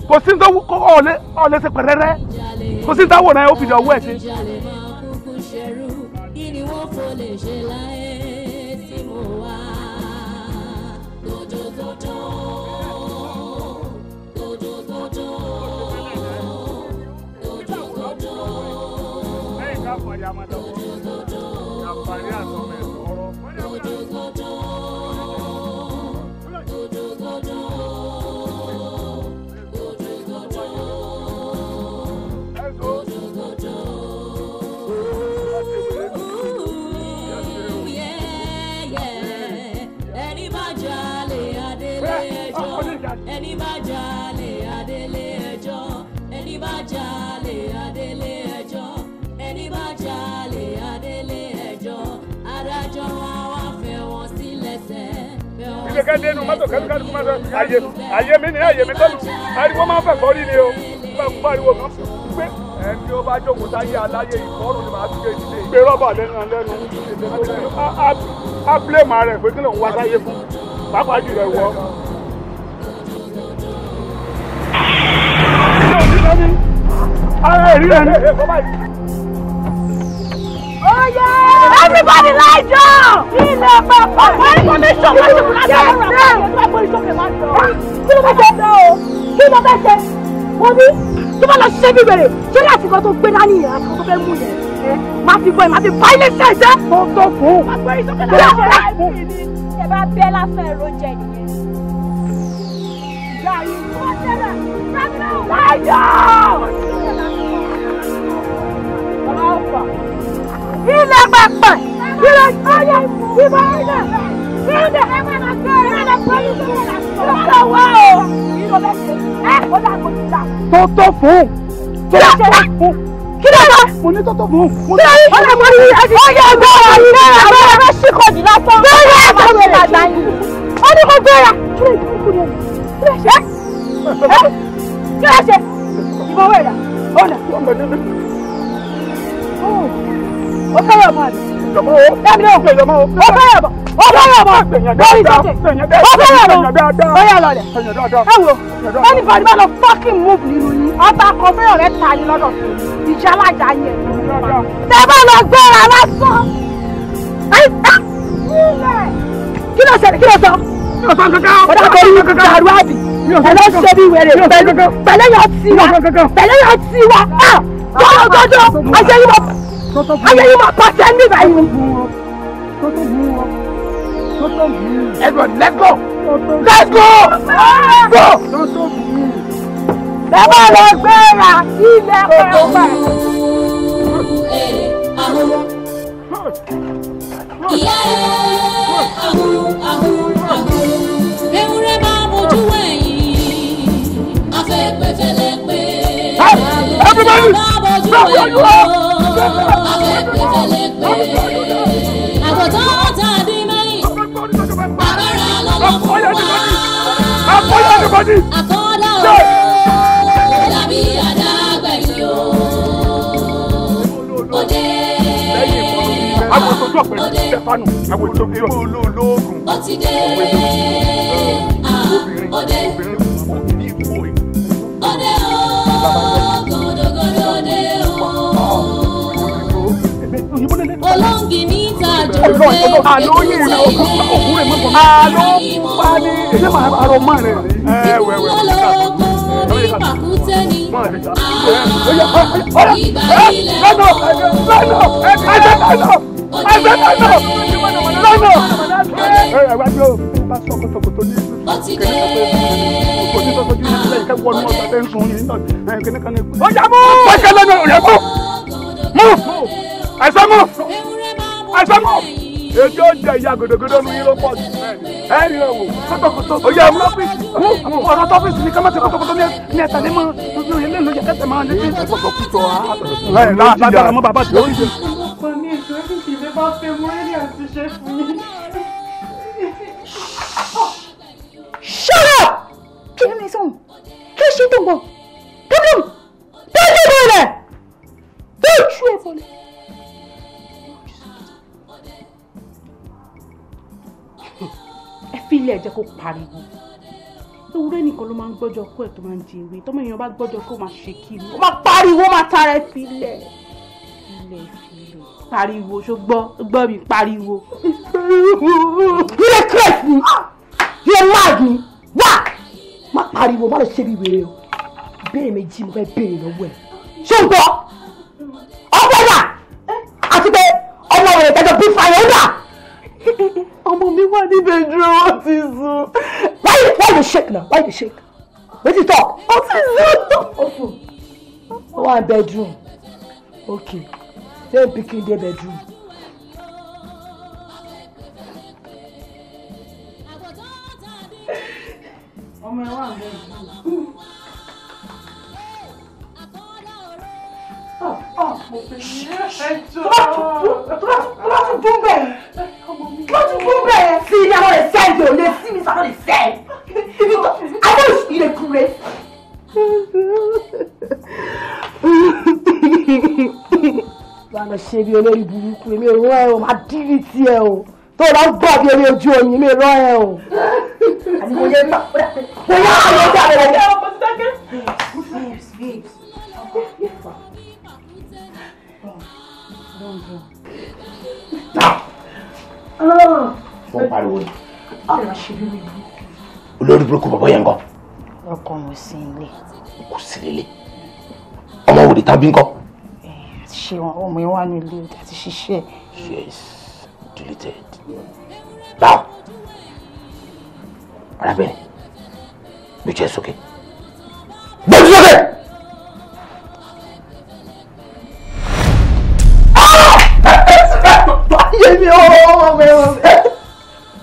kò sí tó kó ọ̀lẹ́ ọ̀lẹ́ ṣe pẹ̀rẹ́rẹ́ kò sí táwọn náà ó fi dọ̀wọ́ ẹ̀ sí. Yeah, my dog. ṣe ká dénú mọ́tò kẹ́lúkẹ́lú kó má sọ àyè àyè mi ní àyè mi tọ́lù sí ariwo máa ń fẹ̀ kọ́rí ni o nígbà gbogbo ariwo kan pé ẹni ó bá jókòó táyé aláyé ìfọ́rùn ni màá fi gbé ìdílé. gbé rọ́bà lẹ́nu lẹ́nu abúlé màá rẹ̀ pé kí lóun wá sáyé fún pàápàá jùlọ ìwọ. ara ìrírí ẹni. Oh yeah! Everybody lie down! Ilé pápá! Wọ́n kò ní ṣọ̀kọ́ ṣe fún láti ọ̀rọ̀ àwọn You ìgbẹ́ ìṣọ̀kẹ́ máa ń you? Ah, kí ló fẹ́ ṣe? Kí ló fẹ́ ṣe? Mo ní tó bá lọ ṣiṣẹ́ bí to ṣé láti kan tó gbé dání yẹn àti kan tó fẹ́ mú yẹn. Eh, má fi gbọ́ ẹ̀ má fi bá ilé iṣẹ́ ìṣẹ́. Tó tó fún. Ṣé bá bẹ́ lásán ẹ̀rọ jẹ nìyẹn? Ìyá yìí kọ́ tẹ́lẹ̀ lájọ́! Lájọ́! Ọlọ́pàá ilẹ̀ pàpà ilẹ̀ ọyẹ ìbá ilẹ̀ ilẹ̀ ilẹ̀ wà o. tó tó fún kí ló ṣe fún kí ló ṣe mo ní tó tó fún mo ní tó tó fún ọyẹ ọgbẹ ọyẹ ọgbẹ ọgbẹ ṣìkọjì lásán lórí ẹgbẹ ọgbẹ làgbà yìí ó ní kó gbéra kí ló ṣe kí ló ṣe kí ló ṣe ìbọn wẹ̀rẹ̀ ọ̀nà ó fẹ́rẹ̀ mọ́ ni. ìjọba o dábìlì o ìjọba o ó fẹ́rẹ̀ mọ́ ó fẹ́rẹ̀ mọ́ lórí sọ́tẹ̀ ó fẹ́rẹ̀ mọ́ bóyá lọlẹ̀ ẹ wo ẹni bàdí bá lọ fọ́kìn múùbù nínú yín ọba kan fẹ́rẹ̀ rẹ ta ni lọ́dọ̀ ìjà alájà yẹn. tẹ bá lọ gbọ́ra lásán. kí ló ṣẹlẹ̀ kí ló sọ. ọ̀dà kò rí dàrú àbí ẹ̀rọ ṣe bí wẹ̀rẹ̀ pẹ̀lú yọ̀ tiwa pẹ̀lú yọ̀ tiwa. Bọ́lá gbọ́dọ̀ àṣẹ yìí wọ́n ayé yìí máa pàṣẹ ní báyìí. Edward let's go let's go go. ẹ bá lọ gbé ra ilẹ̀ pẹ̀lú. ìyá ẹ̀ ahun ahun ahun ewúrẹ́ máa mojú wẹ̀yìn afẹ́pẹ́fẹ́lẹ́pẹ́ ẹ̀ máa mojú wẹ̀yìn abẹ́pẹ́ fẹ́lẹ́pẹ́ àgùntàn tàbí mẹ́yìn abẹ́rẹ́ lọ́lọ́kùn wá àkọ́dá òwò àlọ́ yìí ni ọkùnrin mọ̀ kọ́ àlọ́ bá ní ṣé màá parọ́ mọ́ rẹ̀ ẹ wẹ̀ wẹ̀ Ọjà mú! Pẹ́kẹ́ lẹ́nu rẹ̀ mú! Mú! Àìsàn mú! Àìsàn mú! èyí ó jẹ ìyá gòdògòdò nu yín ló pọ̀ jù ẹ rí ẹ wò. kótókótó ó yẹ ọmọ ọ́fíìsì ọ̀rọ̀ tọ́fíìsì ni ká má ṣe kótókótó ní ẹ̀ta ní mọ́ ojú ilé ló yẹ kẹsẹ̀ máa ní bí. kótókótó a. láti yàrá mọ́ bàbá ti lọ́ọ́ ń gbọ́jọ kó ẹ̀ tó máa ń di ewé tọ́mọ èèyàn bá gbọ́jọ kó máa ṣe kiri ó máa pariwo máa tara ẹ sílẹ̀ sílẹ̀ sílẹ̀ pariwo ṣó gbọ́ gbọ́ mi pariwo. ilé crate ni ilé mag ni wá má pariwo má lọ ṣe bí wèrè o béèrè méjì mo fẹ́ béèrè lọ́wọ́ ẹ̀ ṣé gbọ́ ọgbẹ́ wà àti pé ọmọ rẹ̀ tẹ́jọ́ bí fàyẹ̀ wà. ọmọ mi wà ní bedroom ó ti sùn. why you why you shake now why you shake wetin talk wetin talk open one bedroom okay same pikin dey bedroom. ọmọ ẹ wà ń bẹ̀rù. Kíló tún fún bẹ́ẹ̀? Sí ilé àwọn ẹ̀sẹ̀ ìjọ lè sí mi sáré sẹ́ẹ̀. I know she's a great. Lánà ṣe bí olórí burúkú èmi ò rán ẹ o, máa dìrì tí ẹ o. Tó o bá ń gbọ́ bí omi ojú omi, èmi rán ẹ o. Àní mo yẹ bá mo yá àwọn ọjà rẹ̀ jẹ́ ọmọ sẹ́kẹ́. Babes, babes, ọkọ̀ ìfà. Tọ́ pariwo ni. Ọ̀rọ̀ ṣe bí mi bú olórí burúkú bàbá yẹn ńkọ́. ọkọ mi sí ilé. kò sí lélẹ̀ ọmọ wòlé tàbí ńkọ́. ṣé ọmọ yẹn wà ní ilé àti ṣiṣẹ́. yes deleted. now arábìnrin gbèjọ ẹ sókè gbèjọ sókè. Ah!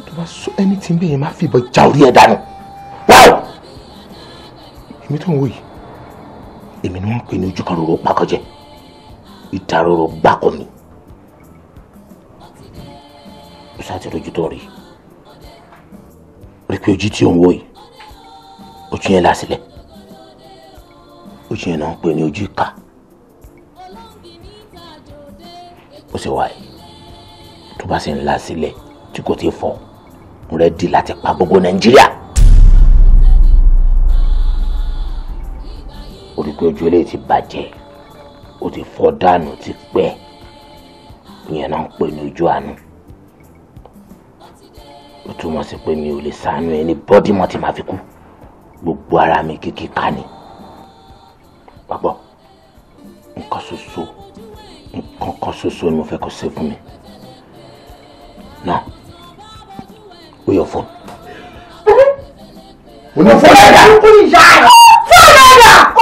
tó bá sọ anything bẹ́ẹ̀ yẹn má fìbọn já orí ẹ̀ dànù èmi tó ń wò yìí èmi ni wọ́n ń pè ní ojú kan rorò pákọ́jẹ́ ìta rorò gbákọ̀ mi ó sáà ti rojú tó rí rí pé ojú tí ò ń wò yìí ojú yẹn lásìlẹ̀ ojú yẹn náà ń pè ní ojú ìka ó sì wáyé tó bá sì ń lásìlẹ̀ tí kò ti fọ́ rẹ́dí láti pa gbogbo Nàìjíríà. pé ojú ilé ti bàjẹ́ ó ti fọ́ dànù ti pẹ́ ìyẹn náà ń pè ní ojú àánú ó túmọ̀ sí pé mi ò lè sànú ẹni bọ́dí mọ́ ti máa fi kú gbogbo ara mi kíkí ká ni pàpọ̀ nǹkan ṣoṣo nǹkan kan ṣoṣo ni mo fẹ́ kó ṣe fún mi náà ó yọ fún mi. Mo ní fún ẹ̀dá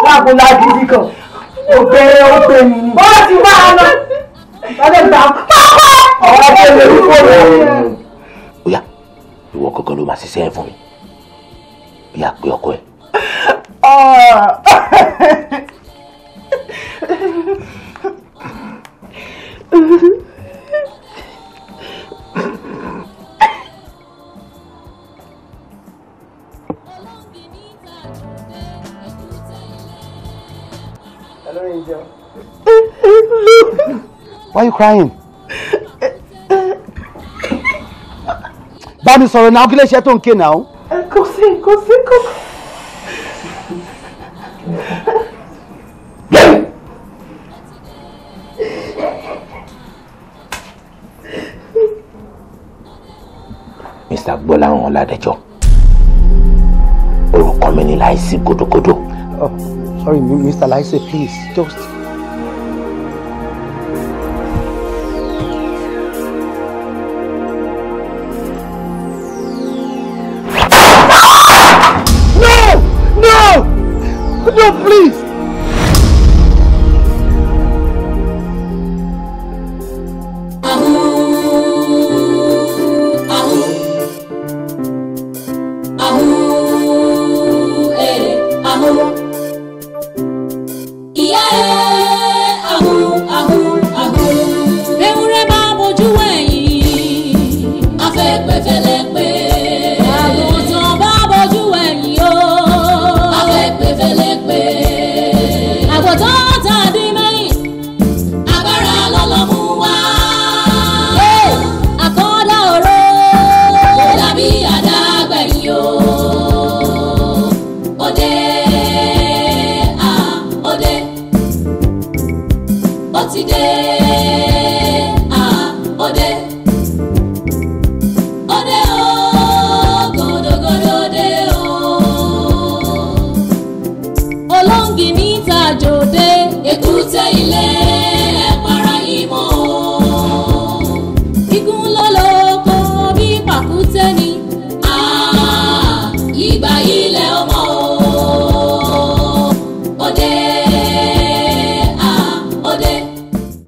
láàbò lágídí kan òbẹ òbẹ mi ni. bọ́lá ti bá a lọ lọ́dọ̀ gbà pápá. ọ̀rọ̀ bẹ́ẹ̀ lè rí fóònù. oya ìwọ kankan ló máa ṣiṣẹ́ ẹ̀ fún mi oya pé ọkọ ẹ. Mm-hmm. Why are you crying? Bá mi sọ̀rọ̀ náà, kí lè ṣe tó ń ké náà? Kò sí, kò sí, kò sí. Mr. Gbọ́láhùn Ọládẹjọ́, orúkọ mi ni Láìsí Gódógódó. Oh, sorry, Mr. Láìsí, please, just